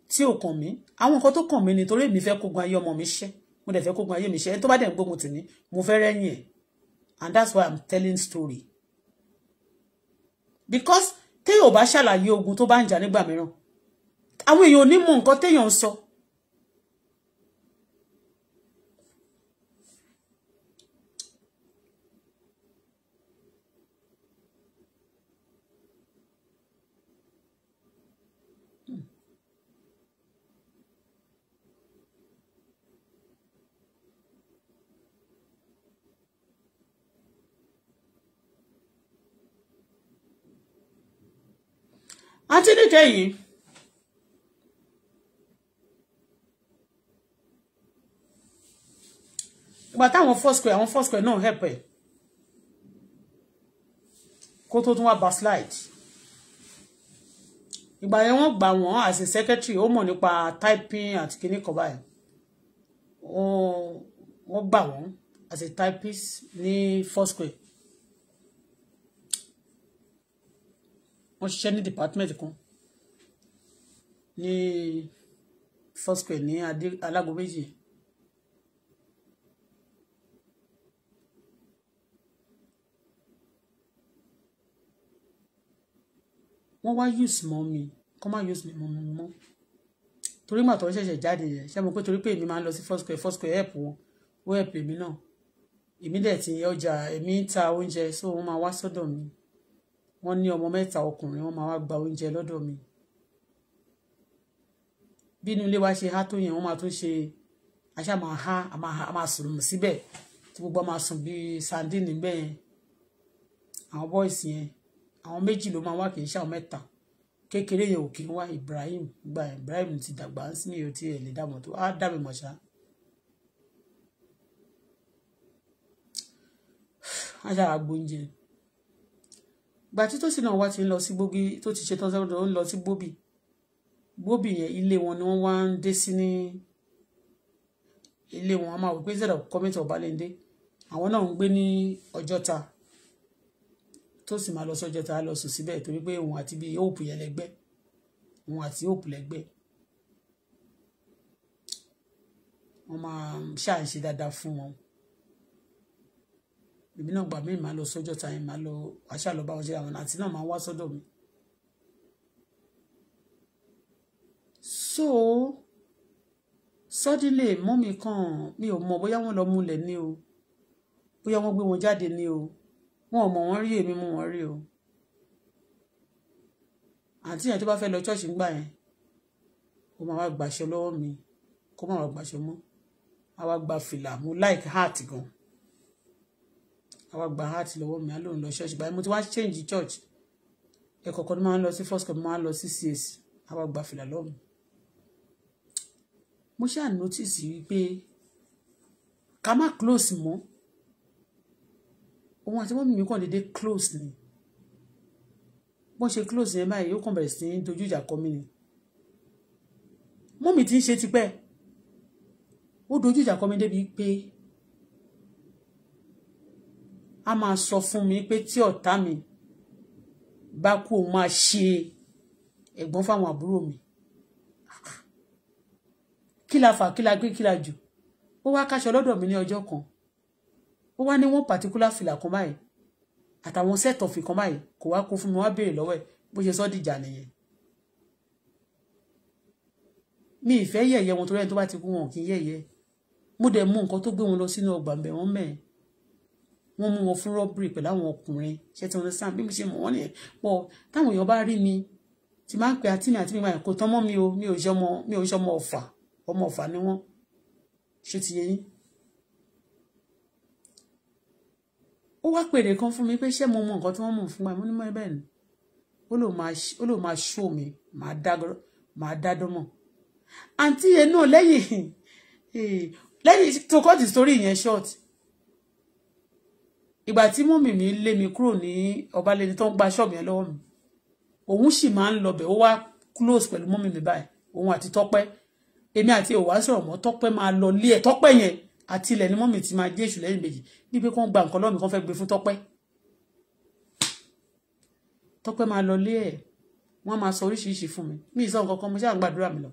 tí ò kàn mí àwọn nǹkan tó kàn mí ni torí èmi fẹ́ kógun ayé ọmọ mi ṣẹ́ mo dẹ̀ fẹ́ kógun ayé mi ṣẹ́ ẹni tó bá dẹ̀ ń gbógun tì ní mo fẹ́ rẹ́yìn ẹ̀ and that's why i'm telling story because téèyàn ò bá ṣàlàyé ogun tó bá ń jà nígbà mìíràn àwọn èèyàn ò ní mọ nǹkan téèyàn ń sọ àti níkẹyìn ìgbà táwọn four square àwọn four square náà help ẹ kó tó tún wá backslide ìgbà yẹn wọ́n gbà wọ́n as a secretary ó mọ̀ nípa typing àti kíní kan báyìí wọ́n gbà wọ́n as a typist ní Foursquare wọ́n ṣiṣẹ́ ní department kan ní first square ní alágo méjì wọ́n wá use mọ́ mi kọ́ má use mi mọ́ mi mọ́ torí mà tó ń ṣẹ̀ṣẹ̀ jáde yẹn ṣé mo pé torí pé èmi máa ń lọ sí first square first square help wọn ó help èmi náà èmi dẹ̀ ti ọjà èmi ń ta oúnjẹ so wọ́n máa wá sọ́dọ̀ mi wọ́n ní ọmọ mẹ́ta ọkùnrin wọ́n máa wá gba oúnjẹ lọ́dọ̀ mi bí inú ilé wa ṣe há tó yẹn wọ́n máa tún ṣe aṣá máa há a máa sùn síbẹ̀ tí gbogbo máa sùn bíi sandin níbẹ̀ yẹn àwọn bọ́ìsì yẹn àwọn méjì ló máa wá kì í ṣàwọn mẹ́ta kékeré yẹn ò kì í wá Ibrahim gba Ibrahim ti dàgbà sí ní ìyóò tí ẹ̀ lè dààmú tó á dàbí mọ̀ṣá. aṣáà gbóúnjẹ gbà tí tó sì náà wá ti ń lọ sí gbógi tó ti ṣe tán sọ́dọ̀ ó ń lọ sí gbóbì gbóbì yẹn ilé wọn ni wọ́n wá ń dé sí ní ilé wọn a máa wò pé zẹ̀dọ̀ kọ́mẹ́tì ọ̀bálẹ́ndé àwọn náà ń gbé ní ọjọ́ta tó sì máa lọ sí ọjọ́ta lọ sùn síbẹ̀ torí pé òun àti bíi òòpù yẹn lẹ́gbẹ́ òun àti òòpù lẹ́gbẹ́ wọ́n máa ṣàǹṣe dáadáa fún wọn bèbí náà gbà mí màá lọ sọ́jọ́ tàyẹn màá lọ àṣà lọ bá wọn ṣe àwọn àti náà máa wá sọ́dọ̀ mi. so suddenly mú mi kàn mi ò mọ bóyá wọn lọ múlẹ̀ ni o bóyá wọn gbé wọn jáde ni o wọn ò mọ wọn rí èmi mú wọn rí o àǹtí yẹn tó bá fẹ́ lọ ṣọ́ọ̀ṣì ńgbà yẹn kó máa wá gbàṣọ lọ́wọ́ mi kó máa wá gbàṣọ mọ́ àwa gba fìlà mo like heart gan àwa gba heart lọ́wọ́ mi alóhùn lọ ṣọ́ọ̀ṣì báyìí mo ti wá change church ẹ̀kọ́ kan ní máa ń lọ sí first cup máa ń lọ sí CAC àwa gba fìlà lọ́wọ́ mo ṣáà notice wípé ká má close mọ́ òun àti mọ́mí mi kàn déédéé close ni bọ́n ṣe close yẹn báyìí ó kàn bẹ̀rẹ̀ sí ní dojú ìjà kọ mí ni mọ́mí ti ń ṣe tipẹ́ ó dojú ìjà kọ mí débi pé a máa sọ fún mi pé tí ọ̀tá mi bá kú òun máa ṣe ẹ̀gbọ́n fáwọn àbúrò mi kí la fà kí la gbé kí la jù ó wá káṣọ lọ́dọ̀ mi ní ọjọ́ kan ó wá ní wọ́n pàtíkúlà fìlà kan báyìí àtàwọn sẹ́ẹ̀tọ̀ fìkan báyìí kò wá kó fún mi wá béèrè lọ́wọ́ ẹ̀ bó ṣe sọ dìjà nìyẹn mi ìfẹ́ yẹ̀yẹ́ wọn torí ẹni tó bá ti kú wọn kì í yẹ̀yẹ́ mo dẹ̀ mú nǹkan tó gbé wọn lọ sínú ọgbà ń bẹ̀ wọ́n mẹ́ẹ̀ wọ́n mú wọn fún rọ́bìrì pẹ̀lú àwọn ọkùnrin ṣe ti wọn sàn bí mo ṣe mọ̀ wọ́n nìyẹn pọ̀ táwọn èèyàn bá rí mi ti máa ń pe àtìmí àtìmí máa kó tán mọ́ mi o mi ò ṣe ọmọ mi ò ṣe ọmọ ọ̀fà ọmọ ọ̀fà ni wọ́n ṣe ti yẹ yín. ó wá pèrè kan fún mi pé ṣé mo mọ nǹkan tí wọ́n mọ̀ fún wa mo ní mọ́ bẹ́ẹ̀ ni ó lò máa ṣó mi máa dádọ́ mọ̀ àǹtí yẹn náà lẹ́yìn eh, lẹ́yìn tó kọ́ ti sórí yẹn ṣọ́ọ̀tì ìgbà tí mọ́mì mi lé mi kúrò ní ọbalẹ́ni tó ń gba ṣọ́ọ̀bù yẹn lọ́wọ́ mi òun sì máa ń lọbẹ̀ ó wá close pẹ̀lú mọ́mì mi báyìí òun àti tọ́pẹ́ èmi àti òwá sọ̀rọ̀ mọ́ tọ́pẹ́ máa lọ lé ẹ̀ tọ́pẹ́ yẹn àti ilẹ̀ ni mọ́mì ti máa dé èṣù lẹ́yìn méjì bí pé kó ń gba nǹkan lọ́mì kan fẹ́ gbé fún tọ́pẹ́ tọ́pẹ́ máa lọ lé ẹ̀ wọ́n máa sọ oríṣiríṣi fún mi mi ì sọ nǹkan kan mo ṣáà ń gbàdúrà mi lọ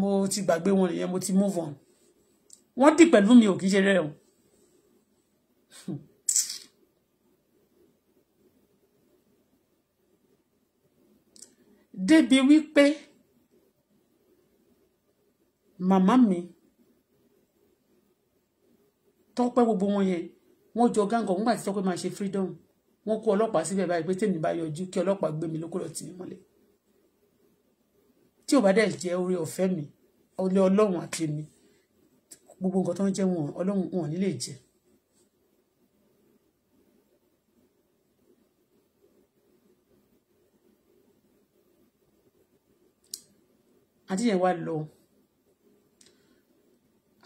mo ti gbàgbé wọn nìyẹn mo ti move on wọ́n dì pẹ̀lú mi ò kì í ṣe rẹ̀ o débi wípé màmá mi tọ́pẹ́ gbogbo wọn yẹn wọ́n jọ gángọ̀ nígbà tí tọ́pẹ́ máa ṣe freedom wọ́n kó ọlọ́pàá síbẹ̀ báyìí pé tèmi bá yọjú kí ọlọ́pàá gbé mi lókòrò tì mí mọ́lẹ̀ tí ò bá dẹ̀ jẹ́ orí ọ̀fẹ́ mi ọlẹ́ ọlọ́run àti mi gbogbo nǹkan tó ń jẹ́ wọn ọlọ́run wọn nílé jẹ́ àti yẹn wá lọ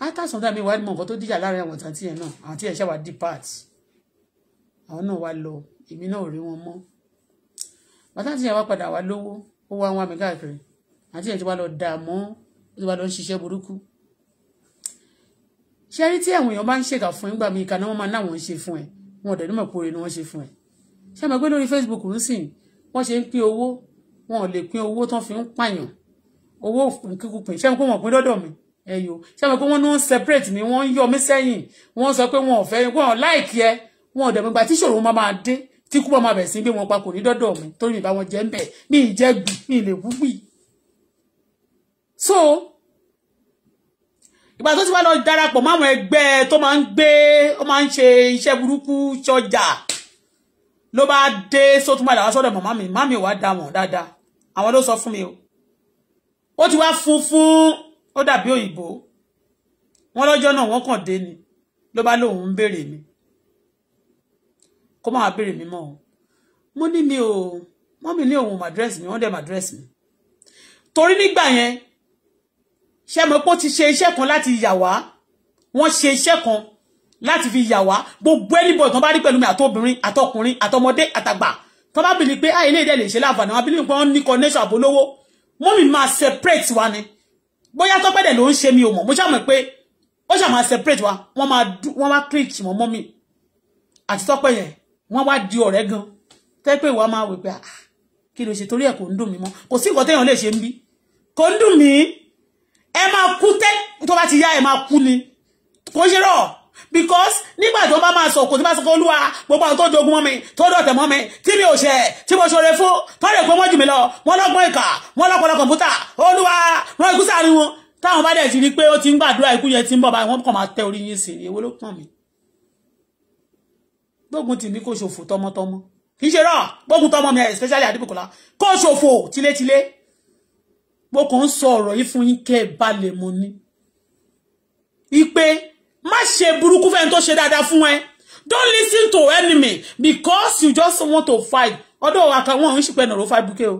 after some time ìwádìí mọ nǹkan tó dìjà láàrin àwọn àti yẹn náà àti yẹn ṣàwà depart àwọn náà wá lọ èmi náà ò rí wọn mọ́ bàtà àti yẹn wá padà wá lówó ó wá wọn àmì káàkiri àti yẹn ti wá lọ dààmú ó ti wá lọ ń ṣiṣẹ́ burúkú ṣé rí tí àwọn èèyàn bá ń ṣèkà fún ìgbà mi ìkànnì wọn máa náwọn ń ṣe fún ẹ wọn ò dẹ̀ nímọ̀ pòrè ni wọ́n ṣe fún ẹ ṣé àmọ́ pé lórí Facebook ń sìn wọ́n ṣe ń pín owó wọn ò lè pín owó tán fi ń pààyàn owó kíkúpin ṣé wọn kó wọn pín lọ́dọ̀ mi ẹ̀yọ́ ṣé wọn kó wọn ní separate mi wọ́n ń yọ mí sẹ́yìn wọ́n sọ pé wọn ò fẹ́ wọn ò láìkí ẹ wọn ò dẹ̀mí gba tí ìṣòro máa máa dé tí kú bá máa bẹ̀rẹ̀ sí gbé wọn pa kò ní dọ́dọ̀ mi torí mi bá wọn jẹ́ ń bẹ̀ mi ì jẹ́ gbì mi ì lè wú so ìgbà tó ti wá lọ darapọ̀ mọ́ àwọn ẹgbẹ́ tó máa ń gbé ó máa ń ṣe iṣẹ́ burúkú ṣọjà ló bá dé sótúmọ̀ àdàwọ̀ sọ́dọ̀ màmá mi màmá mi ò wá dá wọn dáadáa àwọn ló sọ fún mi o ó ti wá funfun ó dàbí òyìnbó wọn lọ́jọ́ náà wọ́n kàn dé ni ló bá lóun ń béèrè mi kó má wàá béèrè mi mọ́ o mo ní mi ò wọ́n mi ní òun màdírẹ́sì mi wọ́n dẹ̀ màdírẹ́sì mi torí nígbà yẹn ṣe mọ̀ pé ó ti ṣe iṣẹ́ kan láti yà wá wọ́n ṣe iṣẹ́ kan láti fi yà wá gbogbo anybody tán bá rí pẹ̀lú mi àtọbìnrin àtọkùnrin àtọmọdé àtàgbà tán bá bìlí pé àìlè ah, ìdẹ́ lè ṣe láǹfààní wọn bìlí pé wọ́n ní connection àbólówó mọ́mì máa separate wa ni bóyá tọ́pẹ́dẹ̀ ló ń ṣe mi ò mọ̀ mo ṣàmọ̀ pé ó ṣàmọ̀ separate wa wọ́n máa wọ́n wá preach mọ́ mọ́mì àti tọ́pẹ́ yẹn wọ́n wá di ọ̀rẹ́ gan tẹ́pẹ́ ìwà máa wò pé ah kí ló ṣe torí ẹ̀ kò ń dùn mí mọ́ kò sí nǹkan téèyàn lè ṣe ń bí kò ń dùn mí ẹ máa kú tẹ́ ti yá ẹ máa kú ni kò ń ṣe because nígbà tó bá máa sọ̀kò tí bá sọ̀kò olúwa gbogbo àwọn tó jogun mọ́ mi tó dọ̀tẹ̀ mọ́ mi tí mi ò ṣe tí mo ṣoore fún tọ́lẹ̀ pé wọ́n jù mí lọ wọ́n lọ́gbọ́n ìkà wọ́n lọ́pọlọ kọ̀ǹpútà olúwa wọ́n ikú sáà ni wọn táwọn bá dẹ̀ ti rí pé ó ti ń gbàdúrà ikú yẹn ti ń bọ̀ báyìí wọ́n kàn máa tẹ orí yín sí i èwo ló kàn mí gbógun tì mí kò ṣòfò tọmọtọmọ kì í ṣe rọ gbógun tọmọ mi especially Adébùkọ́lá kò ṣòfò tilétilé mo kàn ń sọ ọ̀rọ̀ yìí fún yín kẹ́ ẹ bá lè mọ ní. ipe má ṣe burúkú fẹ́ni tó ṣe dáadáa fún ẹ don't listen to enemy because you just want to fight ọdọ àkàwọn òun ṣìpẹ́ nàró fight, bouquet o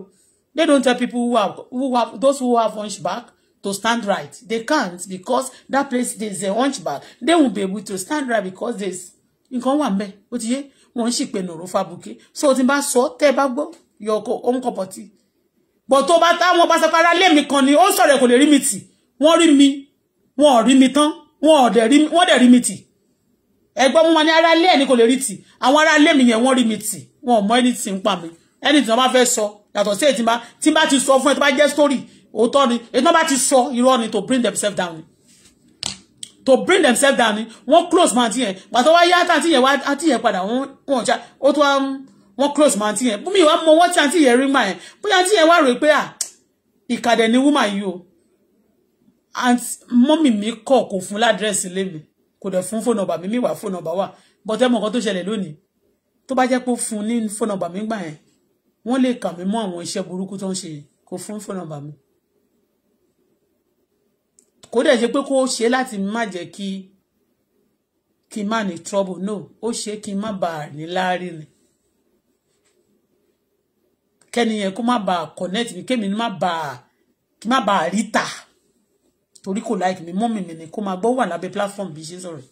they don't tell people who have, who have those who have hunchback to stand right they can't because that place there is a hunchback they won't be able to stand right because there is nǹkan wà mbẹ ó ti yé wọn ṣìpẹ́ nàró five bouquet so tí n bá sọ tẹ́ ẹ bá gbọ́ yọ ohun kọ̀pọ̀ tí bọ̀ tó bá táwọn bá sọ pé ara lé mi kan ni ó sọ̀rọ̀ kò lè rí mi tì wọ́n rí mi wọ́n rí mi tán wọn ò dẹ̀ rí wọ́n dẹ̀ rí mi tì ẹgbọ́n mo máa ní ara ilé ẹ̀ ní kò lè rí tì àwọn ará ilé mi yẹn wọ́n rí mi tì wọn ò mọ ẹni tì ń pa mi ẹni tí wọ́n bá fẹ́ sọ yàtọ̀ sí èyí tí bá ti sọ fún ẹ tó bá jẹ́ story òótọ́ ni èyí tó bá ti sọ irọ́ ni to bring themselves down ni to bring themselves down ni wọ́n close máa ti yẹn pàtó wá yá àti yẹn wá àti yẹn padà wọ́n ọ̀já ó tó wá close máa ti yẹn bùnmi wa mọ wọ́n ti àti yẹn rí máa yẹn bóyá àti yẹn wá rò pé à ah, ìkàdẹ̀ ni woman yìí o and mọ́mì mi kọ̀ kò fún ládírẹ́sì ilé mi kò dẹ̀ fún fóònù ọ̀bà mi mi wà fóònù ọ̀bà wà bọ́tẹ́ mọ̀ kan tó ṣẹlẹ̀ lónìí tó bá jẹ́ pé ó fún ní fóònù ọ̀bà mi gbà yẹn wọ́n lè kà mí mọ́ àwọn iṣẹ́ burúkú tó ń ṣe kò fún fóònù ọ̀bà mi kò dẹ̀ ṣe pé kó ṣe láti má jẹ́ kí kí n má ní trouble no ó ṣe kí n má bàa ní láárí ni kẹ́ni yẹn kó má bàa connect mi kémi má bàa kí má bàa rí tà torí kò like mi mọ́mì mi ni kó máa gbọ́ wà lábẹ́ platform bí ṣe ń sọ̀rọ̀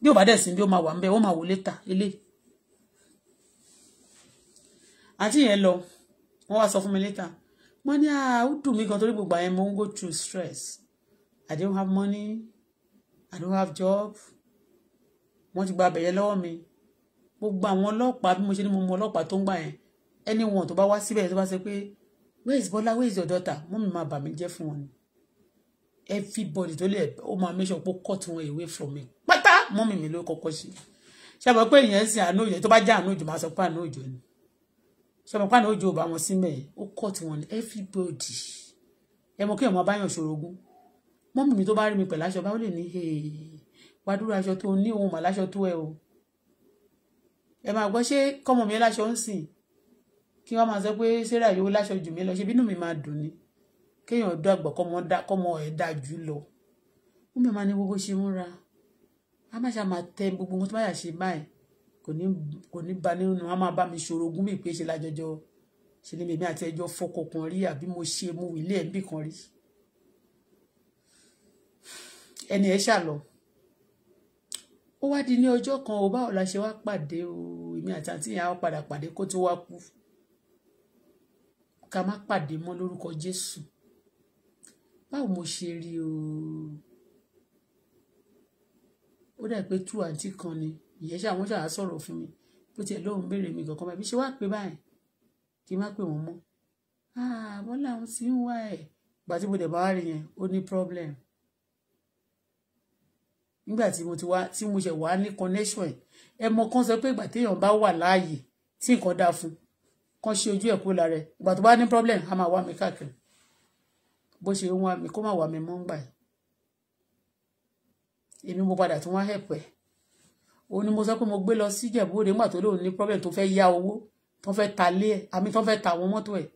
bí ò bá dẹ̀ sí bí ó máa wà ń bẹ́ ó máa wò létà ilé àti yẹn lọ wọ́n wá sọ fún mi létà wọ́n ní ah, ó dùn mí torí gbogbo àyẹ̀mọ́ ń go through stress I don't have money I don't have job wọ́n ti gba abẹ̀yẹ lọ́wọ́ mi gbogbo àwọn ọlọ́pàá bí mo ṣe ní mo mọ ọlọ́pàá tó ń gbà yẹn anyone tó bá wá síbẹ̀ tó bá ṣe pé where is Bola where is your daughter mọ́mì máa bà mí jẹ́ fún wọn ni everybody tó lè ó máa make sure pé ó cut wọn away from me pátá mọ́mì mi ló kọ́kọ́ ṣe ṣàbọ̀ pé ìyẹn ń sin àánú òjò tó bá jẹ́ àánú òjò máa sọ pé àánú òjò ni ṣàbọ̀ pé àánú òjò ò bá wọn sí mẹ́ẹ̀ ó cut one. everybody ẹ mọ̀ kí ọmọ abáyàn ṣorogún mọ́mì mi tó bá rí mi pẹ̀lú aṣọ báwo lè ní wàdúrà aṣọ tó ní òun mà láṣọ tó ẹ o ẹ máa gbọ́ ṣé kọ́mọ mi láṣọ ń sìn kí wọ́n máa sọ pé sarah yóò láṣọ jù mí lọ ṣe bínú mi máa dùn ni kéèyàn dàgbà kọ́mọ ẹ̀ dà jù lọ wọ́n mi máa ní gbogbo ṣe ń ra a máa ṣe máa tẹ gbogbo ohun tó bá yà ṣe báyìí kò ní kò ní ba nínú a máa bá mi ṣòro ogún bíi pé ṣe lájọjọ ṣe ni mèmí àti ẹjọ fọkọ kan rí àbí mo ṣe mo wì ilé ẹ̀ níbì kan rí ẹni ẹ ṣàlọ ó wá di ní ọjọ́ kan ó bá ṣe wá pàdé èmi àti àǹtí yẹn á padà pàdé kó tó wá kú ká má pàdé mọ́ lórúkọ Jésù báwo mo ṣe rí o ó dà pé tú àǹtí kan ni ìyẹn ṣáà wọ́n ṣáà sọ̀rọ̀ fún mi bó tiẹ̀ lóun béèrè mi kankan báyìí ṣé wàá pè báyìí kí n má pè wọ́n mọ́ ah, wọ́n làwọn sì ń wá ẹ̀ ìgbà tí mo dẹ̀ bá wá rí yẹn ó ní problem nígbà tí mo ti wá tí mo ṣe wá ní connection ẹ mọ kan sọ pé ìgbà téèyàn bá wà láàyè tí nǹkan dáa fún kan ṣe ojú ẹ̀ kó lára ẹ̀ ìgbà tó bá ní problem a máa wá mi káàkiri bó ṣe wá mi kó má wá mi mọ́ ń gbà èmi mo padà tún wá help ẹ̀ òun ni mo sọ pé mo gbé lọ sí Ìjẹ̀bú Òde nígbà tó lóun ní problem tó fẹ́ yá owó tó fẹ́ ta lé ẹ̀ àmì tó fẹ́ ta àwọn mọ́tò ẹ̀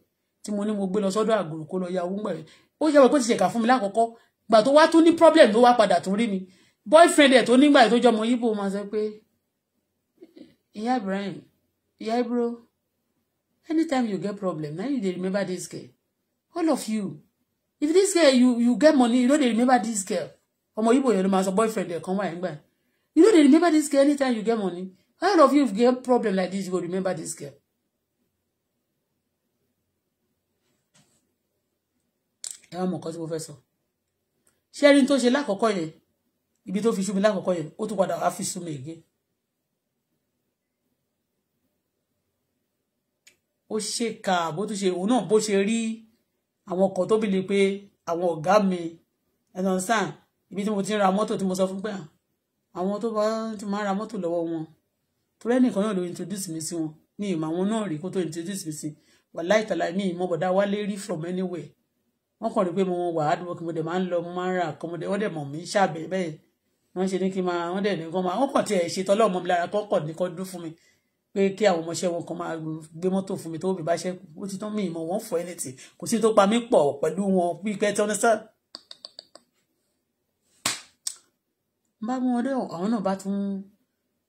tí mo ní mo gbé lọ sọ́dọ̀ àgùrù kó lọ yá owó gbà yìí ó yẹ wọ́n pé ti ṣèkà fún mi lákọ̀ọ́kọ́ gbà tó wá tún ní problem ló wá padà tún rí mi boyfriend ẹ̀ tó nígbà tó jọmọ yíbo máa sọ pé ìyá Ibrahim ìyá Ibro anytime you get problem na you dey remember this girl all of you if this girl you you get money you know they remember this girl ọmọ Igbo yẹn ló máa sọ boyfriend they come wà you know they remember this girl anytime you get money all of you if get problem like this you will remember this girl. ẹ wá mọ nǹkan tí mo fẹ́ sọ ṣé ẹni tó ṣe lákọ̀ọ́kọ́ yẹn ibi tó fi sú mi lákọ̀ọ́kọ́ yẹn ó tún padà wá fi sú mi ègé ó ṣe kà bó tún ṣe òun náà bó ṣe rí àwọn kan tó bìlì pé àwọn ọ̀gá mi ẹ̀nà sàn ibi tí mo ti ń ra mọ́tò tí mo sọ fún pé ah, àwọn tó bá ti máa ń ra mọ́tò lọ́wọ́ wọn torí ẹnìkan náà ló introduce mi sí wọn ní ìmọ̀ àwọn náà rí kó tó introduce mi sí wàhálà ìtàlá ní ìmọ̀ bọ̀dá wálé rí from anywhere wọ́n kàn rí pé mo wà á dúró kí mo dẹ̀ máa ń lọ mo máa ń ra àkọ́ mo dẹ̀ wọ́n dẹ̀ mọ̀ mí ṣàbẹ̀ bẹ́ẹ̀ wọ́n ṣe ní kí n máa wọ́n dẹ̀ ní kán máa wọ́n kàn tiẹ̀ ṣe tọ́lọ́ mi lára kán ní kán fún mi pé kí àwọn ọmọọṣẹ́ wọn kan máa gbé mọ́tò fún mi tó mi bá ṣe ó ti tán mí ìmọ̀ wọn fọ ẹnìtì kò sí tó pa mí pọ̀ pẹ̀lú wọn pípẹ́ tí wọ́n sá. bá mú wọn dé àwọn náà bá tún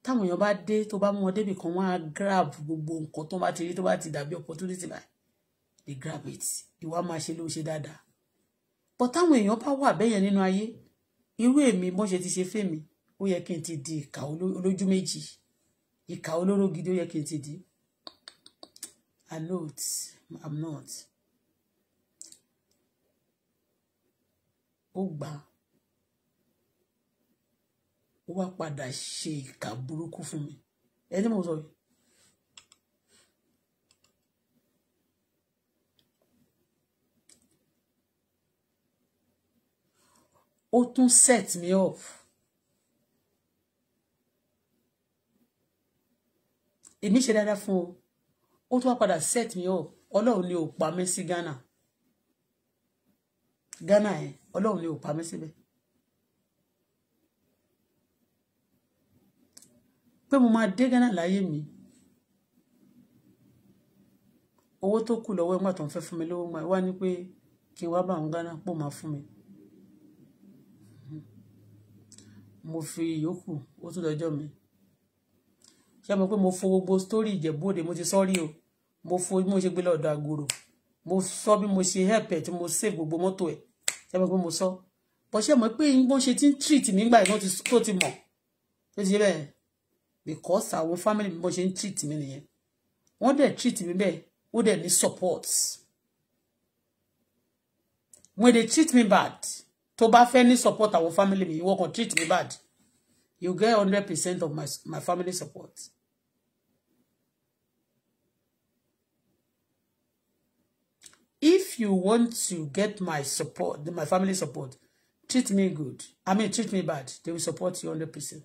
táwọn èèyàn bá dé tó bá mú wọn débi kan wọn á grab gbogbo nǹkan tó bá ti rí tó bá ti dàbí opportunity báyìí they grab it ìwà máa ṣe ló ṣe dáadáa but táwọn èèyàn bá wà bẹ́yẹn nínú ayé irú èmi bọ́n ṣe ti ṣe fèmí ó yẹ kí n ti di ìkà olójú méjì ìka olóró gidi ó yẹ kí n ti di i know it i'm not ó gbà ó wá padà ṣe ìka burúkú fún mi ẹni mo sọ yìí ó tún set me up. èmi ṣe dáadáa fún o ó tún wá padà set me up ọlọ́run ni ò pa mí sí Ghana Ghana yẹn ọlọ́run ni ò pa mí síbẹ̀ pé mo máa dé Ghana láyé mi owó tó kù lọ́wọ́ ẹgbà tó ń fẹ́ fún mi lówó wá ní pé kí n wá bá àwọn Ghana pò máa fún mi mo fi ìyókù ó tún dọjọ́ mi ṣé mo pé mo fo gbogbo story ìjẹ̀bú-òde mo ti sọ́rí o mo fo bí mo ṣe gbé lọ́dọ̀ àgòrò mo sọ bí mo ṣe help ẹ̀ tí mo save gbogbo mọ́tò ẹ̀ ṣé mo pé mo sọ bọ́ ṣé mo pé bó ṣe ti ń treat mi nígbà tó ti mọ̀ tó ti ṣe bẹ́ẹ̀ because àwọn family mi bó ṣe ń treat mi nìyẹn wọ́n dẹ̀ treat mi bẹ́ẹ̀ ó dẹ̀ ní support when they treat me bad tó bá fẹ́ ní support àwọn family mi ìwọ kan treat me bad you get hundred percent of my, my family support. you want to get my support, my family support, treat me good. I mean, treat me bad. They will support you 100%.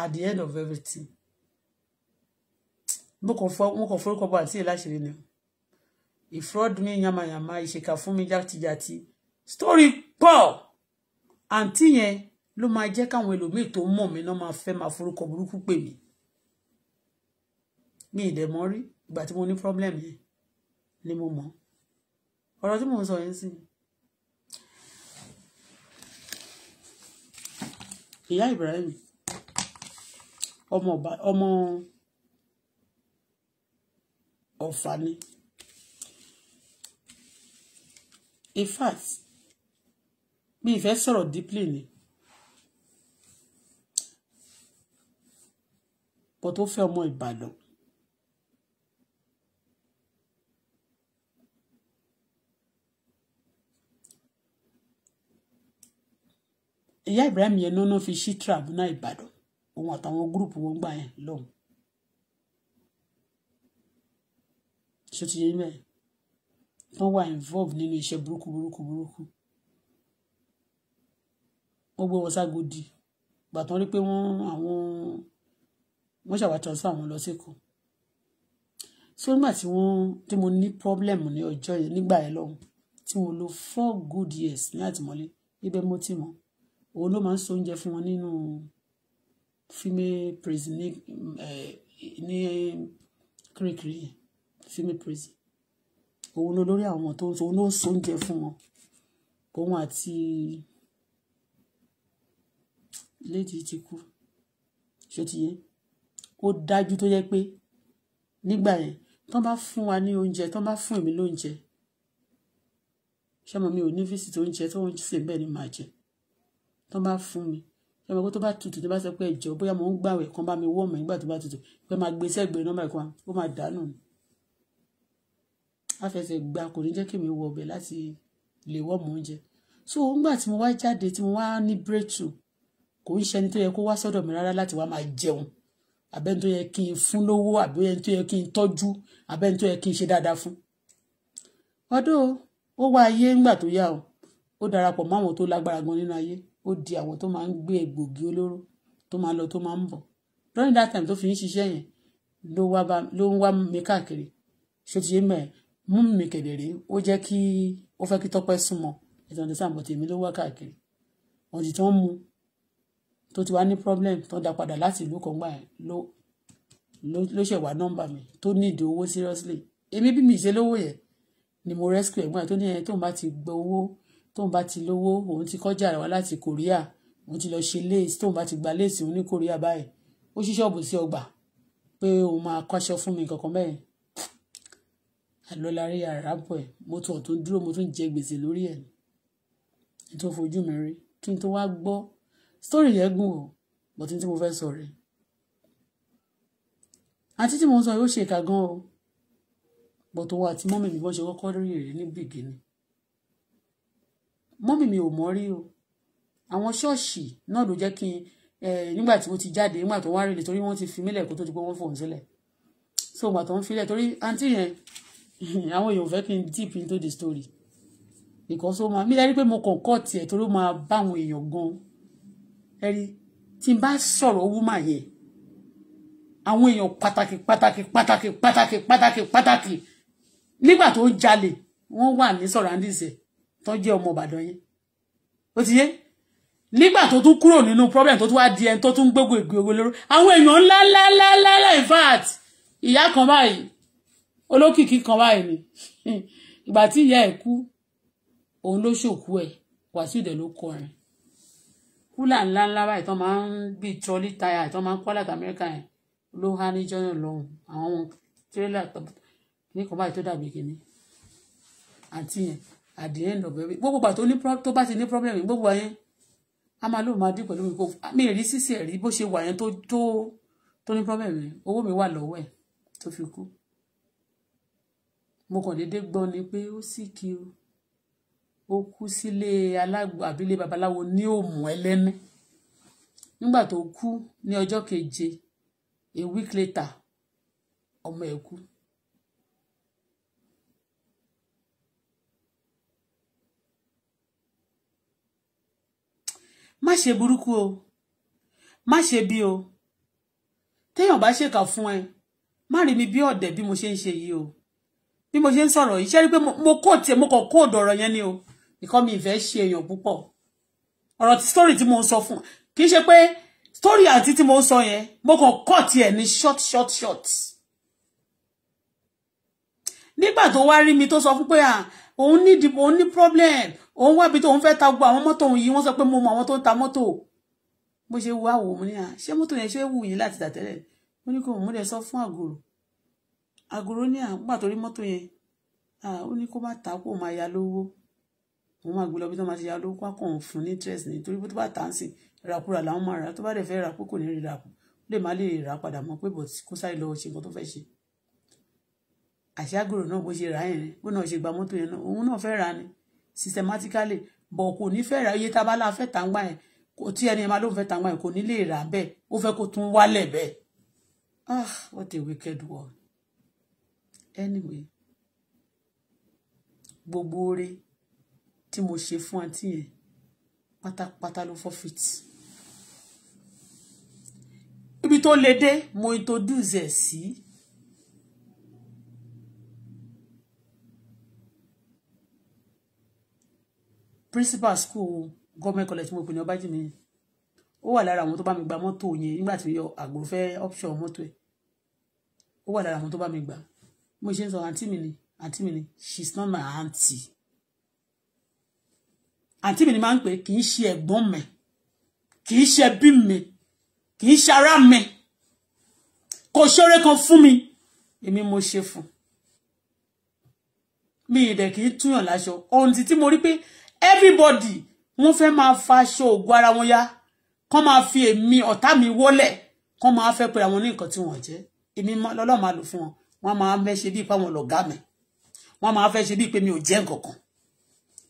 At the end of everything. Mo kàn forúkọ bọ̀ àti ìláṣìírí ni. Ìfraud mi yamayama, ìṣèkà fún mi játijàti. Story Paul, Àǹtí yẹn ló máa jẹ́ káwọn ẹlòmíì tó mọ̀ mí náà máa fẹ́ máa forúkọ burúkú pè mí mi ì dẹ̀ mọ́ rí ìgbà tí mo ní problem yẹn ni mo mọ̀ ọ̀rọ̀ tí mò ń sọ yẹn sí ìyá Ibrahim ọmọ ọmọ Ọ̀fà ni in fact mi ìfẹ́ sọ̀rọ̀ deeply ni bọ́ tó fẹ́ ọmọ ìbàdàn ìyá ibrahim yẹn náà fi ṣí tribunal ìbàdàn òun àtàwọn gúrùpù wọn gbà yẹn lọ́hùn ṣe ti yẹn bẹ́ẹ̀ wọ́n wà involve nínú iṣẹ́ burúkú burúkú burúkú wọ́n gbé wọn ságodi gbàtàn rí pé wọ́n àwọn wọ́n ṣàwà transfer wọn lọ sékòó so nígbà tí wọ́n tí mo ní problem ní ọjọ́ yẹn nígbà yẹn lọ́hùn tí mo lò four good years ní àtìmọ́lé ibẹ̀ mo ti mọ̀ òun ló máa ń so oúnjẹ fún wọn nínú female prison ní eh, ní kirikiri yẹn female prison òun ló lórí àwọn tó òun ló so oúnjẹ fún wọn òun àti lady ti kú ṣé ti yẹn ó dájú tó jẹ́ pé nígbà yẹn tán bá fún wa ní oúnjẹ tán bá fún èmi lóúnjẹ ṣé mo mi ò ní fíìsì tó ń jẹ tó ń sè bẹ́ẹ̀ ni màá jẹ tán bá fún mi ṣé mo kó tó bá tutù tó bá sọ pé ẹ̀jọ̀ bóyá mo ń gbàwẹ̀ kan bá mi wọ́ ọ̀mọ̀ nígbà tó bá tutù pé máa gbé sẹ́gbẹ̀ẹ́ nọ́mbà kan ó máa dànù ni afẹsẹ̀ gba kò ní jẹ́ kí mi wọ ọbẹ̀ láti lè wọ́ ọmọ oúnjẹ so ńgbà tí mo wá jáde tí mo wá ní breakthrough kò ń ṣẹni tó yẹ kó wá sọ́dọ̀ mi rárá láti wá máa jẹun abẹ́ni tó yẹ kí n fún lówó àbí ẹni tó yẹ kí n tọ́jú abẹ́ni tó yẹ kí n ṣe dáadáa fún. ọdún ó wá ayé ńgbà tó yá o ó darapọ̀ mọ́ àwọn tó lágbára gan nínú ayé ó di àwọn tó máa ń gbé egbògi olóró tó máa lọ tó máa ń bọ̀ during that time tó fi ń ṣiṣẹ́ yẹn ló ń wá mi káàkiri ṣé ti ṣe mẹ́ mú mi kẹ̀dẹ̀rẹ́ ó jẹ́ kí ó fẹ́ kí tọ́pẹ́ súnmọ́ ìtàn ìdẹ́sàmọ̀tì mi ló wá káàkiri ọ̀dì tó ń mu tó ti wá ní problem tó dá padà láti ìlú kan gbà ló ló ṣẹ̀ wá nọ́mbà mi tó nídìí owó seriously èmi bí mi ṣe lówó yẹn ni mo rescue ẹ̀gbọ́n ẹ̀ tó ní ẹ̀ tóun bá ti gbọ́ owó tóun bá ti lówó òun ti kọjá ara wa láti Korea òun ti lọ ṣe lace tóun bá ti gba lace òun ní Korea báyìí ó ṣí ṣọ́ọ̀bù sí ọgbà pé òun máa kọ́ṣọ́ fún mi kankan bẹ́ẹ̀ àlọ́lárí àràbọ̀ ẹ̀ mo tún ọ̀tún dúró mo tún jẹ gbèsè lórí ẹ̀ ní tó fojú mi rí kí n tó wá gbọ́ story yẹn gùn o bọ̀tí tí mo fẹ́ sọ rẹ̀ àti tí mo sọ yóò ṣe ìka gan o bọ̀tò wa àti mọ́mì mi wọ́n ṣe kọ́kọ́ rí rèé ní bìgínì mọ́mì mi ò mọ̀ rí o àwọn ṣọ́ọ̀ṣì náà ló jẹ́ kí n nígbà tí mo ti jáde nígbà tó wá rí lè torí wọ́n ti fi mílẹ̀ kó tó di pé wọ́n fòun sílẹ̀ so ìgbà tó ń filẹ̀ torí àǹtí yẹn àwọn èèyàn fẹ́ kí n deep into the story because ó máa mi lẹ́rí pé mo kàn kọ́ tiẹ̀ torí ó máa bá àwọn èèyàn gan-an ẹ̀rí tí n bá sọ̀rọ̀ wúmà yẹn àwọn èèyàn pàtàkì pàtàkì pàtàkì pàtàkì pàtàkì pàtàkì nígbà tó ń jalè wọ́n wà ní surroundings ẹ̀ tó jẹ́ ọmọ Ìbàdàn yẹn ó ti yé nígbà tó tún kúrò nínú problem tó tún wá di ẹni tó tún gbégbó ìgbéwò lóró àwọn èèyàn ńlá ńlá ńlá ńlá ńlá in fact ìyá kan báyìí olókìkí kan báyìí ni ìgbà tí ìyá ẹ̀ kú òun ló ṣòkú ẹ̀ wàásù ìdẹ̀ ló kọrin kúlà ńlá ńlá báyìí tó máa ń bí trọlí táyà tó máa ń kọ́ láti amẹ́ríkà yẹn ló há níjọ́ náà lọ́hùn àwọn tírélà ní kan báyìí tó dàbí kìíní àti yẹn at the end of every gbogbo gbà tó bá ti ní problem gbogbo wa yẹn a máa lóun máa dín pẹ̀lú mi kó mi rí sísè rí bó ṣe wà yẹn tó tó tó ní problem yẹn owó mi wà lọ́wọ́ ẹ̀ tó fi kú mo kàn déédéé gbọ́ ni pé ó sì kí o ó kú sílé alágbo àbílé babaláwo ní òmù ẹlẹ́ni nígbà tó kú ní ọjọ́ keje a week later ọmọ ẹ̀ kú. má ṣe burúkú o má ṣe bí o téèyàn bá ṣèkà fún ẹ má rí mi bí ọ̀dẹ̀ bí mo ṣe ń ṣe yìí o bí mo ṣe ń sọ̀rọ̀ yìí ṣe rí pé mo kóòtì mo kàn kóòdù ọ̀rọ̀ yẹn ni o because mi ìfẹ́ ṣe èèyàn púpọ̀ ọ̀rọ̀ tí story ti mo so fun. fún kì í story ati ti mo so sọ yẹn mo kàn kọ́ tiẹ̀ ní short short short nígbà tó wá rí mi tó sọ fún pé à ah, òun ní ìdìbò òun ní problem òun wábi tó òun fẹ́ ta gbogbo àwọn mọ́tò òun yìí wọ́n sọ pé mo mọ àwọn tó ń ta mọ́tò bó ṣe wá wò ó ní à ah, ṣé mọ́tò yẹn ṣé wù yín láti tà tẹ́lẹ̀ ó ní kó mú dẹ sọ fún àgòrò àgòrò ní à ah, nígbà tó rí mọ́tò yẹn ó ní kó má ta kó má ya lówó wọ́n máa gbé lọ bí wọ́n máa ti ya lówó wá kàn fún ní interest ní torí bó tó bá tà ń sìn ìràkúrà làwọn máa rà tó bá dẹ̀ fẹ́ rà pé kò ní rí rà kù ó lè má lè rà padà mọ́ pé bọ̀tí kó sáré lọ́wọ́ ṣe nǹkan tó fẹ́ ṣe àṣàgòrò náà bó ṣe rà yẹn bó náà ṣe gba mọ́tò yẹn náà òun náà fẹ́ rà ni systematically bọ̀ kò ní fẹ́ rà iye tábàlà fẹ́ tàǹgbà yẹn kò tí ẹni ẹ máa ló ń fẹ́ tàǹgbà yẹn kò ní lè rà bẹ́ẹ̀ ah what a wicked world anyway gbogbo oore tí mo ṣe fún àǹtí yẹn pátápátá ló forfeit ibi tó le dé mo introduce ẹ̀ sí principal school government college mo pè ní ọbájìmí ó wà lára àwọn tó bá mi gba mọ́tò yẹn nígbà tí yọ àgbò fẹ́ option mọ́tò ẹ̀ ó wà lára àwọn tó bá mi gbà mo ṣe ń sọ àǹtí mi ni àǹtí mi ni she is not my auntie àǹtí mi ni máa ń pè kì í ṣe ẹ̀gbọ́n mi kì í ṣe ẹbí mi kì í ṣe ará mi kò ṣeré kan fún mi èmi mo ṣe fún mi ìdẹ̀ kì í túyàn láṣọ ohun tí mo rí pé everybody wọ́n fẹ́ máa fa aṣọ ògùn ara wọn ya kán máa fi èmi ọ̀tá mi wọ́lẹ̀ kán máa fẹ́ pé àwọn ní nǹkan tí wọ́n jẹ́ èmi lọ́lọ́ọ̀ máa lò fún wọn wọ́n máa fẹ́ ṣe bíi pé àwọn lọ̀gá mi wọ́n máa fẹ́ ṣe bíi pé mi ò jẹ́ nǹkan kan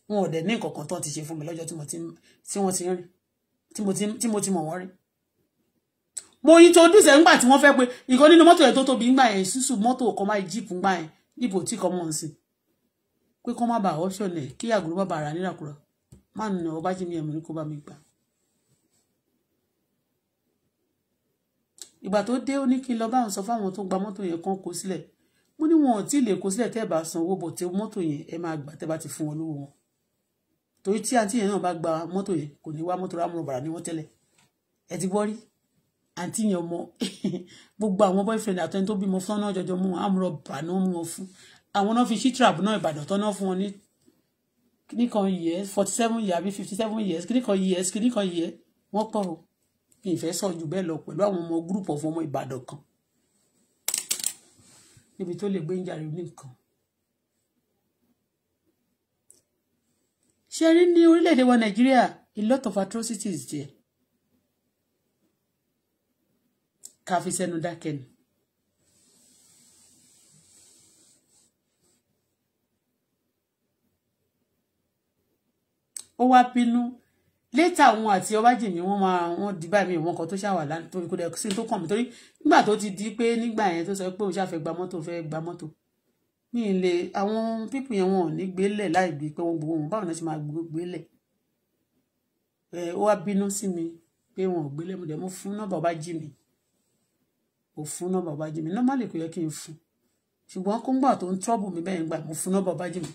wọn ò dẹ̀ ní nǹkan kan tó ti ṣe fún mi lọ́jọ́ tí mo ti tí rìn tí mo ti tí mo ti mọ̀ wọ́n rí. mo yin tó dùn sẹ́ńgbà tí wọ́n fẹ́ pé ìkan nínú mọ́tò yẹn tó tóbi ńgbà yẹn sísù mọ́tò ọkọ̀ máa jíìpù ńgbà yẹn níbo tí kò mọ̀ ń sìn pé kọ́ má bà option ẹ̀ kí àgùrú bàbà rà nírakùrà má nà ọ bá jí mi ẹ̀mí ní kó bá mi gbà. ìgbà tó dé ó ní kí n lọ bá àwọn sọ fáwọn tó gba mọ́tò yẹn kan kó sílẹ̀ mo ní wọn ò tí ì lè kó sílẹ̀ tẹ́ ẹ̀ bá sanwó bọ̀ tẹ mọ́tò yẹn ẹ máa gbà tẹ́ bá ti fún wọn lówó wọn torí tí àǹtí yẹn náà bá gba mọ́tò yẹn kò ní wá mọ́tò rámúrò bàrà ní wọ́n tẹ́lẹ̀ ẹ ti gbọ́ rí àǹtí yẹn ọmọ gbogbo àwọn boyfriend àtẹni tó bímọ fún náà jọjọ mú wọn àmúrò bà náà mú wọn fún àwọn náà fi shitrap náà ìbàdàn tán náà fún wọn ní kíníkan years forty seven years àbí fifty seven years kíníkan years kíníkan years wọ́n pọ̀ o kì í fẹ́ sọ jù bẹ́ẹ̀ lọ pẹ̀lú àwọn ọmọ group of ọmọ ìbàdàn kan níbi tó lè gbé ń jàre ní nǹkan ṣe rí ní orílẹ̀-èdè wa nàìjíríà a lot of atrocities there ká fi sẹ́nu dákẹ́ ni. ó wá bínú létà òun àti ọbájìmí wọn máa wọn di báyìí wọn kan tó ṣàwà lánàá torí kó dẹ sí tó kàn mí torí nígbà tó ti di pé nígbà yẹn tó sọ pé òun ṣàfẹ́ gba mọ́tò fẹ́ gba mọ́tò mi ì lè àwọn pípù yẹn wọn ò ní gbélẹ̀ láì bíi pé wọ́n gbowó wọn báwo ni wọ́n ṣe máa gbélẹ̀ ẹ ó wá bínú sí mi pé wọn ò gbélẹ̀ mo dẹ̀ mo fún nọ́mbà ọba jí mi mo fún nọ́mbà ọba jí mi normally kò yẹ kí n fún ṣùgbọ́n kó ń gbà tó ń trọ́bù mi bẹ́ẹ̀ ń gbà mo fún nọ́mbà ọba jí mi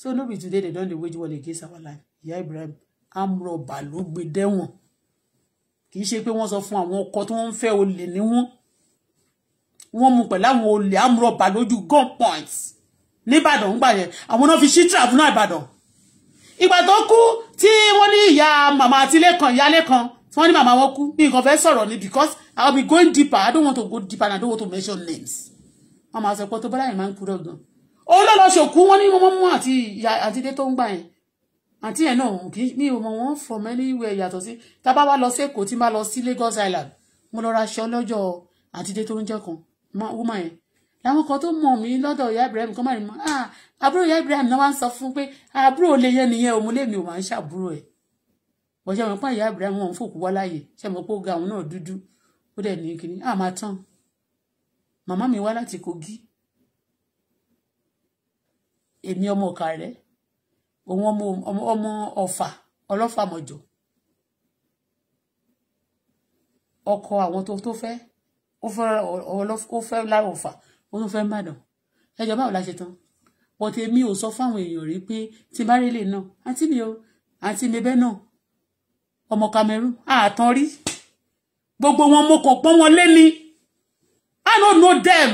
so no be today they don dey wage war against our life ìyá Ibrahim amúrọ̀bà ló gbé dẹ́wọ̀n kì í ṣe pé wọ́n sọ fún àwọn ọkọ tí wọ́n ń fẹ́ olè ní wọ́n mú pẹ̀lú àwọn olè amúrọ̀bà lójú gun point nìbàdàn ń gbà yẹn àwọn náà fi ṣí travel náà ìbàdàn ìgbà tó kú tí wọ́n ní ìyá màmá àtìlé kan ìyálé kan tí wọ́n ní màmá wọn kú mi nǹkan fẹ́ sọ̀rọ̀ ni because I will be going deeper I don't want to go deeper and I don't want to mention names wọ́n máa sọ pé tó bọ́lá yẹn máa ń purọ́ gan òun ló lọ ṣòkú wọ́n ní wọ́n mú àti ìyá àtìlé tó ń gbà yẹn àti yẹn náà kì í mi ò mọ wọn from anywhere yàtọ̀ sí tá a bá wá lọ sí Èkó tí n lọ sí Lagos Island mo lọ ra aṣọ lọ́jọ́ àtìlé tó ń jẹ́ kan woman yẹn làwọn kan tó mọ̀ mí lọ́dọ̀ ìyá Ibrahim kan máa rí mọ́ ah àbúrò ìyá Ibrahim náà wá ń sọ fún pé àbúrò lè yẹn nìyẹn òun lèmi ò máa ń ṣàbúrò ẹ̀ bọ́ ṣe mọ̀ pé ìyá Ibrahim wọn fòkú wá láàyè ṣe mọ̀ pé ó ga òun náà dúdú ó dẹ̀ ní kíní à ah, máa tán màmá mi wá láti Kogi èmi ọmọ ọ̀kà rẹ̀ òun ọmọ ọ̀fà ọlọ́fàmọ̀jọ̀ ọkọ àwọn tó tó fẹ́ẹ́ ó fẹ́ ó fẹ́ lára òfà ó tún fẹ́ màdàn ẹjọ́ báwo la ṣe tán but èmi ò sọ fáwọn èèyàn rí pé tí bá rí lè náà àǹtí mi o àǹtí mi bẹ́ẹ̀ náà ọmọ Cameroon àtàn rí gbogbo wọn mo kàn pọ́n wọn lé ni I don't know them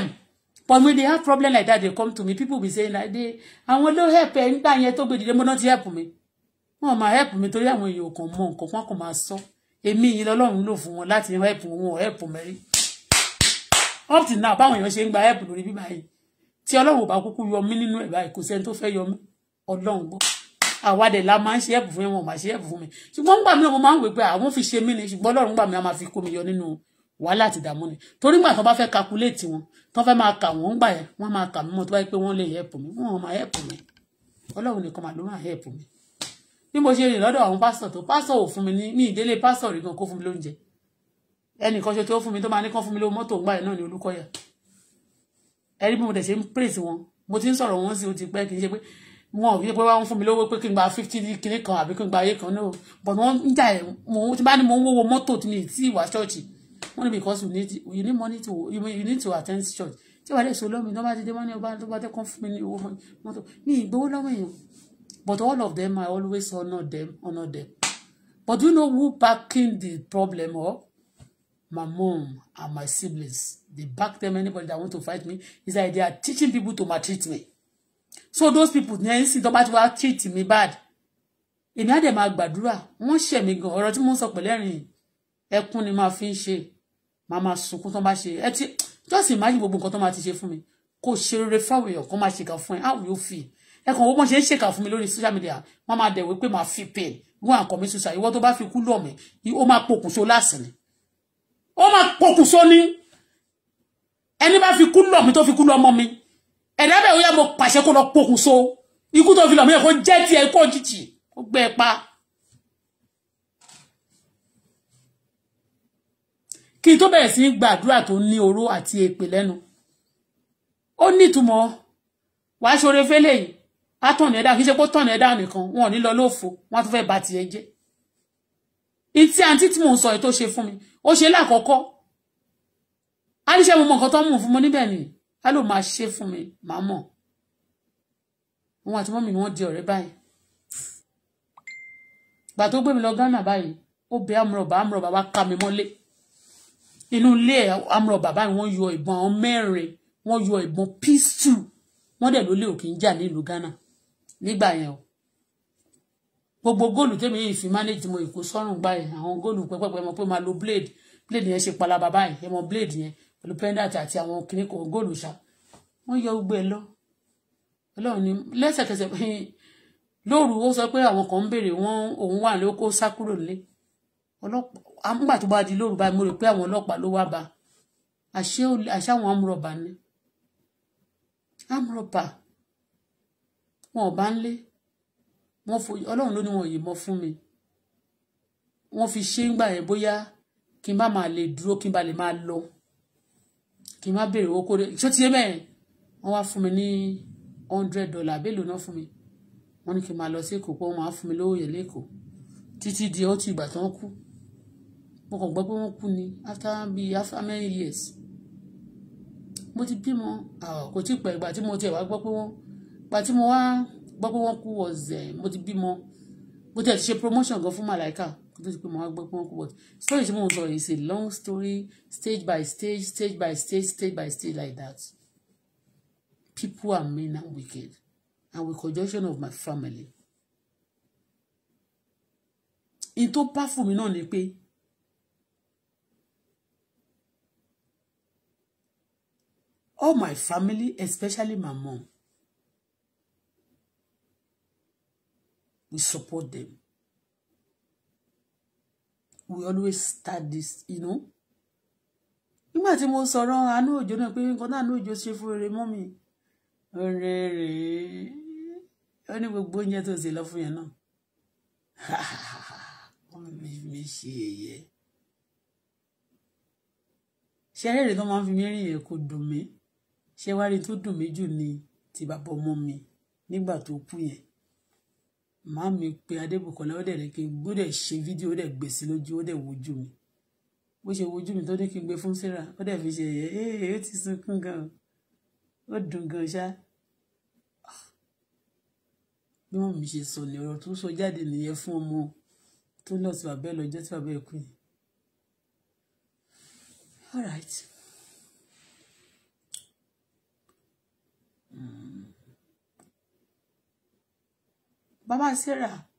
but when they have problem like that they come to me people be saying like they àwọn ló help ẹ nígbà yẹn tó gbèdìde mo náà ti help mi wọn máa help mi torí àwọn èèyàn kàn mọ nǹkan kan kàn máa sọ èmi yìí lọ́lọ́run lò fún wọn láti help wọn help mẹ́rin up till now báwọn èèyàn ṣe ń gba help lórí bíbá yìí tí ọlọ́run ò bá kúkú yọ mí nínú ẹ̀ báyìí kò sẹ́ni tó fẹ́ yọ ọlọ́run gbọ́ àwádẹ la máa ń ṣe help fún mi wọn máa ṣe help fún mi ṣùgbọ́n nígbà mìíràn mo máa ń wò pé àwọn fi ṣe mí ni ṣùgbọ́n ọlọ́run gbà mí a máa fi kó mi yọ nínú wàhálà àti ìdààmú ni torí nígbà tó bá fẹ́ calculate wọn tó fẹ́ máa kà wọ́n gbà yẹn wọ́n máa kà mí mọ́ tó bá yẹ pé wọ́n lè help mi wọ́n máa help mi ọlọ́run nìkan màá ló máa help mi bí mo ṣe rìn lọ́dọ̀ àwọn pásítọ̀ tó pásítọ̀ ò fún mi ní ìdílé pásítọ̀ rí gan kó fún mi lóúnjẹ ẹnìkan ṣe tó fún mi tó máa ní kán fún mi lówó mọ́tò ńgbà yẹn náà ní Olúkọ̀yà ẹ̀rí bí mo tẹ̀ ṣe ń praise wọn mo ti ń sọ̀rọ̀ wọn sí o ti pẹ́ kì í ṣe pé wọn ò yẹ pé wọ́n fún mi lówó pé kí n gba fifty kìíní kan àbí kí n gba ayé kan náà but wọ́n ń jà ẹ̀ mo ti bá ní mo ń wọ́wọ́ mọ́tò tí mi ti wá ṣọ́ọ̀ṣì wọ́n ní because you need you need money to you need to attend church tí wàá lè so lọ́mìn tó bá ti dé wọ́n ní ọba tó bá tẹ́ kán fún mi ní owó mọ́tò mi ì gbowó lọ́wọ́ èèyàn but all of them I always honour them honour them but do you know who backing the problem up? my mom and my siblings they back them anybody that want to fight me is like they are teaching people to maltreat me so those people ní ẹsìn tó bá ti wá treat me bad èmi á dẹ̀ máa gbàdúrà wọ́n ṣẹ̀ mí gan ọ̀rọ̀ tí mo ń sọ pẹ̀lẹ́rìn ẹkún ni máa fi ń ṣe máa máa sunkún tó bá ṣe ẹ ti just imagine gbogbo nǹkan tó máa ti ṣe fún mi kò ṣe rere fáwọn èèyàn kó máa ṣèkà fún ẹ how will you feel ẹ kàn wọ́n bọ́n ṣe ń ṣèkà fún mi lórí social media wọ́n máa dẹ̀ wí pé màá fi pain wọ́n à ń kọ́ mi ṣùṣà ìwọ tó bá fi kú lọ́ọ̀mẹ́ ó máa pokùnso láàsìn ni ó máa pokùnso ní ẹni bá fi kú lọ mi tó fi kú lọ ọmọ mi ẹ̀dá bẹ́ẹ̀ ó yá mo pàṣẹ kó lọ pokùnso ikú tó fi lọ mí kó jẹ́ tiẹ̀ kó jìjì ó gbé ẹ pa. kí n tó bẹ̀rẹ̀ sí gbàdúrà tó ní oró àti èpè lẹ́nu ó nítumọ̀ wàá ṣoore fẹ́lẹ̀ yìí á tàn ẹ̀dá kì í ṣe pé ó tàn ẹ̀dá nìkan wọn ò ní lọ lófo wọn á ba tiẹ̀ jẹ́ ìtí àǹtí tí mò ń sọ yìí tó ṣe mi ó ṣe lákọ̀ọ́kọ́ a ní ṣe mo mọ nǹkan tó ń mú fún mo níbẹ̀ ni a ló máa ṣe fún mi màá mọ̀ òun àti mọ́mì ni wọ́n di ọ̀rẹ́ báyìí ba tó gbé mi lọ Ghana báyìí ó bẹ amúrọ̀bà amúrọ̀bà wá ká mi mọ́lé inú ilé amúrọ̀bà báyìí wọ́n yọ ìbọn àwọn mẹ́rin wọ́n yọ ìbọn pistol wọ́n dẹ̀ lólè òkè ń jà nílùú Ghana nígbà yẹn o gbogbo góòlù tèmi yìí fi manage mo ìkó sọ́rùn gbà yẹn àwọn góòlù pẹ́pẹ́pẹ́ mo pé máa lo blade blade yẹn ṣe palaba báyìí ẹ mọ blade yẹn pẹ̀lú pendant àti àwọn kìnnì kan góòlù ṣá wọ́n yọ gbogbo ẹ lọ ọlọ́run ni lẹ́sẹ̀kẹsẹ̀ lóru ó sọ pé àwọn kan ń béèrè wọn òun wà lóko sá kúrò nílé ọlọ́pàá nígbà tó bá di lóru báyìí mo rò pé àwọn ọlọ́pàá ló wá bá àṣé àwọn amúrọ̀bà ni amúrọ̀bà wọn ò bá ń lé wọ́n fo ọlọ́run ló ní wọn yìnbọn fún mi wọ́n fi ṣe ń gbà yẹn bóyá kí n bá máa lè dúró kí n bá lè máa lọ kí n má béèrè owó kóde tí ó ti yé mẹ́rin wọ́n wá fún mi ní hundred dollar bẹ́ẹ̀lò náà fún mi wọ́n ní kí n máa lọ sí èkó pé wọ́n máa fún mi lówó yẹn lẹ́kọ̀ọ́ títí di ọtí ìgbà tó ń kú mo kàn gbọ́ pé wọ́n kú ni after bí after many years mo ti bímọ àwọn kò tí ì pẹ́ ìgbà tí mo tiẹ̀ wá gbọ́ pé wọ́n ìgbà tí mo wá. Wa gbọ́ pé wọ́n kú was eh, mo ti bímọ mo ti ẹ̀ ti ṣe promotion gan fún màláìka kó tó ti pé mo wá gbọ́ pé wọ́n kú but story tí mo sọ is a long story stage by stage stage by stage stage by stage like that people are mean and wicked and with conjunction of my family in tó bá fún mi náà ni pé all my family especially my mom We support them. We always start this, you know. Imagine tí mo sọ̀rọ̀ àánú òjò náà pé nǹkan náà àánú òjò ṣe fún rere mọ́ mi. Rere rèé. Ó ní gbogbo oúnjẹ tó ṣe lọ fún yẹn náà. Wọ́n mi mi ṣe èyẹ. Ṣé ẹ̀rẹ́rẹ́ tó máa ń fi mí rìn yẹn kò dùn mí? Ṣé wá rí tó dùn mí jù ni ti bàbá ọmọ mi nígbà tó kú màá mi pe Adébùkọ́lá ó dẹ̀ ní kí n gbọ́dẹ̀ ṣe fídíò ó dẹ̀ gbèsè lójú ó dẹ̀ wojú mi bó ṣe wojú mi tó ní kí n gbé fún Sarah ó dẹ̀ fi ṣe ẹ̀yẹ ee ó ti sunkún gan ó dùn gan ṣá bí wọ́n mi ṣe sọ ní ọ̀rọ̀ tó sọ jáde nìyẹn fún ọmọ tó lọ sí bàbá ẹ̀ lọ́jọ́ tí bàbá ẹ̀ kú yìí all right. Mm. Mama Sarah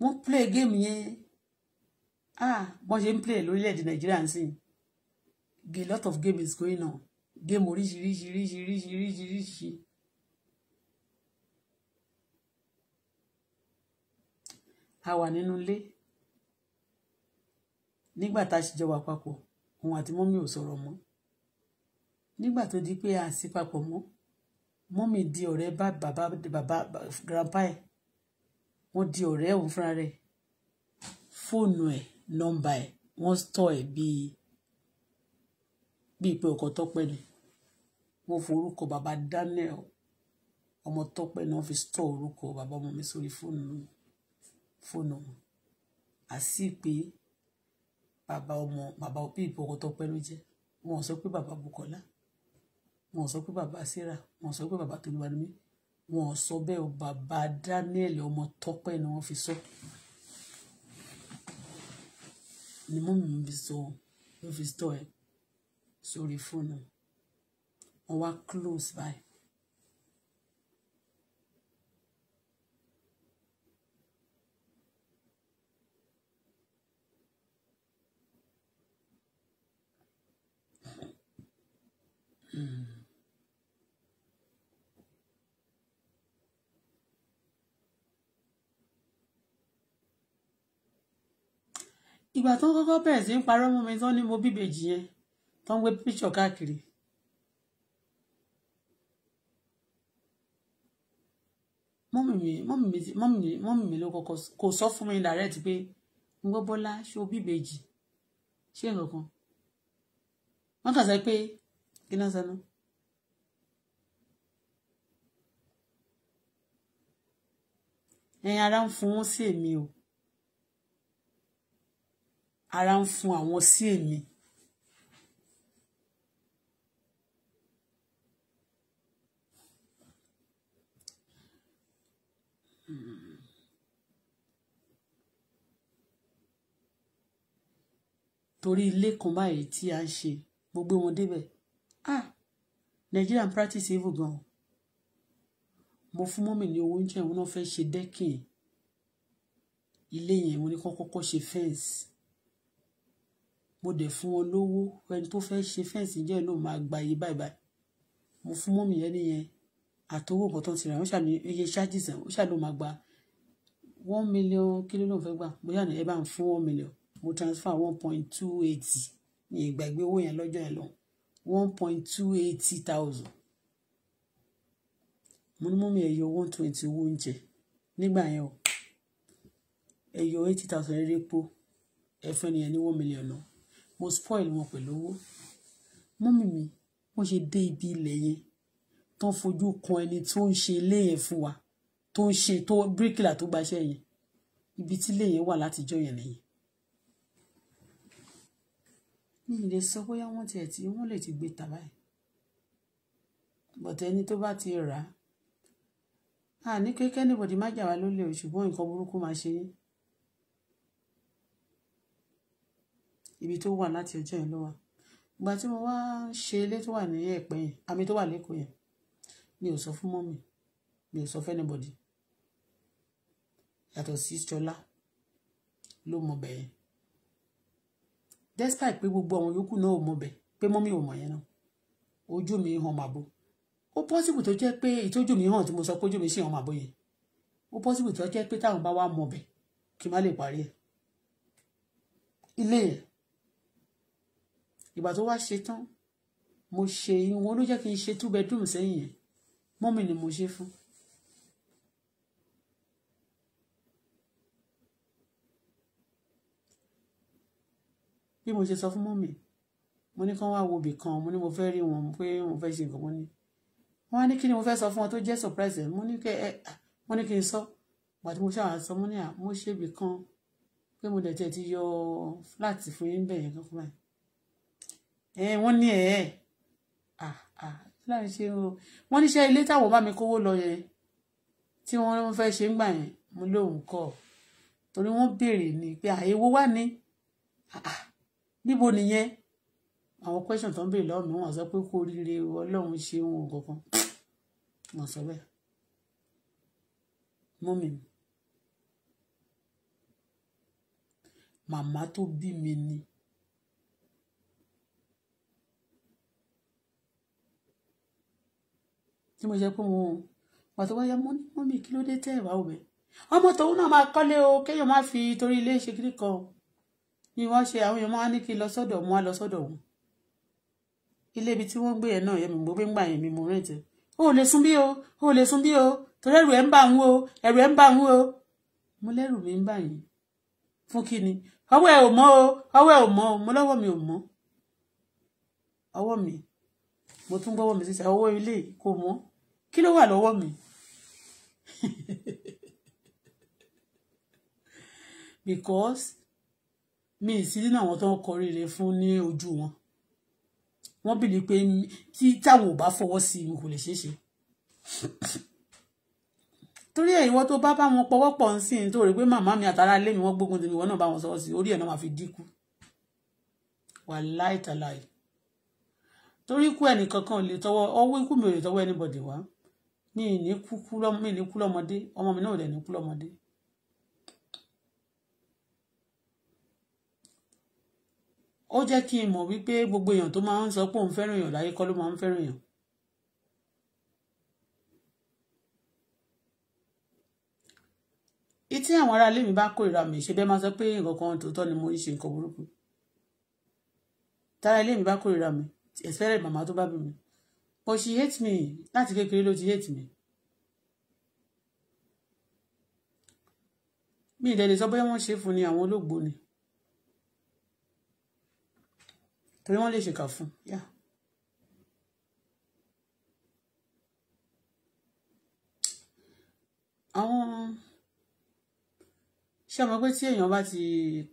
wọ́n play game ye? ah bọ́n ṣe play lórílẹ̀‐èdè Nàìjíríà ń sìn a lot of game is going on game ori, oríṣiríṣi oríṣiríṣi. a wà nínú ilé nígbà tá a ṣì jọ wà papọ̀ òun àti mọ́mí ò nígbà tó di pé a sì papọ̀ mọ́ mọ́mì di ọ̀rẹ́ bá bàbá bàbá grandpa ẹ̀ wọ́n di ọ̀rẹ́ òun fúnra rẹ̀ fóònù ẹ̀ nọ́mbà ẹ̀ wọ́n stọ̀ ẹ̀ bíi bíi pé ọkọ̀ tọ́pẹ́ ni wọ́n forúkọ bàbá Daniel ọmọ tọ́pẹ́ ni wọ́n fi stọ̀ orúkọ bàbá ọmọ mi sórí fóònù fóònù wọn àsì pé bàbá ọmọ bàbá bíi pé ọkọ̀ tọ́pẹ́ ló jẹ́ wọn sọ pé bàbá Bukola wọn sọ pé bàbá sarah wọn sọ pé bàbá tolúwa ni mí wọn sọ bẹ́ẹ̀ o bàbá daniel ọmọ tọ́pẹ́ ni wọ́n fi sọ ni mú mi sọ ló fi sọ ẹ sórí fóònù wọn wá close báyìí. Mm-hmm. ìgbà tó kọ́kọ́ bẹ̀rẹ̀ sí ń parọ́ mọ́ mi tán ni mo bíbèjì yẹn tó ń gbé píṣọ̀ káàkiri. mọ́mì mi mọ́mì mi mọ́mì mi mọ́mì mi ló kọ́kọ́ kò sọ fún mi direct pé n gbọ́ bọ́lá ṣó bíbèjì ṣé nǹkan wọ́n kà sọ pé kí náà sanu. ẹ̀yin ara ń fún sí èmi o ara ń fún àwọn sí èmi. torí ilé kan báyìí tí a ń ṣe gbogbo wọn débẹ̀ ah Nigerian practice evil gan mo fún mọ́mì ní owó oúnjẹ wọn náà fẹ́ ṣe dẹ́kìn ilé yẹn wọn ni kọ́ ṣe fẹ́ǹsì mo dẹ̀ fún wọn lówó ẹni tó fẹ́ ṣe fẹ́ǹsì jẹ́ ló máa gba iye báyìí báyìí mo fún mọ́mì yẹn nìyẹn àtọwọ́ nǹkan tó ti rà wọ́n ṣàní iye charges ẹ̀ wọ́n ṣàló máa gba one million kí ló lóun fẹ́ gbà mo ṣàní ẹ bá ń fún one million mo transfer one point two eighty ní ìgbàgbé owó yẹn lọ́jọ́ yẹn lọ one point two eighty thousand mo ní mọ́mì ẹ̀ one twenty owó oúnjẹ nígbà yẹn o ẹ eighty thousand rẹ̀ epo ẹ fẹ́ ní one million náà mo spoil wọn pẹ̀lú owó mọ́mì mi wọ́n ṣe dé ibi ilẹ̀ yẹn tán fojú kan ẹni tó ń ṣe ilé yẹn fún wa tó ń ṣe tó bíríkìlà tó gbaṣẹ́ yẹn ibi tí ilé yẹn wà látijọ́ yẹn nìyẹn. mi ì lè sọ bóyá wọ́n tiẹ̀ tí wọ́n lè ti gbé ta báyìí bọ̀tẹ́ ẹni tó bá ti rà á ní kékeré anybody má jà wá o ṣùgbọ́n nǹkan burúkú máa ṣe yín ibi tó wà láti ọjọ́ yẹn ló wà ìgbà tí mo wá ṣe ilé tó wà ní ẹ̀pẹ́ yẹn àmì tó wà lẹ́kọ̀ọ́ yẹn mi ò sọ fún mọ́mì mi ò sọ fún anybody yàtọ̀ sí ṣọlá ló mọ bẹ́ẹ̀ despite pé gbogbo àwọn yòókù náà ò mọ bẹ́ẹ̀ pé mọ́mì ò mọ̀ yẹn náà ojú mi hàn màbo ó pọ́sibù tó jẹ́ pé ìtójú mi hàn tí mo sọ pé ojú mi sì hàn màbo yẹn ó pọ́sibù tó jẹ́ pé táwọn bá wà mọ̀ bẹ́ẹ̀ kí n má lè parí ẹ̀ ilé yẹn ìgbà tó wá ṣe tán mo ṣe ìwọ̀n ló jẹ́ kí n ṣe two bedroom sẹ́yìn yẹn mọ́mì ni mo ṣe fún. bí mo ṣe sọ fún mọ́mì mo ní kán wá wo ibì kan mo ní mo fẹ́ rí wọn pé mo fẹ́ ṣe nǹkan mo ní wọ́n wá ní kí ni mo fẹ́ sọ fún wọn tó jẹ́ surprise mo ní kẹ́ ẹ wọ́n ah, ní kí n sọ ìgbà mo ṣáà sọ mo ní à ah, mo ṣe ibì kan pé mo dẹ̀ tiẹ̀ ti yọ fúláàtì fún yín bẹ̀yẹn kankan báyìí wọ́n ní ẹ̀ láì ṣe o wọ́n níṣẹ́ ilé táwọn bá mi kówó lọ yẹn tí wọ́n fẹ́ ṣe ń gbà yẹn mo lóun kọ́ torí wọ́n béèrè ni pé àyèwò wà ní níbo nìyẹn àwọn question tó ń béèrè lọ́wọ́ mi sọ pé kó oríire ọlọ́run ṣe ohun kankan wọ́n sọ bẹ́ẹ̀ mú mi màmá tó bí mi ni tí mo ṣe pé wọn o wà wáyà mọ́ ní mọ́mì kí ló dé tẹ́ ẹ̀wà òwe ọmọ tòun náà máa kọ́lé o kéèyàn má fi torí ilé ṣe kiri kan ni wọ́n ṣe àwọn èèyàn máa ní kí lọ sọ́dọ̀ wọn á lọ sọ́dọ̀ wọn ilé ibi tí wọ́n gbé yẹn náà yẹn mi mo gbé ń gbà yẹn mi mo rìn tẹ o ò lè sùn bí o o ò lè sùn bí o torí ẹrù ẹ ń bà ń o ẹrù ẹ ń bà ń o mo lẹ́rù mi ń bà yín fún kí ni ọwọ́ ẹ ò mọ́ o ọwọ́ ẹ ò mọ́ o mo lọ́wọ́ mi ò mọ́ ọwọ́ mi mo tún gbọ́wọ́ mi sísè ọwọ́ ilé kò mọ́ kí ló wà lọ́wọ́ mi because mi ì sí nínú àwọn tó ń kọrí rẹ fún ní ojú wọn wọ́n bìlí pé tí táwọn ò bá fọwọ́ sí i kò lè ṣeé ṣe torí ẹ̀ ìwọ tó bá bá wọn pọwọ́ pọ̀ ń sìn tó rí pé màmá mi àtàrà ilé mi wọ́n gbógun tèmi ìwọ náà bá wọn sọ́wọ́ sí orí ẹ̀ náà máa fi dínkù wà láìtàláì torí ikú ẹnìkankan ò lè tọwọ́ ọwọ́ ikú mi ò lè tọwọ́ anybody wá. Wow mi ní kúkú mi ní kú lọ́mọdé ọmọ mi náà ò dẹ̀ ní kú lọ́mọdé. ó jẹ́ kí n mọ̀ wípé gbogbo èèyàn tó máa ń sọ pé òun fẹ́ràn èèyàn láyé kọ́ ló máa ń fẹ́ràn èèyàn. ìtí àwọn ará ilé mi bá kórìíra mi ṣe bẹ́ẹ̀ máa sọ pé nǹkan kan tòótọ́ ni mo ń ṣe nǹkan burúkú tára ilé mi bá kórìíra mi ẹ̀sẹ̀rẹ̀ màmá tó bá bí mi but she hates me láti kékeré ló ti hate me. mi ìdẹ́lẹ̀ sọ bóyá wọ́n ṣe fún ni àwọn olóògbò ni torí wọ́n lè ṣèkà fún yá. àwọn ṣé ọmọ pé tí èèyàn bá ti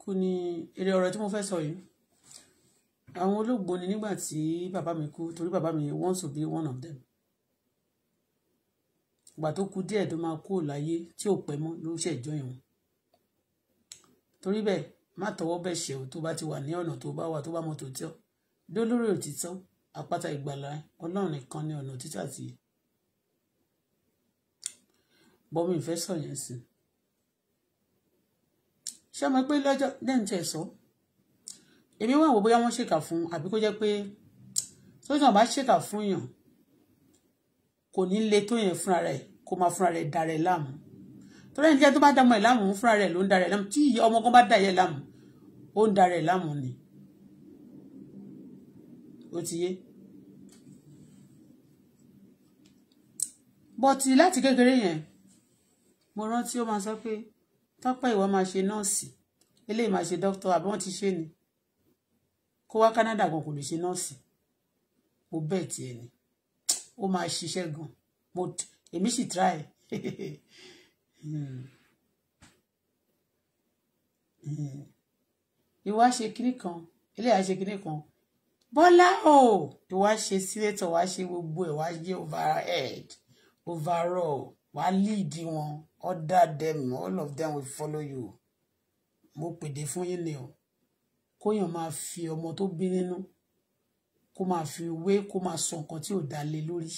kú ní èrè ọ̀rọ̀ tí mo fẹ́ sọ yìí àwọn olóògbé ni nígbà tí bàbá mi kú torí bàbá mi wants to be one of them ìgbà tó kú díẹ̀ tó máa kú láyé tí ò pẹ́ mọ́ ló ṣẹ̀jọ́ ìwọ̀n torí bẹ́ẹ̀ má tọwọ́ bẹ̀ ṣe o tó bá ti wà ní ọ̀nà tó bá wà tó bá mọ tòótọ́ dó lórí òtítọ́ àpáta ìgbàlá ọlọ́run nìkan ní ọ̀nà títà tì í bọ́mí ìfẹ́ sọ̀yẹn sí i ṣé ọmọ pé lọ́jọ́ lẹ́yìn tí ẹ èmi wà wò bóyá wọ́n ṣèkà fún àbí kó jẹ́ pé tó tí wọ́n bá ṣèkà fún yàn kò ní le tó yẹn fúnra rẹ̀ kó máa fúnra rẹ̀ dà rẹ̀ láàmú torí ẹni jẹ́ tó bá dàmọ́ ẹ̀ láàmú fúnra rẹ̀ ló ń dà rẹ̀ láàmú tí ọmọ kan bá dà láàmú ó ń dà láàmú ni ó ti yé bọ́tì láti kékeré yẹn mo rántí ó máa sọ pé tọ́pẹ́ ìwọ máa ṣe nọ́ọ̀sì eléyìí máa ṣe dókítà àbí wọ́n ti ṣe ni kó wá Canada kan kò lè ṣe nọ́ọ̀sì mo bẹ́ẹ̀ tiẹ̀ ni ó máa ṣiṣẹ́ gan mo èmi sì try hmm. ìwà ṣe kinní kan eléyà ṣe kinní kan Bọ́lá o ìwà ṣe sínétọ̀ wá ṣe gbogbo ẹ̀ wá yé overhead overall wá lead wọn order them all of them will follow you mo pèdè fún yín ni o kóyàn máa fi ọmọ tó bí nínú kó máa fi wé kó máa sọ nǹkan tí ò dá lé lórí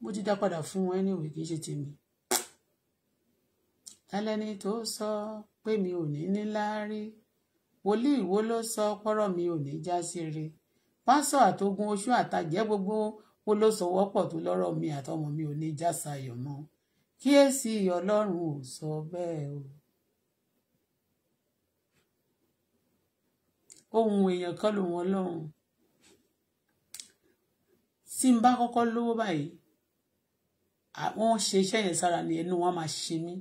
mo ti dá padà fún wọn anyway kì í ṣe tèmi ẹlẹ́ni tó sọ pé mi ò ní nílá rí wòlíì wo ló sọ pọ́rọ̀ mi ò ní já sí rí pásọ àtogun oṣù àtàjẹ́ gbogbo wo ló sọ wọ́pọ̀ tó lọ́rọ̀ mi àtọmọ mi ò ní já sayọ̀ mọ́ kíyèsí Ọlọ́run ò sọ bẹ́ẹ̀ o. ohun èèyàn kan lòun ọlọ́run tí n bá kọ́kọ́ lówó báyìí wọ́n ṣe iṣẹ́ yẹn sára ni ẹnu wọn máa ṣe mí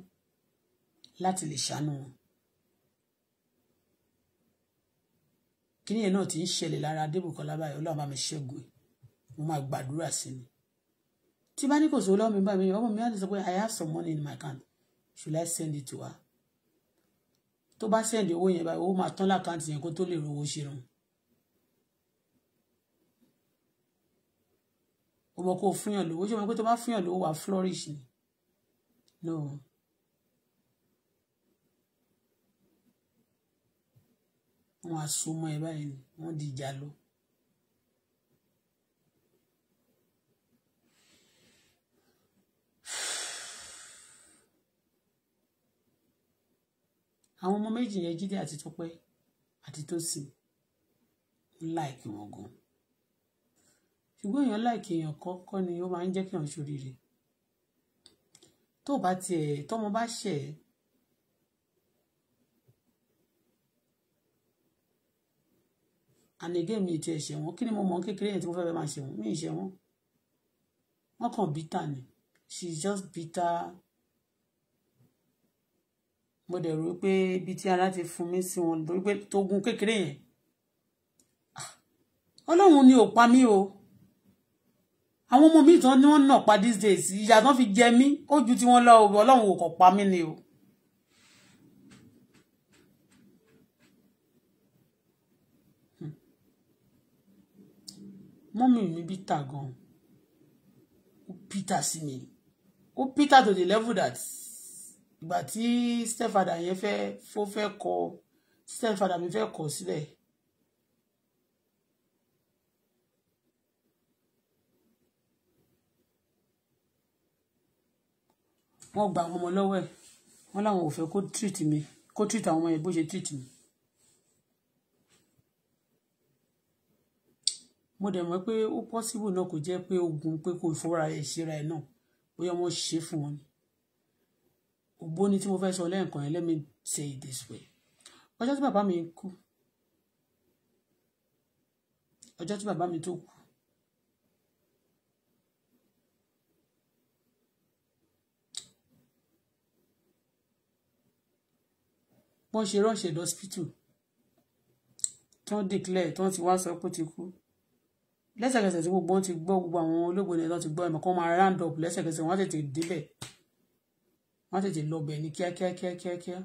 láti lè ṣàánú wọn. kíní yẹn náà ti ń ṣẹlẹ̀ lára adébùkọ́lá báyìí ọlọ́run bá mi ṣẹ́gun ẹ̀ mo máa gbàdúrà sí ni. tí bá ní kò sówó lọ́wọ́ mi bá ọmọ mi á lè sọ pé i have some money in my account should i send it to her tó bá sẹ́ndì owó yẹn báyìí owó máa tán lákàntì yẹn kó tó lè rówó ṣerun o mọ̀ kó o fúnyàn lówó ṣé o mọ̀ pé tó bá fúnyàn lówó wà flourish ni no. wọn á so mọ́ báyìí wọ́n di ìjà lọ. àwọn ọmọ méjì yẹn Jídé àti Tópẹ́ àti Tósìn ń láìkì wọn gan ṣùgbọ́n èèyàn láìkì èèyàn kọ́kọ́ ni ó máa ń jẹ́ kí èèyàn ṣoríire tó bá tiẹ̀ tọ́mọ bá ṣẹ̀ ẹ́ mi ti ẹ̀ṣẹ̀ wọn kí ni mo mọ kékeré yẹn tí mo fẹ́ fẹ́ máa ṣe wọn mí ìṣe wọn wọn kàn bitter ni she just bitter mo dẹ̀ rò pé ibi tí ara ti fún mi sí wọn torí pé togun kékeré yẹn ah, ọlọ́run ni ò pa mí o àwọn ọmọ mi tán ni wọ́n nà pa these days ìyá tán fi jẹ mí ó ju tí wọ́n lọ ọlọ́run ò kàn pa mí ni o. mọ́mì mi bí tà gan-an ó pítà sí mi ó pítà to the level that ìgbà tí stepfather yẹn fẹ́ fó fẹ́ kọ stepfather mi fẹ́ kọ sílẹ̀. wọ́n gba àwọn ọmọ lọ́wọ́ ẹ̀ wọ́n láwọn ò fẹ́ kó treat mi kó treat àwọn ọmọ yẹn bó ṣe treat mi. mo dẹ̀ mọ̀ pé ó possible náà kò jẹ́ pé ogun pé kò fọwọ́ra ẹ̀ ṣera ẹ̀ náà bóyá wọ́n ṣe fún wọn ni ògbóni tí mo fẹ́ sọ lẹ́ẹ̀kan yẹn let me say it this way ọjọ́ tí bàbá mi kú ọjọ́ tí bàbá mi tó kú wọ́n ṣe rọ́ọ̀ṣẹ̀ lọ́sípítù tó ń declare tó ń ti wá sọ pé ó ti kú lẹ́sẹ̀kẹsẹ̀ tí gbogbo wọn ti gbọ́ gbogbo àwọn olóògbé náà ti gbọ́ ẹ̀mọ̀ kan máa round up lẹ́sẹ̀kẹsẹ̀ wọ́n tètè débẹ̀ wọ́n tètè lọ bẹ̀ ní kíákíákíákíá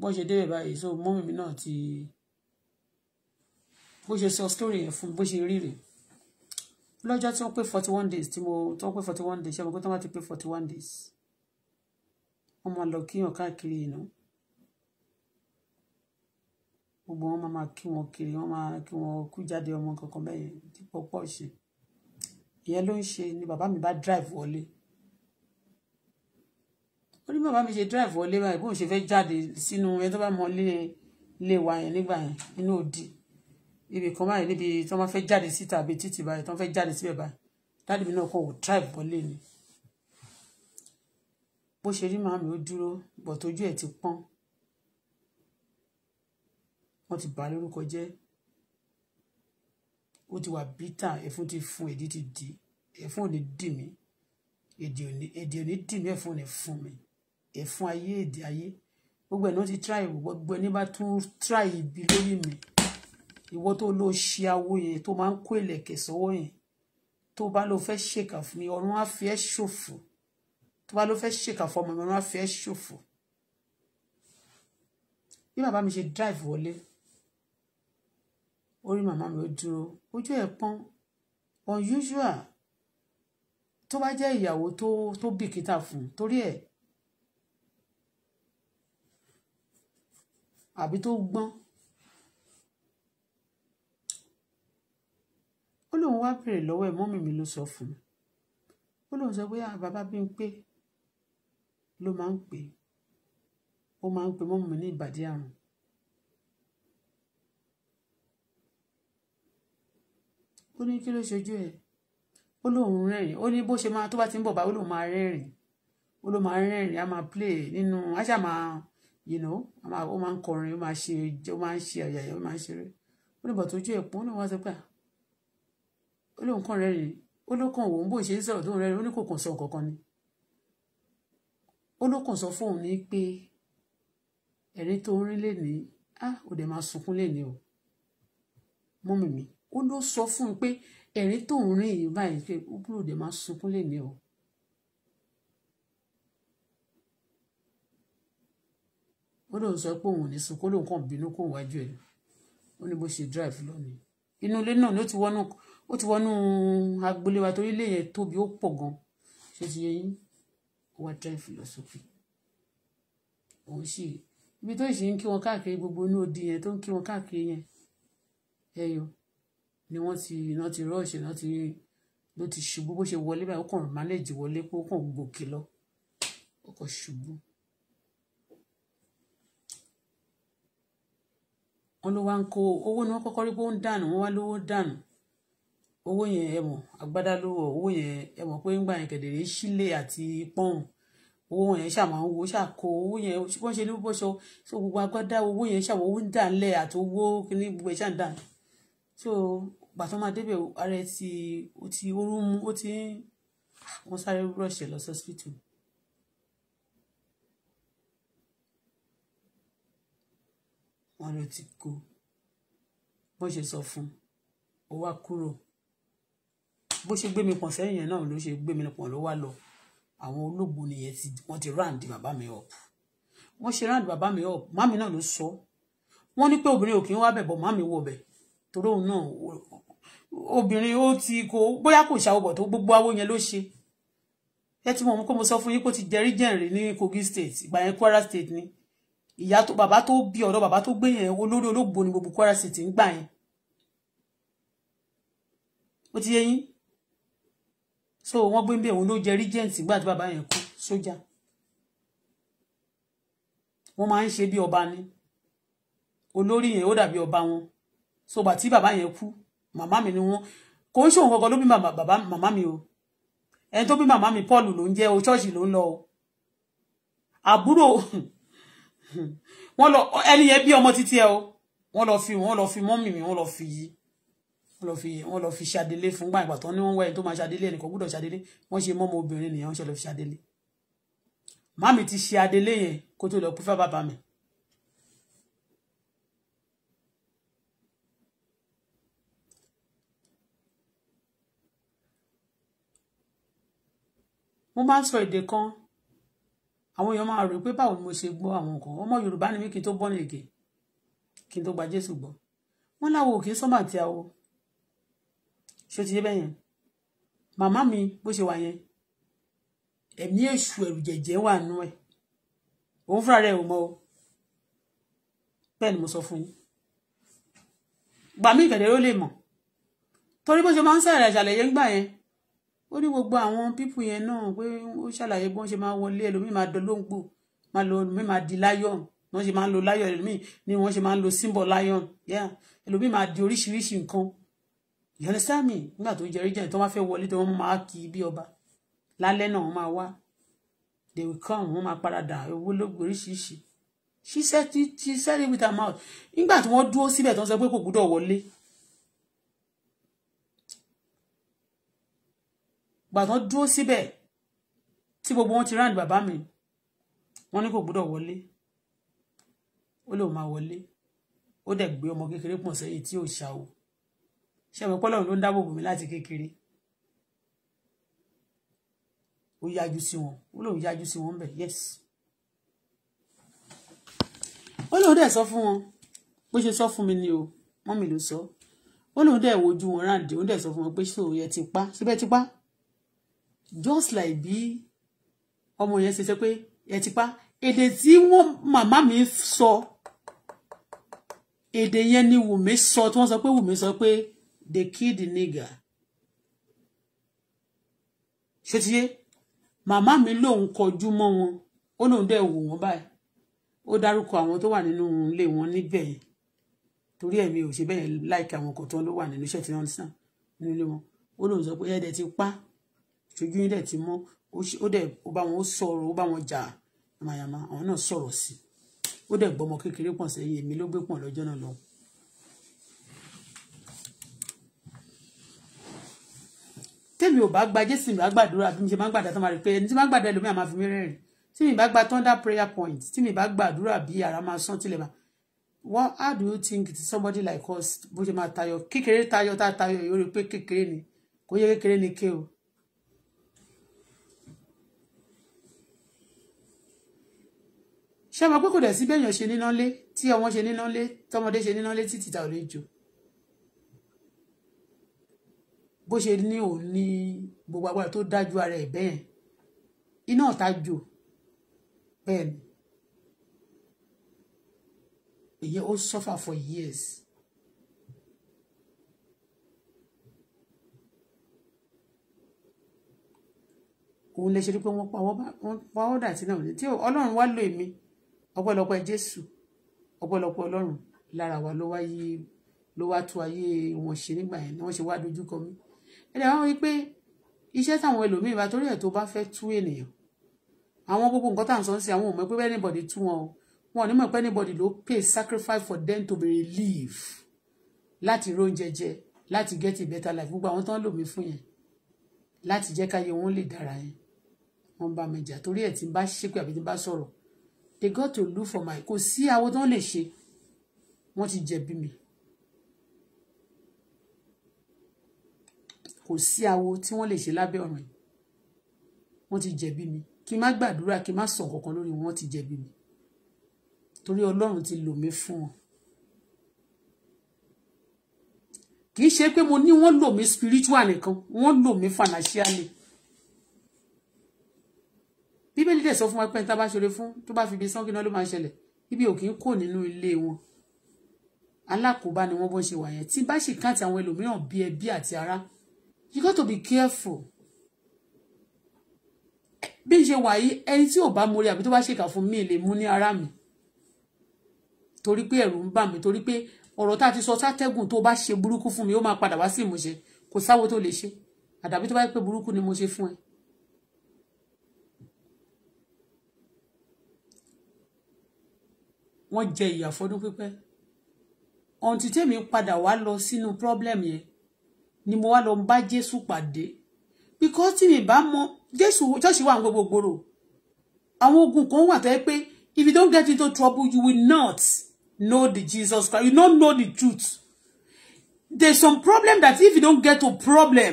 bó ṣe débẹ̀ báyìí so mọ́mì mi náà ti bó ṣe sọ story yẹn fún bó ṣe rí rèé lọ́jọ́ tí wọ́n pé forty one days tí mo tí wọ́n pé forty one days ṣe mo pé tí wọ́n bá ti pé forty one days wọ́n máa lọ kíyàn káàkiri ìnú gbogbo wọn máa kí wọn kiri wọn máa kí wọn kú jáde ọmọ kankan bẹ́ẹ̀ dípò pọ̀ ṣe ìyẹn ló ń ṣe ni bàbá mi bá drive wọlé ó ní bàbá mi ṣe drive wọlé báyìí bóun ṣe fẹ́ jáde sínú ẹni tó bá mọ ilé wa yẹn nígbà yẹn inú òdì ibì kan báyìí níbi tí wọ́n fẹ́ jáde síta àbí títì báyìí tí wọ́n fẹ́ jáde síbẹ̀ báyìí dáàdì mi náà kàn wò drive wọlé ni bó ṣe rí màmí ó dúró bọ̀tójú ẹ̀ ti pọ́n wọ́n ti bà lórúkọ jẹ́ ó ti wà bítà ẹ̀fún ti fún èdè ti di ẹ̀fún ò ní dì mí èdè ò ní dì mí ẹ̀fún ò ní fún mi ẹ̀fún ayé èdè ayé gbogbo ẹ̀ ló ti try gbogbo ẹni bá tún try ibi lórí mi ìwọ tó lọ ṣe awo yẹn tó máa ń kó ìlẹ̀kẹ̀ sọ́wọ́ yẹn tó bá lọ fẹ́ ṣèkà fún mi ọ̀run á fi ẹ́ ṣòfò tó bá lọ fẹ́ ṣèkà fún ọmọ mi ọ̀run á fi ẹ́ ṣòfò bí bàbá mi ṣe drive wọlé orí màmá mi ó dúró ojú ẹ̀ pọ́n unusual tó bá jẹ́ ìyàwó tó tó bìkítà fún torí ẹ̀ àbí tó gbọ́n ó lóun wá bèrè lọ́wọ́ ẹ̀ mọ́mì mi ló sọ fún un ó lóun sọ pé ah, bàbá bí ń pé ló máa ń pè ó máa ń pè mọ́mì mi ní ìbàdí àrùn ó ní kí ló ṣojú ẹ̀ ó lóun rẹ́rìn ó ní bó ṣe máa tó bá ti ń bọ̀ bá ó lóun máa rẹ́rìn ó ló máa rẹ́rìn á máa play nínú á ṣáà máa you know ó máa ń kọrin ó máa ṣe ó máa ń ṣe ọ̀yàyà ó máa ń ṣeré ó ní bọ̀ tójú ẹ̀ pọ́n ó ní wọ́n sọ pé ah. ó lóun kàn rẹ́rìn ó ló kàn òun bó ṣe ń sọ̀rọ̀ tóun rẹ́rìn ó ní kò kàn sọ kankan ni ó ló kàn sọ fóun ní pé ẹ̀rín tó ń rí lè ní á ò dẹ̀ máa sunkún lè ní o mọ́mì mi ó ló sọ fún un pé ẹ̀rín tó ń rìn yìí báyìí pé ó búrò dé máa sunkún lè ní o. ó lóun sọ pé òun ò ní sunkún lóun kàn bínú kó wájú ẹ̀ ó ní bó ṣe drive lónìí inú ilé náà ló ti wọnú ó ti wọnú agboolé wa torí ilé yẹn tóbi ó pọ̀ gan ṣe ti yẹ yín wá drive lọ sókè òun sì ibi tó sì ń kí wọn káàkiri gbogbo inú odi yẹn tó ń kí wọn káàkiri yẹn ẹyọ ni wọ́n ti náà ti rọ́ọ̀ṣì náà ti ló ti ṣubú bó ṣe wọlé báyìí ó kàn máléèjì wọlé pé ó kàn gòkè lọ ó kàn ṣubú. wọ́n ló wá ń kó owó ni wọ́n kọ́kọ́ rí pé ó ń dànù wọ́n wá lówó dànù owó yẹn ẹ mọ̀ agbádá lówó owó yẹn ẹ mọ̀ pé ńgbà yẹn kẹ̀dẹ̀rẹ̀ sílé àti pọ́ùn owó yẹn ṣàmà ń wo ṣàkó owó yẹn wọ́n ṣe ní bọ́ṣọ so gbogbo agbádá owó yẹn ṣàwọ̀ owó ń dà ńlẹ̀ àti owó kíní gbogbo ẹ̀ ṣà so ìgbà tó máa débẹ̀ ààrẹ ti ó ti orú mú ó ti wọ́n sáré rọ̀ṣẹ̀ lọ sọ́sítù. wọ́n lọ ti kó bó ṣe sọ fún ó wá kúrò bó ṣe gbé mi pọ̀n sẹ́yìn yẹn náà ló ṣe gbé mi pọ̀n ló wá lọ àwọn olóògbò nìyẹn ti wọ́n ti round bàbá mi up wọ́n ṣe round bàbá mi up màmí náà ló sọ wọ́n ní pé obìnrin ò kí ń wá bẹ̀ bọ̀ màmí wọ̀ bẹ̀ torí òun náà obìnrin ó ti kò bóyá kò ṣàwọ̀bọ̀ tó gbogbo awo yẹn ló ṣe ẹ ti mọ̀ mú kó mo sọ fún yín kó ti jẹrí jẹ̀rìn ní Kogi state ìgbà yẹn Kwara state ni ìyá tó bàbá tó bí ọ̀dọ́ bàbá tó gbé yẹn olórí olóògbò ni gbogbo Kwara state ń gbà yẹn ó ti yé yín so wọ́n gbé bí òun ló jẹ rígẹǹtì gbà tí bàbá yẹn kú sójà wọ́n máa ń ṣe bí ọba ni olórí yẹn ó dàbí ọba wọn so bàtí bàbá yẹn kú màmá mi ni wọ́n kò ń ṣòwò kankan ló bí màmá mi o ẹni tó bí màmá mi Paul ló ń o ṣọ́ọ̀ṣì ló ń o àbúrò wọ́n lọ ẹni yẹn bí ọmọ títí o wọ́n lọ fi wọ́n lọ fi mọ́mì mi wọ́n lọ fi yí wọ́n lọ fi wọ́n lọ fi ṣàdélé fún gbà ìgbà tán ni wọ́n wá ẹni tó máa ṣàdélé ẹnìkan gbúdọ̀ ṣàdélé wọ́n ṣe mọ́mọ obìnrin nìyẹn wọ́n ṣe lọ fi ṣàdélé màmí ti ṣe adélé yẹn kó tó lọ pífẹ́ bàbá mi mo máa ń sọ èdè kan àwọn èèyàn máa rò pé báwo ni mo ṣe gbọ́ àwọn nǹkan ọmọ yorùbá ni mí kí n tó bọ́ ní èdè kí n tó gba jésù gbọ́ wọ́n láwo kì sọ́mà tí a wo ṣé ti yé bẹ́ẹ̀ yẹn màmá mi bó ṣe wà yẹn ẹ̀mí èṣù ẹ̀rù jẹ̀jẹ̀ wà nú ẹ̀ òun fúnra rẹ̀ ò mọ̀ o bẹ́ẹ̀ ni mo sọ fún yín gbàmí ìkẹ̀dẹ̀ ló lè mọ̀ torí bó ṣe máa ń sàrẹ̀ àṣàlẹ̀ yẹn gbà yẹn ó ní gbogbo àwọn pípù yẹn náà pé ó ṣàlàyé bí wọ́n ṣe máa wọlé ẹlòmíì máa dán lóńgbò máa lo ẹlòmíì máa di lion wọ́n ṣe máa ń lo lion ẹlòmíì ni wọ́n ṣe máa ń lo symbol lion yeah ẹlòmíì máa di oríṣiríṣi nǹkan you understand me nígbà tó jẹrí jẹ tó wá fẹ́ wọlé tó wọ́n máa kí bí ọba lálẹ́ náà wọ́n máa wá they will come wọ́n máa paradà owó lóògùn oríṣiríṣi she said it she said it with her mouth nígbà tí wọ́n dúró síbẹ̀ tó ń sọ pé kò gbúdọ̀ wọlé gbàtàn dúró síbẹ̀ tí gbogbo wọn ti ráǹdì bàbá mi wọn ní kò gbọ́dọ̀ wọlé ó lóun máa wọlé ó dẹ̀ gbé ọmọ kékeré pọ̀ sẹ́yìn tí ò ṣá o ṣe mọ̀ pé Ọlọ́run ló ń dáàbò bò mí láti kékeré ó yájú sí wọn ó lóun yájú sí wọn bẹ̀ yes ó lóun dẹ̀ sọ fún wọn bó ṣe sọ fún mi ni o mọ́mì ló sọ ó lóun dẹ̀ wojú wọn ráǹdì ó dẹ̀ sọ fún wọn pé ṣòwò yẹ ti pa síbẹ̀ ti pa just like bí ọmọ yẹn ṣe ṣe pé ẹ ti pa èdè tí wọ́n màmá mi sọ èdè yẹn ni Wùmí sọ tí wọ́n sọ pé Wùmí sọ pé they kill the nigger ṣé ti yé màmá mi lòun kọjú mọ́ wọn ó lóun dẹ̀ wò wọ́n báyìí ó dárúkọ àwọn tó wà nínú ilé wọn níbẹ̀ yẹn torí ẹ̀mí ò ṣe bẹ́ẹ̀ láìka àwọn kọ̀ọ̀tàn ló wà nínú iṣẹ́ tí wọ́n ń sàn nínú ilé wọn ó lóun sọ pé ẹ̀ẹ́dẹ̀ ti pa tójú yín dẹ̀ ti mọ́ ó dẹ̀ ó bá wọn sọ̀rọ̀ ó bá wọn jà yamayama àwọn náà sọ̀rọ̀ sí ó dẹ̀ gbọ́mọ kékeré pọ̀n sẹ́yìn èmi ló gbé pọ̀n lọ́jọ́ náà lọ. tèmi ò bá gba jésù mi bá gbàdúrà bí mi ṣe máa ń gbàdúrà tó máa rí pé ẹni tí máa ń gbàdúrà lómi àmà fún mi rẹ̀ tí mi bá gba thunder prayer point tí mi bá gbàdúrà bí ara máa sán tilẹ̀ máa what how do you think somebody like us bó ṣe máa tayọ kékeré tayọ tá a tayọ yóò rí pé kékeré ni kò yẹ kékeré ni ké ṣé ọmọ pé kò dẹ̀ sí bẹ́yàn ṣe níná lé tí ọmọ ṣe níná lé tọmọdé ṣe níná lé tí tìta ò lè jò bó ṣe ní òun ní gbogbo agbára tó dájú ara ẹ̀ bẹ́ẹ̀ iná ọ̀tá jò bẹ́ẹ̀ ni èyí ó suffer for years. òun lè ṣe pé wọ́n pa wọ́n dà tí náà tí ọlọ́run wá lò èmi ọpẹ́lọpẹ́ jésù ọpẹ́lọpẹ́ ọlọ́run lára wa ló wá yí ló wá tú ayé wọn ṣe nígbà yẹn ni wọ́n ṣe wá dojúkọ mí ẹni àwọn wípé iṣẹ́ táwọn ẹlòmíì bá torí ẹ̀ tó bá fẹ́ tú ènìyàn àwọn gbogbo nǹkan tá ń sìn àwọn ò pé anybody tú wọn o wọn ò ní mọ̀ pé anybody ló pay sacrifice for them to be relieved láti róúnjẹ jẹ láti get a better life gbogbo àwọn tó ń lò mí fún yẹn láti jẹ́ káyé wọn lè dára yẹn wọ́n bá mi jà torí ẹ̀ tí bá ṣépè àbí tí bá sọ̀rọ̀ they got to look for my kò sí àwọn tó ń lè ṣe wọ́n ti jẹ̀bi mi kò sí awo tí wọ́n lè ṣe lábẹ́ ọ̀ràn yìí wọ́n ti jẹ̀bi mi kí n má gbàdúrà kí n má sọ kankan lórí wọn ti jẹ̀bi mi torí ọlọ́run ti lò mí fún wọn kì í ṣe pé mo ní wọ́n lò mí spiritual nìkan wọ́n lò mí financially bíbélì dẹ̀ sọ fún wa pé ní tá a bá ṣeré fún tó bá fi ibi sánkiná ló máa ṣẹlẹ̀ ibi ò kì í kò nínú ilé wọn alákòóbá ni wọ́n bó ṣe wà yẹn tí bá ṣe káàtì àwọn ẹlòmíràn bí ẹbí àti ará you got to be careful bí n ṣe wà yìí ẹni tí ò bá mórí àbí tó bá ṣèkà fún mi lè mú ní ara mi torí pé ẹ̀rù ń bà mí torí pé ọ̀rọ̀ tá a ti sọ sátẹ́gùn tó bá ṣe burúkú fún mi ó máa padà wá sí ìmúṣẹ kò sáwo tó lè ṣe àdàbí tó bá yẹ pé burúkú ni mo ṣe fún ẹ wọ́n jẹ ìyà fọdún pípẹ́ ọ̀ǹtí tèmi padà wá lọ sínú problem yẹn ni mo wá lọ bá Jésù pàdé because tí mi bá mọ Jésù ṣọ́ọ̀ṣì wà ní gbogbo rò àwọn ogun kan wà tó yẹ pé if you don't get into trouble you will not know the Jesus Christ you don't know the truth there's some problem that if you don't get to problem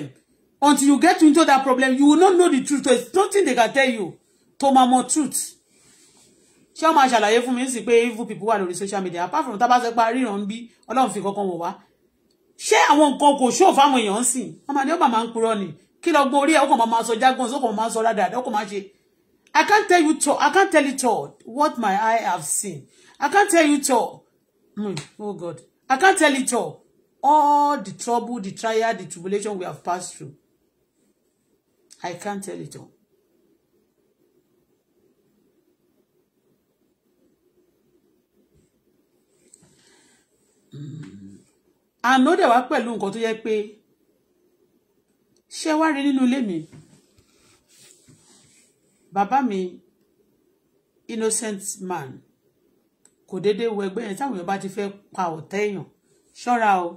until you get into that problem you will not know the truth there's nothing they can tell you to mama truth ṣé wọ́n máa ṣàlàyé fún mi sí pé evil people wà lórí social media apart from tábà sọ pé aríran bí ọlọ́run fi kankan wọ̀ wá ṣé àwọn nǹkan kò ṣó fáwọn èèyàn ń sìn ọmọ àdéhùn bàbá ń purọ́ ni kí lọ gbọ́ orí ẹ̀ ọkọ̀ máa sọ jágbọ́n ọkọ̀ máa sọ rádàdà ọkọ̀ máa ṣe I can't tell you talk. I can't tell you talk what my eye have seen. I can't tell you talk. Mm, oh God. I can't tell you talk. All the trouble, the trial, the tribulation we have passed through. I can't tell it all. àná dẹ̀ wá pẹ̀lú nǹkan tó yẹ pé ṣé wá rí nínú ilé mi bàbá mi innocent man kò déédéé wọ ẹgbẹ́ yẹn táwọn èèyàn bá ti fẹ́ pa ọ̀tá èèyàn ṣọ́ra o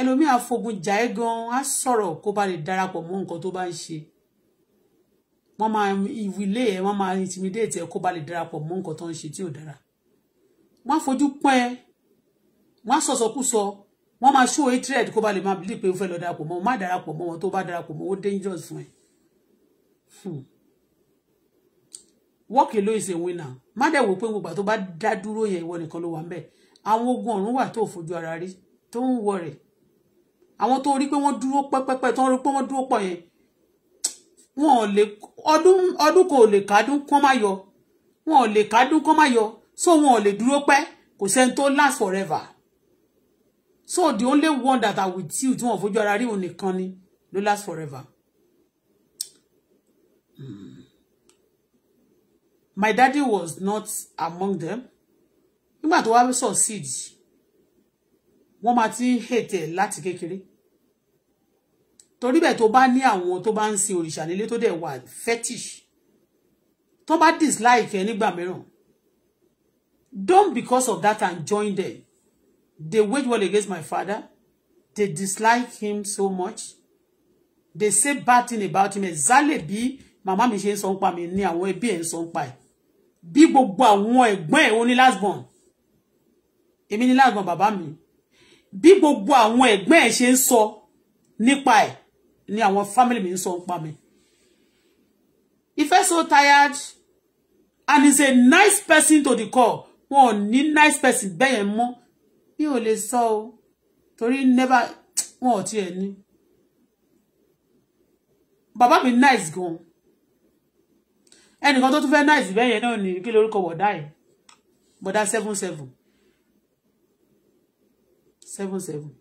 ẹlòmíì afogun jà ẹ́ gan-an á sọ̀rọ̀ kó bá lè darapọ̀ mọ́ nǹkan tó bá ń ṣe wọ́n máa ìwílé ẹ̀ wọ́n máa intimidate ẹ̀ kó bá lè darapọ̀ mọ́ nǹkan tó ń ṣe tí ò dára wọ́n á fojú pọ́n ẹ́ wọ́n á sọ̀sọ̀kúsọ wọ́n máa show hatred kó ba lè máa believe pé ó fẹ́ lọ darapọ̀ mọ́ wọn má darapọ̀ mọ́ wọn tó bá darapọ̀ mọ́ wọn dangerous fún ẹ. Hmm. walk alone is a winner má dẹ̀ wò pé gbogbo àti tó bá dá dúró yẹn ìwọ nìkan ló wà ń bẹ̀ àwọn ogun ọ̀run wà tó fojú ara rí tó ń wọ rẹ̀ àwọn tó rí pé wọ́n dúró pẹ́pẹ́pẹ́ tó ń rí pé wọ́n dúró pọ̀ yẹn wọn ò lè ọdún ọdún kò lè kádùn kán má yọ wọn ò lè kádùn kán má yọ so wọn ò lè dúró pẹ́ kò sẹ́ni tó last forever so the only one that are with you tí wọn fojú ara rí òun nìkan ni ló last forever hmm. my daddy was not among them nígbà tó wá succeed wọ́n máa ti ń hate ẹ̀ láti kékeré torí bẹ́ẹ̀ tó bá ní àwọn tó bá ń sin òrìṣà nílé tó dẹ̀ wà fetish tó bá dislike ẹ nígbà mìíràn don't because of that and join them They wage war against my father. They dislike him so much. They say bad thing about him. Exactly bí màmá mi ṣe ń sọ pa mi ní àwọn ẹbí en ń sọ ń pa ẹ̀. Bí gbogbo àwọn ẹ̀gbọ́n ẹ̀ ó ní last born. Èmi ní last born bàbá mi. Bí gbogbo àwọn ẹ̀gbọ́n ẹ̀ ṣe ń sọ nípa ẹ̀ ni àwọn family mi ń sọ ń pa mi. Ife so tired and he's a nice person to the call. Wọ́n ní nice person bẹ́yẹn mọ́ mi ò lè sọ o torí never wọn ò tiẹ̀ ní bàbá mi nice gan ẹnìkan tó tún fẹ́ nice bẹ́ẹ̀ yẹn náà ní kí lórúkọ bọ̀dá ẹ̀ bọ̀dá seven seven seven seven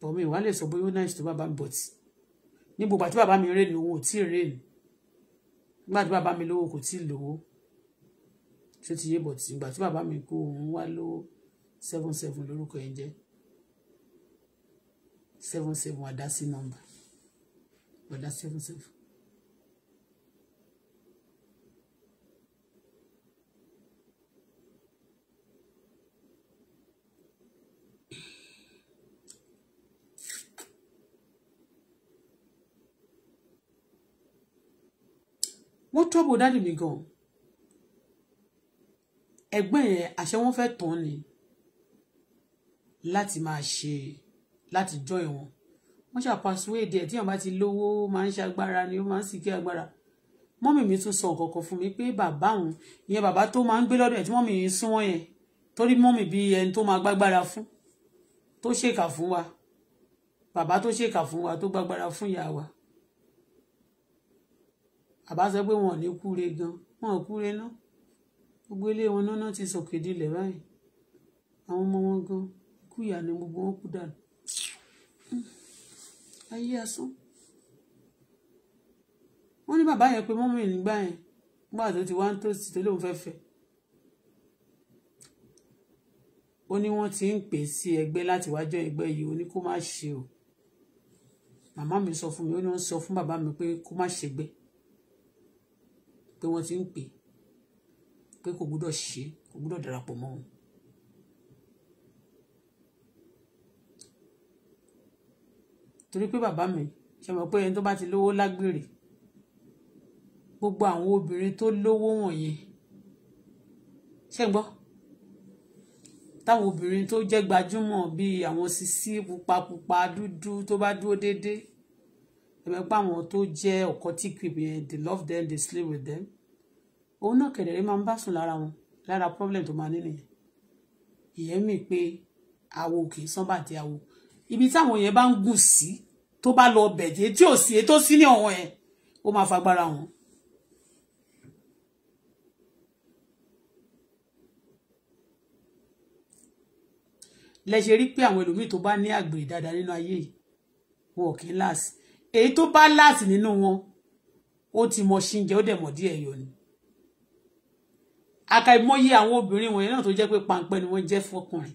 bọ̀ mi ìwà lè sọ bóyá nice tó bàbá mi bọ̀tì ní gbogbo àti bàbá mi rè ní òun ò tí ì rè ní nígbà tí bàbá mi lówó kò tí ì lówó tí ó ti yé bọ̀tì nígbà tí bàbá mi kó òun wá lówó seven seven lórúkọ yẹn jẹ́ seven seven adásí nọ́mbà ọ̀dà seven seven. wọ́n tọ́bù dáàdì mi gan-an ẹgbẹ́ yẹn àṣẹ wọ́n fẹ́ tán ni láti máa ṣe láti join wọn wọ́n ṣàpàṣùwé díẹ̀ tí èèyàn bá ti lówó máa ń ṣagbára ni ó máa ń sì kí agbára mọ́mì mi tún sọ ọ̀kọ̀ọ̀kan fún mi pé bàbá òun ìyẹn bàbá tó máa ń gbé lọ́dọ̀ ẹ̀ tí mọ́mì yìí súnmọ́ yẹn torí mọ́mì bíi ẹni tó máa gbágbára fún tó ṣèkà fún wa bàbá tó ṣèkà fún wa tó gbágbára fún ìyá wa bàbá sọ pé wọn ò ní kúre gan wọn ò kúre ná gbogbo ilé wọn náà ti sọ̀kèdè ilẹ̀ báyìí àwọn ọmọ wọn gan ikú ìyá ni gbogbo wọn kú dànù ayé asán wọ́n ní bàbá yẹn pé mọ́mú ìnígbà yẹn nígbà tó ti wá ń tòsí tó lóun fẹ́ẹ́ fẹ́ ó ní wọ́n ti ń pè sí ẹgbẹ́ láti wájọ́ ẹgbẹ́ yìí ó ní kó má ṣe o màmá mi sọ fún mi ó ní wọ́n sọ fún bàbá mi pé kó má ṣègbè pé wọ́n ti ń pè pé kò gbúdọ̀ ṣe kò gbúdọ̀ darapọ̀ mọ́ wọn torí pé bàbá mi ṣe mọ̀ pé ẹni tó bá ti lówó lágbèrè gbogbo àwọn obìnrin tó lówó wọ̀nyẹn ṣe ń gbọ́ táwọn obìnrin tó jẹ́ gbajúmọ̀ bíi àwọn sisi pupapupa dúdú tó bá dúró déédéé ẹ̀mẹ́ pa àwọn tó jẹ́ ọ̀kọ́ tí kìbì they love them they sleep with them òun náà kẹ̀dẹ̀rẹ́ máa ń bá sùn lára wọn lára problem tó máa ní nìyẹn ìyẹn mi pé àwo kì í sán bàtẹ́ àwo ibi táwọn yẹn bá ń gùn sí tó bá lọ bẹ̀jẹ̀ tí ò sí ètò sí ní ọ̀wọ́n ẹ̀ ó máa fagbára wọn. lẹ ṣe rí pé àwọn ẹlòmíì tó bá ní àgbèrè dáadáa nínú ayé wọn ò kí ń láàsì èyí tó bá láàsì nínú wọn ó ti mọ ṣíńjẹ ó dẹ̀ mọ̀ díẹ̀ yọ ni àkàìmọye àwọn obìnrin wọ̀nyí náà tó jẹ́ pé pańpẹ́ ni wọ́n jẹ́ fọkùnrin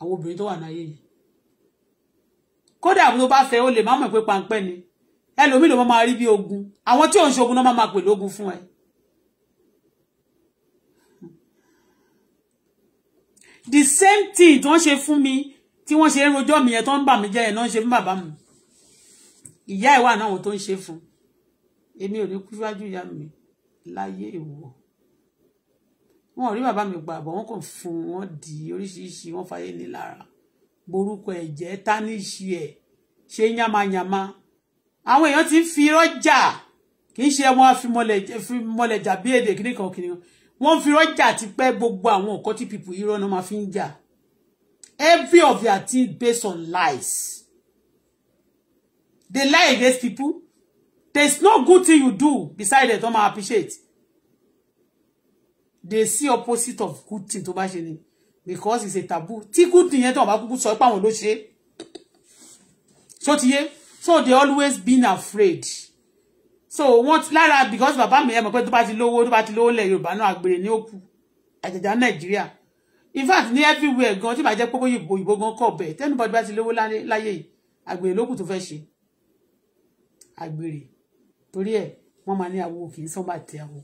àwọn obìnrin tó wà láyé yìí kódà tó bá fẹ́ ó lè má mọ̀ pé pańpẹ́ ni ẹlòmíì ló máa rí bí ogun àwọn tí ò ń ṣogun náà máa pè lógun fún ẹ. the same thing tí wọ́n ṣe fún mi tí wọ́n ṣe ń rojọ́ mi yẹn tó ń bà mí jẹ́ yẹn náà ń ṣe fún bàbá mi ìyá ìwà náà wọn tó ń ṣe fún èmi ò ní kú síwájú ìyá mi láyé ìwọ wọn ò rí bàbá mi gbà bọ wọn kàn fún wọn di oríṣiríṣi wọn fàyè ní lára borúkọ ẹ̀ jẹ́ tánìṣì ẹ̀ ṣe yánmayànma àwọn èèyàn ti ń fi irọ́ jà kì í ṣe wọn afimọlẹ̀ jà bí èdè kìnnìkan kìnnìkan wọ́n ń fi irọ́ jà ti pẹ́ gbogbo àwọn nǹkan tí pípù irọ́ náà máa fi ń jà every of their thing based on lies they lie against people there is no good thing you do beside it wọ́n máa appreciate they see opposite of good thing tó bá ṣe ni because it's a taboo tí good thing yẹn tó wọn bá kúkú sọ pé àwọn ló so ti yé so they always been afraid so what? lára because bàbá mi yẹn mọ̀ pé tó bá ti lówó tó bá ti lówó lẹ̀ yorùbá náà àgbèrè ní òkú àjàjà nàìjíríà in fact ni everywhere gan tí bá jẹ́ pópó yìí òyìnbó gan kọ̀ bẹ̀ tẹ́nu bọ́dí bá ti lówó láyé yìí àgbèrè lókù tó fẹ́ ṣe àgbèrè torí ẹ̀ wọ́n máa ní awo kì í sọ́ba tẹ awo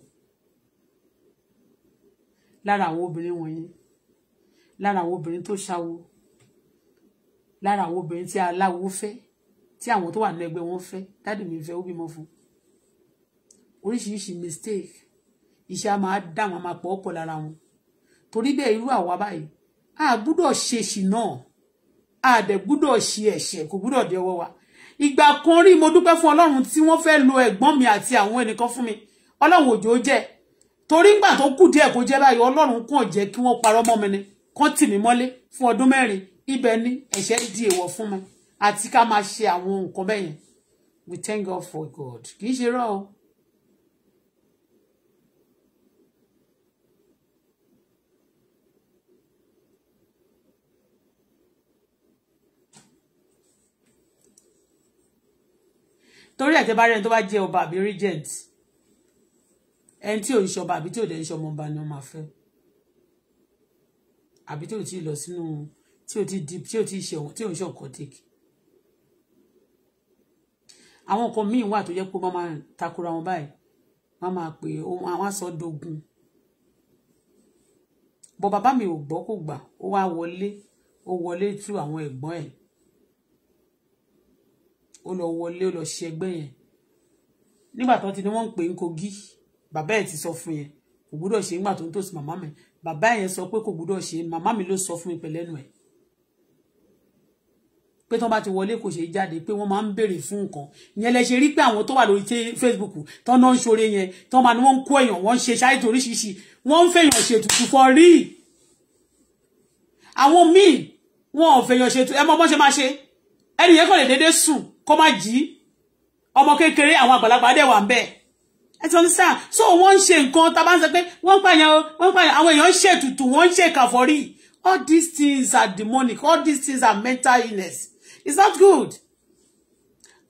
lára àwọn obìnrin wọ̀nyí lára àwọn obìnrin tó ṣawo lára àwọn obìnrin tí aláwo fẹ́ tí àwọn tó wà nínú ẹgbẹ́ wọn fẹ́ dáàdì mi fẹ́ ó bímọ fún oríṣiríṣi mistake iṣẹ́ a máa dá wọn máa pọ̀ ọ̀pọ̀ lára wọn torí bẹ́ẹ̀ irú àwa báyìí a gbúdọ̀ ṣe èṣì náà a dẹ̀ gbúdọ̀ ṣe ẹ̀ṣẹ̀ kò gbúdọ̀ dé ọwọ́ wa ìgbà kan rí mo dúpẹ́ fún ọlọ́run tí wọ́n fẹ́ lo ẹ̀gbọ́n mi àti àwọn ẹnìkan fún mi ọlọ́run òjò jẹ́ torí ńgbà tó kù díẹ̀ kó jẹ́ báyìí ọlọ́run kàn jẹ́ kí wọ́n parọ́ mọ́ mi ni kán tì mí mọ́lé fún ọdún mẹ́rin ibẹ̀ ni ẹ̀ṣẹ̀ di èèwọ̀ fún mi àti ká máa ṣe àwọn nǹkan bẹ́yẹn we thank God for God kì í ṣe rán o. torí ẹ̀ tẹ́ bá rẹ́ni tó bá jẹ́ ọba àbí regent ẹni tí ò ń ṣọba àbí tí ò dẹ̀ ń ṣọmọ ni wọ́n máa fẹ́ àbí tí ò ti lọ sínú tí ò ti di tí ò ti ṣe tí ò ń ṣe ọkọ dèkì àwọn nǹkan míì wà tó jẹ́ pé wọ́n máa takora wọn báyìí wọ́n máa pè àwọn aṣọ dogun bọ bàbá mi ò gbọ́ kò gbà ó wá wọlé ó wọlé tú àwọn ẹ̀gbọ́n ẹ̀ ó lọ wọlé ó lọ ṣe ẹgbẹ́ yẹn nígbà tó ti ní wọ́n ń pè ń Kogi bàbá ẹ̀ ti sọ fún yẹn kò gbúdọ̀ ṣe nígbà tó ń tòsí màmá mi bàbá yẹn sọ pé kò gbúdọ̀ ṣe màmá mi ló sọ fún mi pẹ̀lẹ́nu ẹ̀ pé tán bá ti wọlé kò ṣe jáde pé wọ́n máa ń béèrè fún nǹkan ìyẹn lẹ ṣe rí pé àwọn tó wà lórí Facebook tán náà ń ṣoore yẹn tán máa ní wọ́n ń kó èèyàn wọ́n ń ṣe ṣáìtì oríṣiríṣi wọ́n ń fèèyàn ṣètùtù for real àwọn míì wọn ò fèèyàn ṣètùtù ẹ mọ bọ́n ṣe máa ṣe ẹnìyẹn kò lè déédéé sùn kó má jí ọmọ kékeré àwọn àgbàlagbà dẹ̀ wà ń bẹ́ẹ̀ ẹ ti understand so wọ́n ń ṣe nǹkan tá a bá ń sọ pé wọ́n ń pààyàn wọ́n ń pààyàn àwọn èèyàn ń ṣètùtù wọ́n ń ṣe kàfọ́rí all these things are demonic all these things are mental illness Is that good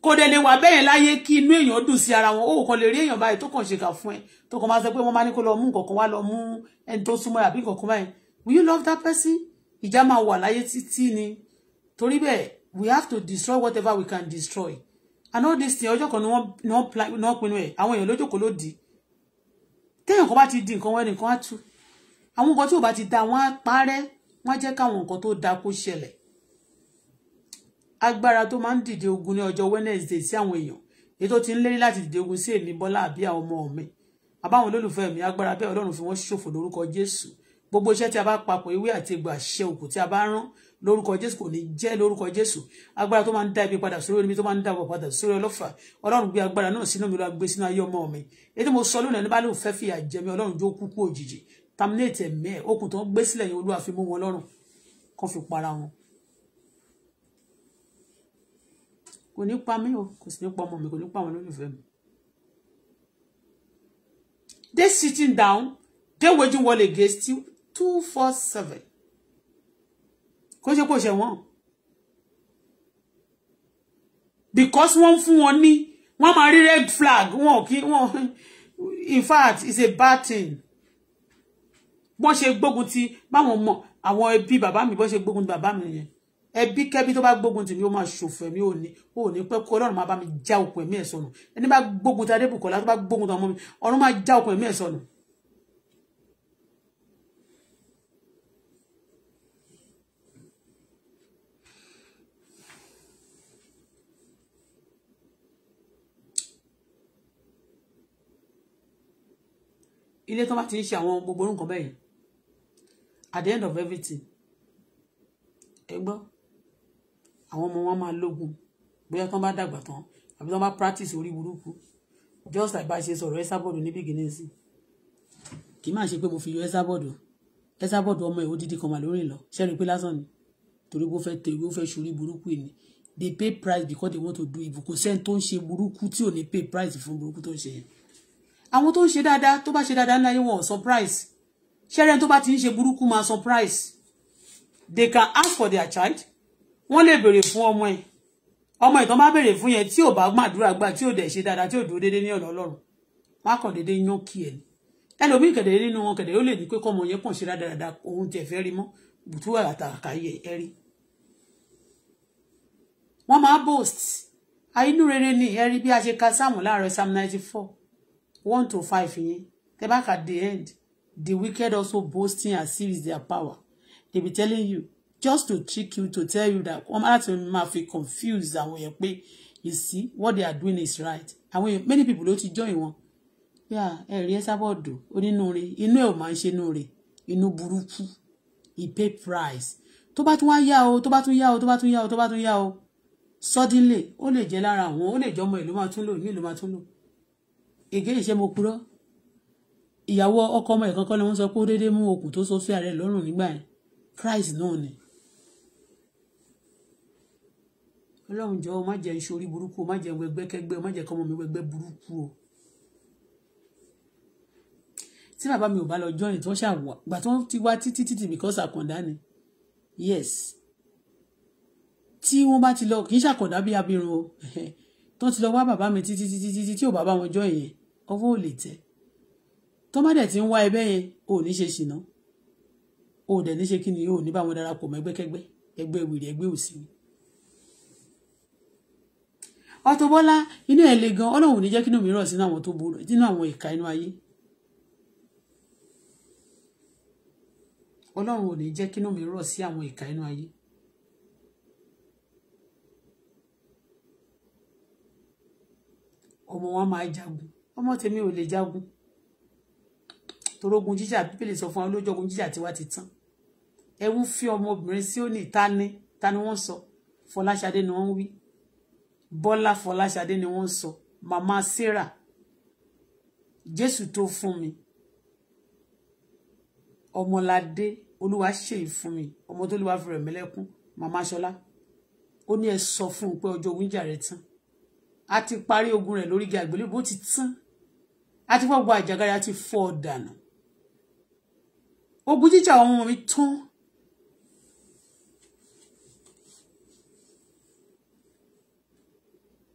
kò dẹ̀ lè wà bẹ́yẹn láyé kí inú èèyàn dùn sí ara wọn ó kàn lè rí èèyàn báyìí tó kàn ṣe kà fún ẹ tó kàn máa sọ pé wọ́n máa ní kó lọ mú nǹkan wá lọ mú ẹni tó súnmọ́ àbí nǹkan báyìí will you love that person ìjà máa wà láyé títí ni torí bẹ́ẹ̀ we have to destroy whatever we can destroy àná dis thing ọjọ́ kan ni plan pinnu ẹ̀ àwọn èèyàn lójókòó ló ko lodi téèyàn kan bá ti di nǹkan wẹ́rẹ́ nǹkan atu tú àwọn nǹkan tí ò ti da wọ́n pare parẹ́ wọ́n á jẹ́ káwọn nǹkan tó da kó ṣẹlẹ̀ agbára tó máa ń ogun ní ọjọ́ Wednesday sí àwọn èèyàn èyí tó ti ń lérí láti dìde ogun sí èmi Bọ́lá àbí àwọn ọmọ mi àbáwọn olólùfẹ́ mi agbára bẹ́ẹ̀ Ọlọ́run fi wọ́n ṣòfò lórúkọ Jésù gbogbo iṣẹ́ tí a bá papọ̀ ewé àti egbò àṣẹ òkú tí a bá rán lórúkọ jésù kò ní jẹ́ lórúkọ jésù agbára tó máa ń dá ibi padà sórí omi tó máa ń dábọ̀ padà sórí ọlọ́fà ọlọ́run gbé agbára náà sínú mi lọ gbé sínú ayé ọmọ mi ètò mo sọ lónìí ẹni bá lóun fẹ́ fìyà jẹ mi jó kúkú òjijì terminate ẹ̀mí ẹ̀ okùn tó ń gbé sílẹ̀ yẹn olúwa fi mú wọn lọ́rùn kan fi para wọn. kò ní pa mí o kò sì ní pa ọmọ mi kò ní pa àwọn olólùfẹ́ mi. they sitting down they waging war against you two four seven kó ṣe kó ṣe wọ́n because wọ́n fún wọn ní wọ́n máa rí red flag wọn kí wọ́n in fact it's a bad thing wọ́n ṣe gbógun ti báwọn mọ̀ àwọn ẹbí bàbá mi bọ́n ṣe gbógun ti bàbá mi yẹn ẹbí kẹ́bí tó bá gbógun tì mí ó máa ṣòfò ẹ̀mí ò ní ò ní pẹ́ kó ọlọ́run máa bá mi já òkun ẹ̀mí ẹ̀ sọnù ẹni bá gbógun ti adébùkọ́lá tó bá gbógun ti ọmọ mi ọ̀run máa já òkun ẹ̀mí ẹ̀ sọnù ilé tó bá ti ń ṣe àwọn gbogbo nǹkan bẹ́ẹ̀ at the end of everything ẹ gbọ́ àwọn ọmọ wọn máa lógun bóyá tán bá dàgbà tán àbí tán bá practice orí burúkú just like bá ṣe sọ̀rọ̀ Esabod ní beginning sí kì í máa ṣe pé mo fi yọ Esabod Esabod ọmọ ẹ̀ ó dídí kan mà lórí lọ ṣẹ́ni pé lásán ni torí bó fẹ́ tẹ bó fẹ́ ṣorí burúkú ni they pay price because they want to do evil kò sẹ́ni tó ń ṣe burúkú tí ò ní pay price fún burúkú tó ń ṣe yẹn àwọn tó ń ṣe dáadáa tó bá ṣe dáadáa náà wọn surprise ṣẹ́rẹ́ tó bá ti ń ṣe burúkú máa surprise they can ask for their child wọ́n lè béèrè fún ọmọ ẹ̀ ọmọ ìtàn bá béèrè fún yẹn tí ò bá gbàdúrà gbà tí ò dẹ̀ ṣe dáadáa tí ò dúró déédéé ní ọ̀nà ọlọ́run wọn á kàn déédéé yán kí ẹ̀ ẹlòmíì kẹ̀dẹ̀ nínú wọn kẹ̀dẹ̀ ó lè ní pé kọ́mọ yẹn kàn ṣe dáadáa òun tẹ̀ fẹ́ rí mọ́ bùtú àtàkà yẹ ẹ rí wọ́n máa boast inú rere ni ẹ rí bí a ṣe ka sáàmù láàárọ̀ sáàmù ninety four one to five yẹn tẹ́ bá kà the end the wicked also boasting as if it's their power they be telling you just to trick you to tell you that wọ́n máa ti máa fi confuse àwọn yẹn pé you see what they are doing is right àwọn yẹn many people ló ti join wọn yà ẹ̀rí ah, ẹ sábọ̀ dò onínúure inú ẹ̀ ò máa ń ṣe núure inú burúkú he pay price tó bá tún wá yá o tó bá tún yá o tó bá tún yá o tó bá tún yá o suddenly ó lè jẹ́ lára àwọn ó lè jẹ́ ìlú máa tún lò ìlú máa tún lò Ege ṣé mo purọ́ ìyàwó ọkọ ọmọ ìkan kan ni wọ́n sọ pé ó déédéé mú okùn tó so sí ààrẹ lọ́rùn nígbà yẹn christ náà ni ọlọ́run jọ̀ọ́ má jẹ́ nṣorí burúkú má jẹ́ wẹgbẹ́kẹ́gbẹ́ má jẹ́ kọ́mọ mi wẹgbẹ́ burúkú o tí bàbá mi ò bá lọ join tí wọ́n ṣàwọ̀ gbà tí wọ́n ti wá títí títí because àkàndá ni yes tí wọ́n bá ti lọ kì í ṣàkàndá bí abirun o tó ti lọ wá bàbá mi títí títí títí tí ò bàbá wọn jọ yẹn ọwọ́ ò lè tẹ́ tó ti ń wá ẹbẹ́ yẹn ò ní ṣe ṣìnà ò dẹ̀ ní ṣe kí ni ò ní bá wọn darapọ̀ mọ́ ẹgbẹ́kẹ́gbẹ́ ẹgbẹ́ wìrì ẹgbẹ́ òsínmi. Auto Bola inú ẹ̀ le gan ọlọ́run ò ní jẹ́ kí inú mi rọ̀ sínú àwọn tó burú nínú àwọn ìka inú ayé ọlọ́run ò ní jẹ́ kí inú mi rọ̀ sí àwọn ìka inú ayé ọmọ wọn máa jagun ọmọ tèmi ò lè jagun torógun jíjà bíbélì sọ fún wa lójú ogun jíjà tiwa ti tán ẹwú fi ọmọbìnrin sí òní tani tani wọ́n sọ Fọláṣadé ni wọ́n wí Bọ́lá Fọláṣadé ni wọ́n sọ màmá Sarah Jésù tó fún mi ọmọládé olúwa ṣèyí fún mi ọmọ tó lè wá fi rẹ̀ mẹ́lẹ́kún màmá Ṣọlá ó ní ẹ sọ fún un pé ọjọ́ ogun jà tán a ti parí ogun rẹ̀ lórí igi àgbélébùú ti tán a ti fọ́ gbọ́ àjàgàrà a ti fọ́ ọ dànù ogun jíjà àwọn ọmọ mi tán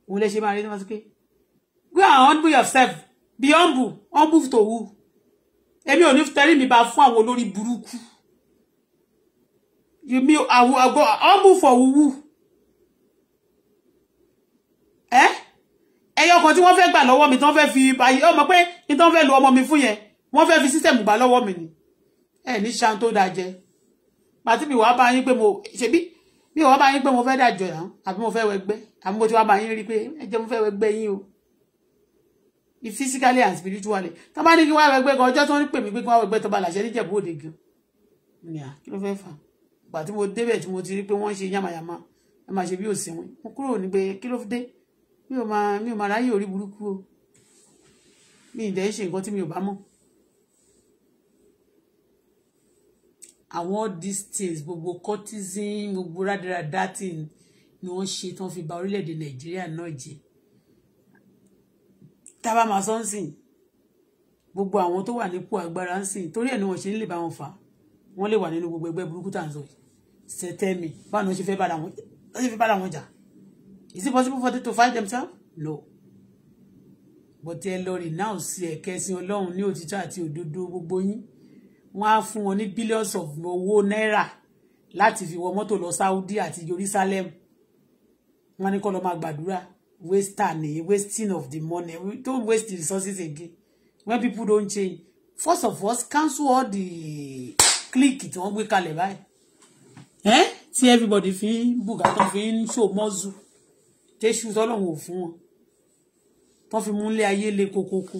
òun lè ṣe máa rí ní wọ́n sọ pé go and humble yourself be humble humble to who èmi ò ní tẹrí mi bá fún àwọn olórí burúkú mi àwọn àgọ humble for who. kan tí wọ́n fẹ́ gbà lọ́wọ́ mi tí wọ́n fẹ́ fi ayé ọmọ pé ní tí wọ́n fẹ́ lo ọmọ mi fún yẹn wọ́n fẹ́ fi sísẹ̀mù gbà lọ́wọ́ mi ni ẹ ní ṣan tó dáa jẹ pàtí mi wàá bá yín pé mo ṣebí mi wàá bá yín pé mo fẹ́ dàjọ yàn àbí mo fẹ́ wẹgbẹ́ àbí mo ti wàá bá yín rí pé ẹ jẹ́ mo fẹ́ wẹgbẹ́ yín o physically and spiritually tó bá ní kí wàá wẹgbẹ́ gan ọjọ́ tó ń pè mí pé kí wàá wẹgbẹ́ tó bá làṣẹ níjẹ̀bú òde gan ni à kí ló fẹ́ fà gbà tí mo débẹ̀ tí mo ti rí pé wọ́n ń ṣe yàmàyàmà ẹ máa ṣe bí òsínwìn mo kúrò ní pé kí ló dé mi ò máa mi ò máa ráyè orí burúkú o mi ì dẹ́ ṣe nǹkan tí mi ò bá mọ̀. àwọn all these things gbogbo cultism gbogbo rádaràdá tí ni wọ́n ṣe tí wọ́n fi ba orílẹ̀-èdè nàìjíríà náà jẹ́ tábà máa sọ ń sìn gbogbo àwọn tó wà nípò agbára ń sìn torí ẹ̀ ni wọ́n ṣe ń lè bá wọn fà wọ́n lè wà nínú gbogbo ẹgbẹ́ burúkú tà ń sọ yìí báwọn ṣe fẹ́ bára wọn jà. Is it possible for them to fight themselves? No. But ẹ lọ renounce sí ẹ̀kẹ́sìn Ọlọ́run ní òtítọ́ àti òdodo gbogbo yín. Wọ́n á fún wọn ní billions of owó náírà láti fi wọ mọ́tò lọ Saudi àti Jerusalem. Wọ́n ní kọ́ lọ máa gbàdúrà. Waster ni wasting of the money. We don't waste the resources again. When people don't change. First of all, cancel all the click it. wọ́n gbé kalẹ̀ báyìí. Ẹ́ tí everybody fi ń bùkátà fi show ṣò jésù tọ́lọ́hún ò fún wọn tán fi mú ilé ayé le kokoko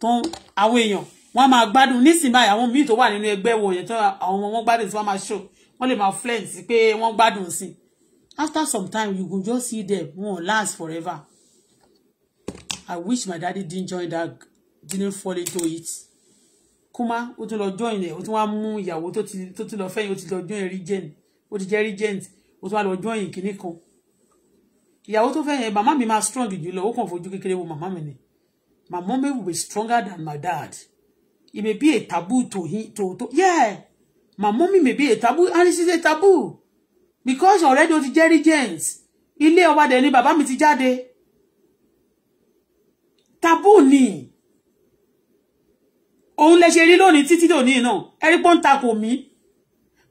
tán àwọn èèyàn wọn máa gbádùn nísìnyí báyìí àwọn míì tó wà nínú ẹgbẹ́ wọn yẹn tó àwọn ọmọ wọn gbádùn tí wọ́n máa show wọ́n lè máa flint sí pé wọ́n gbádùn sí after some time you go just see them wọ́n last forever i wish my daddy didn't join that didn't fall into it Kuma, ó tún lọ join ẹ ó tún wá mú ìyàwó tó ti lọ fẹ́yìn ó ti lọ join regent ó ti jẹ́ regent ó tún wá lọ join kìnnìkan ìyàwó tó fẹ́ yẹn màmá mi máa strong jù lọ ó kàn fojú kékeré wo màmá mi ni my mom will be stronger than my dad it may be a taboo to him to to yeah my mommy may be a taboo and it is a taboo because already ó ti Jerry James, ilé ọba dẹ̀ ni bàbá mi ti jáde taboo ni òun lè ṣe rí lónìí títí lónìí náà ẹ̀rí pọ́ńtakò mi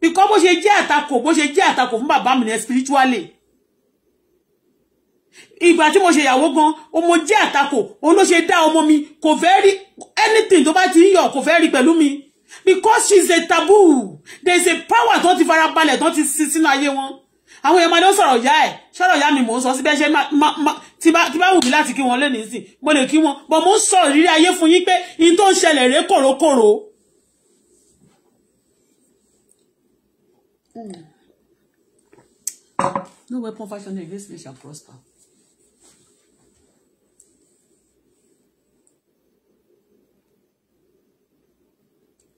because bó ṣe jẹ́ àtakò bó ṣe jẹ́ àtakò fún bàbá mi ni spiritually ìgbà tí mo ṣe ìyàwó gan ọmọ jẹ́ àtakò òun ló ṣe dá ọmọ mi kò fẹ́ rí anything tó bá ti ń yọ̀ kò fẹ́ rí pẹ̀lú mi because she is a taboo there is a power tó ti fara balẹ̀ tó ti sin sínú ayé wọn àwọn èèyàn máa ló sọ̀rọ̀ ìyá ẹ̀ sọ̀rọ̀ ìyá mi mò ń sọ síbẹ̀ ṣe tí bá wù mí láti kí wọn lé nìsín mo lè kí wọn bọ̀ mo ń sọ ìrírí ayé fún yín pé in tó ń ṣẹlẹ̀ rèé kòrókòrò. Hmm. No weapon fashioned against me shall prosper.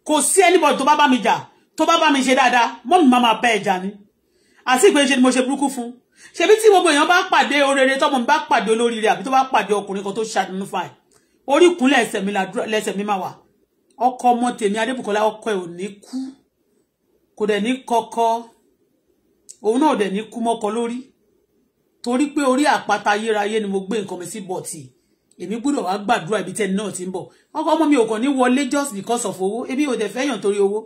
kò sí anybody tó bá bá mi jà tó bá bá mi ṣe dáadáa mọ́ mi máa máa bá ẹja ni àti ìpè ṣe ni mo ṣe burúkú fún ṣebí tí gbogbo èèyàn bá pàdé orere tọmọ mi bá pàdé olóríire àbí tó bá pàdé ọkùnrin kan tó ṣàdínú fàì orí kúnlẹ̀ ẹsẹ̀ mi lẹ́sẹ̀ mi máa wà ọkọ ọmọ tèmi adébùkọ́lá ọkọ ẹ̀ ò ní kú kò dẹ̀ ní kọ́kọ́ òun náà dẹ̀ ní kú mọ́kọ lórí torí pé orí àpáta ayérayé ni mo gbé nǹkan mi sí bọ̀tì èmi gbọ́dọ̀ wá gbàdúrà ibi tẹ́ni náà ti ń bọ̀ ọkọ ọmọ mi ò kàn ní wọlé just because of owó èmi ò dẹ̀ fẹ́yàn torí owó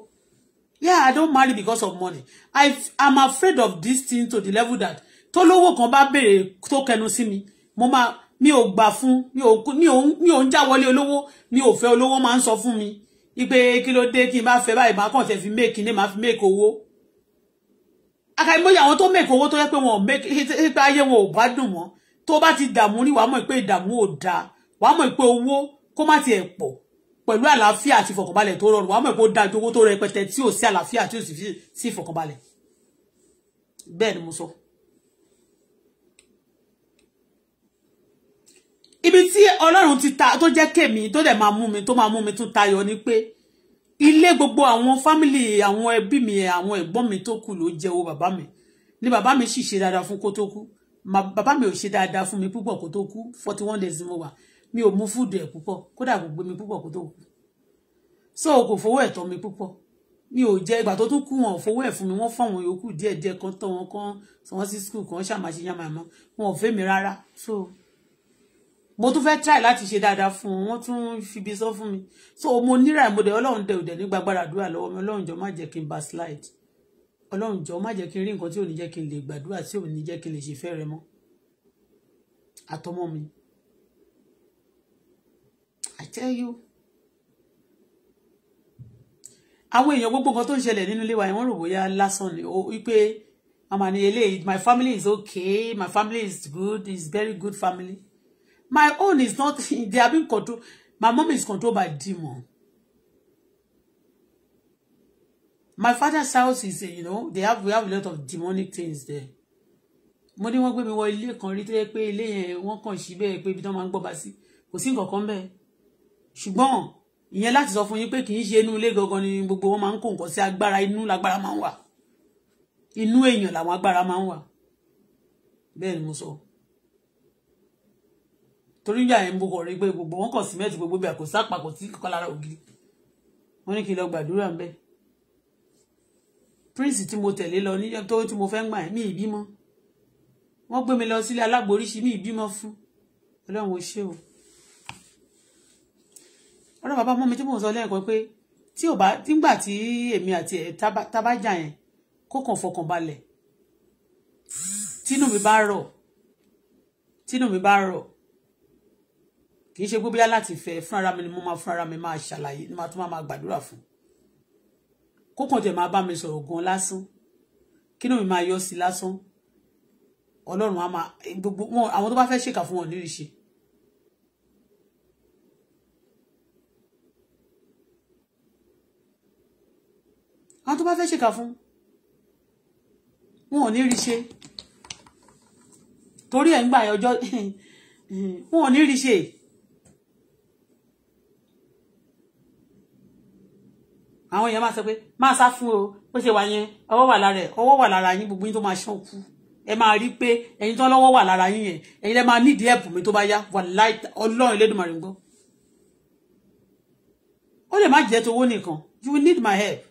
yeah i don't marry because of money i am afraid of this thing to the level that tó lówó kan bá béèrè tó kẹnu sí mi mo máa mi ò gbà fún mi ò mi ò ń já wọlé olówó mi ò fẹ́ olówó máa ń sọ fún mi ipe kí ló dé kí n bá fẹ́ báyìí máa kàn fẹ́ fi make kí ni máa fi make owó akàìmọye àwọn tó make owó tó yẹ pé wọn ò make ayé wọn ò bá dùn mọ́ tó bá ti dààmú rí wàá mọ̀ pé ìdààmú ò dáa wàá mọ̀ pé owó kó má tiẹ̀ pọ̀ pẹ̀lú àlàáfíà àti ìfọ̀kànbalẹ̀ tó rọrùn wàá mọ̀ pé ó dáa ju owó tó rẹpẹtẹ tí ò sí àlàáfíà tí ò sì sí ìfọ̀kànbalẹ̀ bẹ́ẹ̀ ni mo sọ. ibi tí ọlọ́run ti ta tó jẹ́ kèmí tó dẹ̀ máa mú mi tó máa mú mi tún tayọ ni pé ilé gbogbo àwọn fámìlì àwọn ẹbí mi àwọn ẹ̀gbọ́n mi tó kù ló jẹ́ owó bàbá mi ni bàbá mi sì ṣe dáadáa fún kó tó bàbá mi ò ṣe dáadáa fún mi púpọ̀ kó tó kú forty one days mo wà mi ò mú fúdù ẹ̀ púpọ̀ kódà kò gbé mi púpọ̀ kó tó kú so kò fowó ẹ̀ tọ́ mi púpọ̀ mi ò jẹ ìgbà tó tún kú wọn ò fowó ẹ̀ fún mi wọ́n fọ́ wọn yòókù díẹ̀ díẹ̀ kan tán wọn kan tí wọ́n sí skul kan ṣàmàṣe yàmàmá wọn ò fẹ́ mi rárá so mo tún fẹ́ try láti ṣe dáadáa fún wọn wọ́n tún fibi sọ fún mi so mo níra mo de ọlọ́run dẹ̀ ò dẹ̀ nígbàgbára àdúrà lọ́wọ́ mi ọlọ́run jọ má jẹ́ kí backslide ọlọ́run jọ má jẹ́ kí n rí nǹkan tí ò ní jẹ́ kí n lè gbàdúrà tí ò ní jẹ́ kí n lè ṣe fẹ́ rẹ mọ́ àtọmọ mi I tell you àwọn èèyàn gbogbo nǹkan tó ń ṣẹlẹ̀ nínú ilé wa wọ́n rò bóyá lásán ni ó wípé màmá ni eléyìí my family is okay my family is good is very good family my own is not they are being controlled my mom is controlled by demons. my father's house is you know they have we have a lot of demonic things there mo ní wọ́n gbé mi wọ ilé kan rí tó yẹ pé ilé yẹn wọ́n kàn sí bẹ́ẹ̀ pé ibi tí wọ́n máa ń gbọ́ bá sí kò sí nǹkan kan bẹ́ẹ̀ ṣùgbọ́n ìyẹn láti sọ fún yín pé kì í ṣe inú ilé gangan ni gbogbo wọn máa ń kó nǹkan sí agbára inú lágbára máa ń wà inú èèyàn làwọn agbára máa ń wà bẹ́ẹ̀ ni mo sọ torí ìgbà yẹn mo kọ̀ rí pé gbogbo wọn kàn sí mẹ́tì gbogbo bí àkóso àpapọ̀ sí kọ́kọ́ lára ògiri wọ́n ní kí n lọ gbàdúrà ń bẹ́ẹ̀ prince tí mo tẹ̀lé lọ níjọ́ tó tí mo fẹ́ ń gbà mí ìbímọ wọ́n gbé mi lọ sílé alágbóríṣi mí ìbímọ fún ọlọ́run ò ṣe o ọlọ́run bàbá mọ́ mi tí mò ń sọ lẹ́ẹ̀kan pé tí ò bá nígbà tí èmi àti ẹ̀ tábàjà yẹn kó kàn fọkàn balẹ̀ tínú mi bá rọ̀ tínú mi bá rọ̀ kì í ṣe gbé bóyá láti fẹ́ fúnra mi ni mo máa fúnra mi máa ṣàlàyé ni màá tún máa gbàdúrà fún un kó kàn tẹ̀ máa bá mi sọ̀rọ̀ gan lásán kí ni mi máa yọ sí lásán ọlọ́run á máa gbogbo wọn àwọn tó bá fẹ́ ṣèkà fún wọn ní ìṣe. àwọn tó bá fẹ́ ṣèkà fún wọn ò ní rí ṣe torí ẹ̀ ń gbà ọjọ́ wọn ò ní rí ṣe. àwọn èèyàn máa sọ pé máa sá fún o bó ṣe wà yẹn ọwọ́ wà lára ẹ̀ ọwọ́ wà lára yín gbogbo yín tó máa ṣán kú ẹ máa rí pé ẹ̀yin tó lọ́wọ́ wà lára yín yẹn ẹ̀yin lẹ́ máa nídìí ẹ̀bùn mi tó bá yá wà láì ọlọ́run Elédùmarè gbọ́ ó lè má jẹ́ tówó nìkan you need my help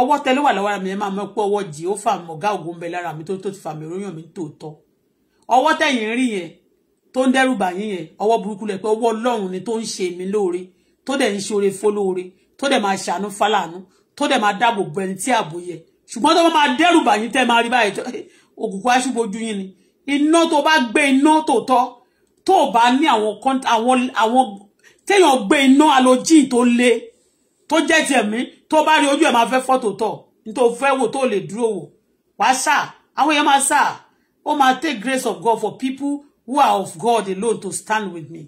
ọwọ́ tẹ ló wà lọ́wọ́ mi ẹ máa mọ̀ pé ọwọ́ jì ó fà mọ̀ ọ̀gá ògùn bẹ lára mi tó ti fà mí ròyàn mi tòótọ́ ọwọ́ tẹ̀yìn rí yẹn tó ń dẹ́rù bà yẹn ọwọ́ burúkú lẹ pé ọwọ́ ọlọ́run ni tó ń ṣe mí lóore tó dẹ̀ ń ṣe oore fólóore tó dẹ̀ máa ṣàánú fáláàánú To dẹ̀ máa dáàbò bo ẹni tí ààbò yẹ ṣùgbọ́n tó bá máa dẹ́rù bà yín tẹ́ máa rí báyìí òkùnkùn aṣíbojú yín ni iná tó bá gbé iná To tó bá ní àwọn àwọn téèyàn gbé iná halogen tó le tó jẹ́ ti To tó bá rí ojú ẹ̀ máa fẹ́ fọ́tò tọ̀ nítorí fẹ́ wò tó lè dúró wò wá sà àwọn èèyàn máa sà ó máa take grace of God for people who are of God alone to stand with me.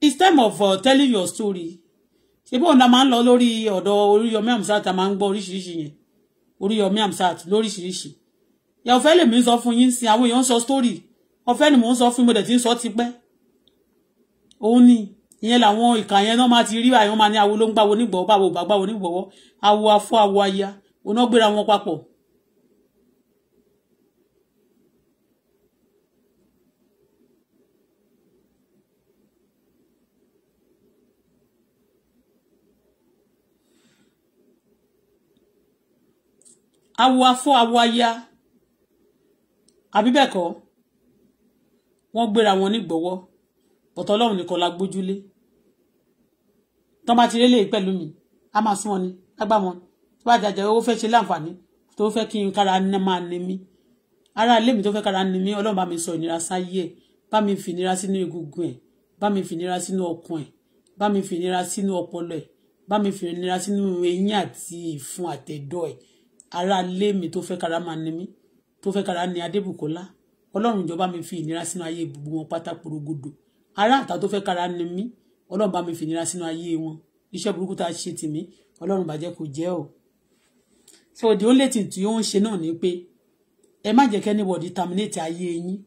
it's time of uh, telling your story ṣebí òun la máa ń lọ lórí ọ̀dọ̀ Oríyọmí Hamzat a máa ń gbọ́ oríṣiríṣi yẹn Oríyọmí Hamzat lóríṣiríṣi ìyá ọ̀fẹ́ lèmi ń sọ fún yín sí àwọn èèyàn ń sọ story ọ̀fẹ́ ni mò ń sọ fún mo dẹ̀ ti ń sọ tipẹ́ òun ni ìyẹn làwọn ìkà yẹn náà máa ti rí àyàn máa ni awo ló ń gbáwo nígbọ̀wọ́ báwo bá gbáwo nígbọ̀wọ́ awo afọ awo aya òun náà gbéra wọn papọ̀ awo afọ awo aya àbí bẹ́ẹ̀ wọ́n gbéra wọn ní gbọ́wọ́ bọ̀tọ̀ nìkan la gbójúlé tọ́ bá ti rí pẹ̀lú mi a máa sún wọn ni lágbà wọn tó bá jàjẹ́ owó fẹ́ ṣe láǹfààní tó fẹ́ kí n kára máa ní mí ara ilé mi tó fẹ́ kára ní mí ọlọ́run bá mi sọ ìnira sáyé ẹ̀ bá mi fìnira sínú egungun ẹ̀ bá mi fìnira sínú ọkàn ẹ̀ bá mi fìnira sínú ọpọlọ ẹ̀ bá mi fìnira sínú eyín àti ìfun àtẹ̀dọ̀ ẹ̀ Ara ilé mi tó fẹ́ kára máa ní mi tó fẹ́ kára ní adébùkọ́lá ọlọ́run ìjọba mi fi ìnira sínú ayé gbogbo wọn pátá porogodo ará àtà tó fẹ́ kára ní mi ọlọ́run bá mi fi ìnira sínú ayé wọn iṣẹ́ burúkú tá a ṣe tì mí ọlọ́run bàjẹ́ kò jẹ́ o so the only thing tí ó ń ṣe náà ni pé ẹ má jẹ́ kẹ́nìbọ̀dì terminate ayé yín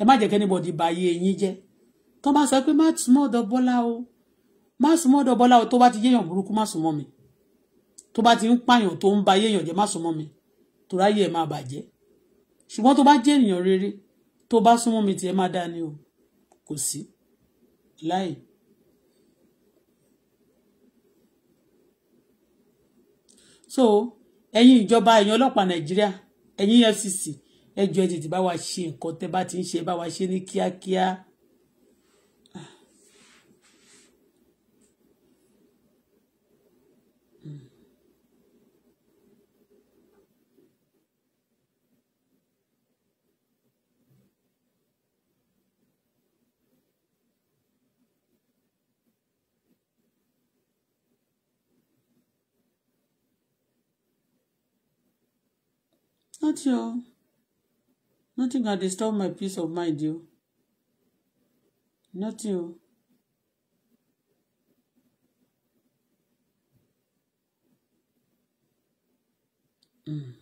ẹ má jẹ́ kẹ́nìbọ̀dì bà ayé yín jẹ́ tó bá sọ pé má súnmọ́ ọ̀dọ̀ bọ́lá o má súnmọ́ ọ̀dọ̀ bọ́lá o tó bá ti yéèyàn burúkú má súnmọ́ mi tó bá ti ń pààyàn tó ń ba ayé èèyàn jẹ́ má súnmọ́ mi tó ráyè ẹ̀ máa bàjẹ́ ṣùgbọ́n tó bá jẹ́ ènìyàn rere tó bá súnmọ́ mi tiẹ̀ má dáa ni o kò sí láì. so ẹ̀yin ìjọba ẹ̀yin ọlọ́pàá nàìjíríà ẹ̀yin FCC ẹjọ́ ẹ tètè bá wa ṣe nǹkan tẹ́ bá ti ń ṣe bá wa ṣe ní kíákíá. Kia Not your. Nothing can disturb my peace of mind, you. Not you. Mm.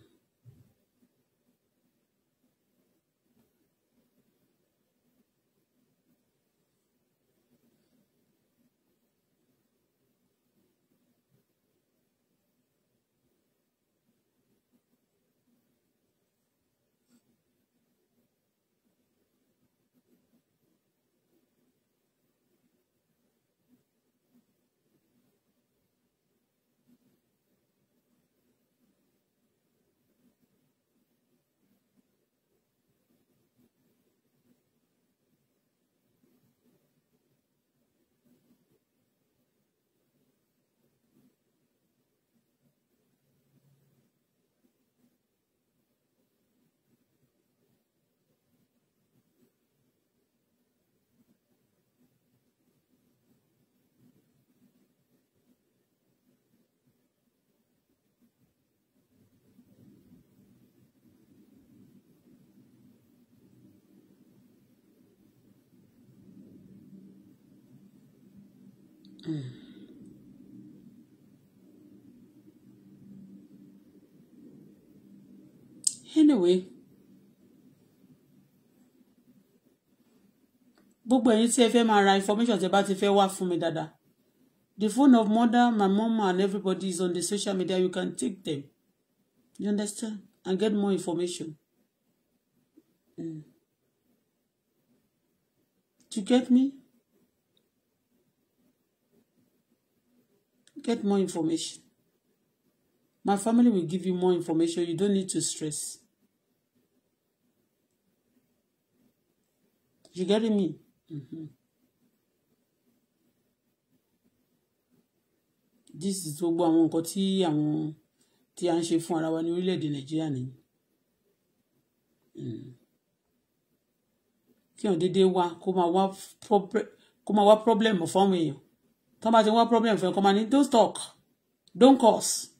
anyway gbogbo ẹ̀yin tí ẹ fẹ́ máa ra information tí ẹ bá ti fẹ́ wá fún mi dáadáa the phone of mother my mom and everybody is on the social media you can take them you understand and get more information mm. you get me. Get more information. My family will give you more information. You don't need to stress. You getting me? Mm-hmm. This is gbogbo àwọn nǹkan tí to tí a ń ṣe fún ara wa ní orílẹ̀-èdè Nàìjíríà nìyí. Mm. Kí hàn déédéé wá kó máa problem fún àwọn tó bá ti wá problem fún ẹ kó máa ní don't talk don't cause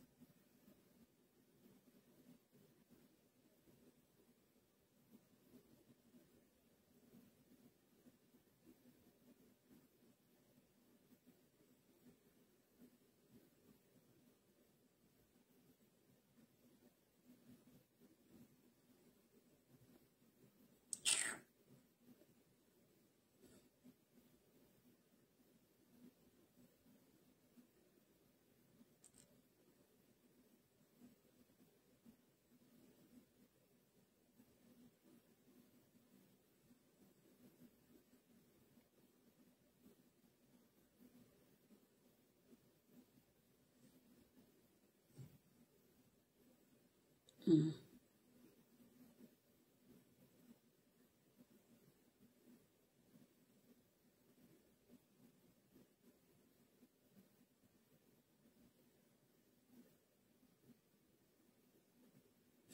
嗯，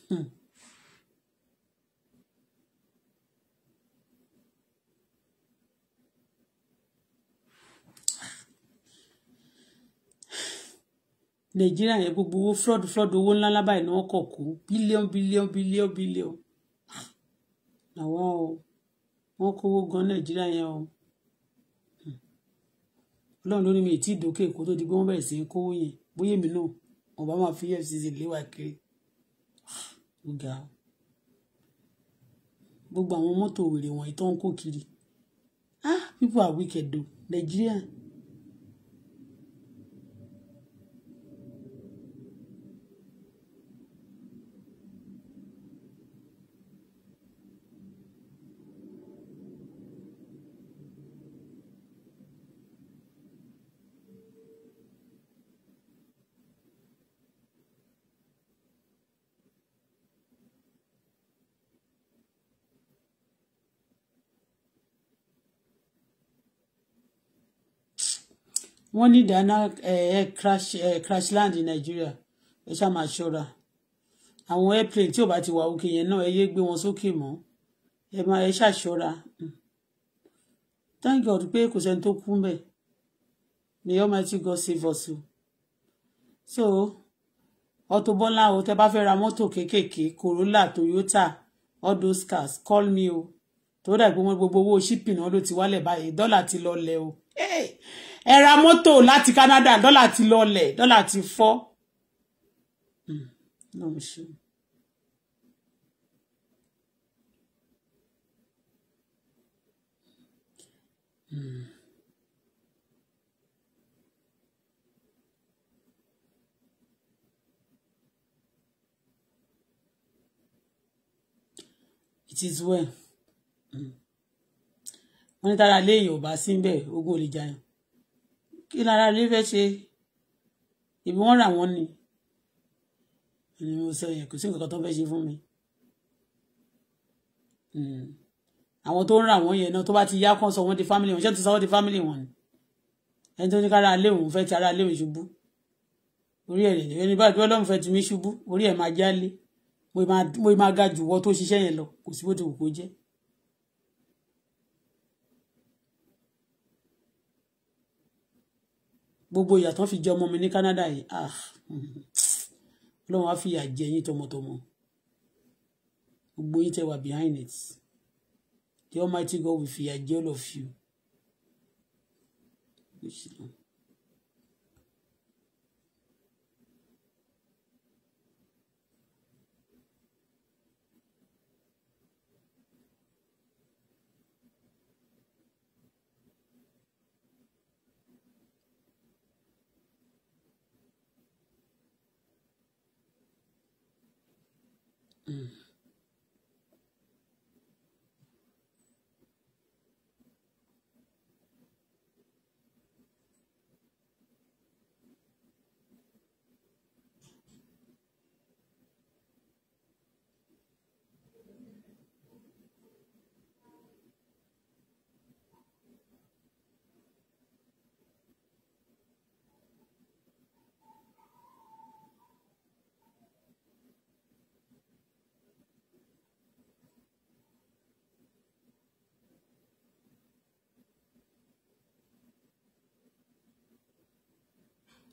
哼。nàìjíríà yẹn gbogbo owó fraud fraud owó ńlá ńlá báyìí ni wọ́n kọ̀ kó bílíọ̀n bílíọ̀n bílíọ̀n bílíọ̀n làwọn o wọ́n kówó gan nàìjíríà yẹn o ọlọ́run ló ní mi tí ìdókè kó tó di pé wọ́n bẹ̀rẹ̀ sí í kówó yẹn bóyá èmi náà wọ́n bá máa fi efcc léwà kiri ó ga o gbogbo àwọn mọ́tò wèrè wọ̀nyí tó ń kó kiri ah people are wicked o nàìjíríà. wọ́n ní dana air crash air eh, crash land ní nàìjíríà ẹ ṣáà máa ṣọ́ra àwọn airplane tí ò bá ti wà òkè yẹn náà ẹ yé gbé wọn sókè mọ́ ẹ máa ẹ ṣáà ṣọ́ra hmm. thank God pé kò sẹ́ni tó kú mbẹ̀ may Almighty God save us o so Auto Bola o tẹ bá fẹ́ ra mọ́tò kéékèèké Corolla Toyota all those cars call me o tó dà pé wọ́n gbogbo owó shipping náà ló ti wálẹ̀ báyìí dọ́là ti lọ lẹ̀ o. Hey! ẹ ra mọ́tò láti Canada dọ́là ti lọlẹ̀ dọ́là ti fọ́. Hmm, hmm. It is well. Hmm. wọ́n ní tára léèyàn ò bá sí ń bẹ̀ ogún olè jayàn kí lára rí fẹ́ ṣe ìbí wọ́n rà wọ́n ni ni mo sọ yẹn kò sí nǹkan tó fẹ́ ṣe fún mi hmm. àwọn tó ń rà wọ́n yẹn náà tó bá ti yá kán sọ wọ́n di family wọn ṣé ti sọ di family wọn ni ẹni tó ní kára alé òun fẹ́ ti ara alé òun ṣubú orí ẹ̀ lẹ́yìn ẹni báyìí tó lọ́run fẹ́ ti mí ṣubú orí ẹ̀ máa jálé mo máa ga jù wọ́ tó ṣiṣẹ́ yẹn lọ kò sí bó ti wù kó jẹ́ gbogbo ìyà tán fi jẹ ọmọ mi ní Canada yìí ah ọlọ́run á fìyà jẹ yín tọmọtọmọ gbogbo yín tẹ wà behind it the almighty God will fìyà jẹ all of you. Mm.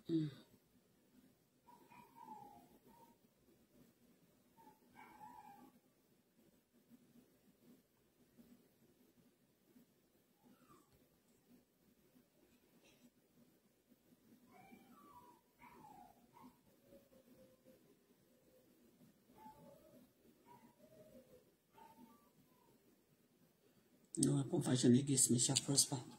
Hum. No, a compaixão neguíssima, se afasta.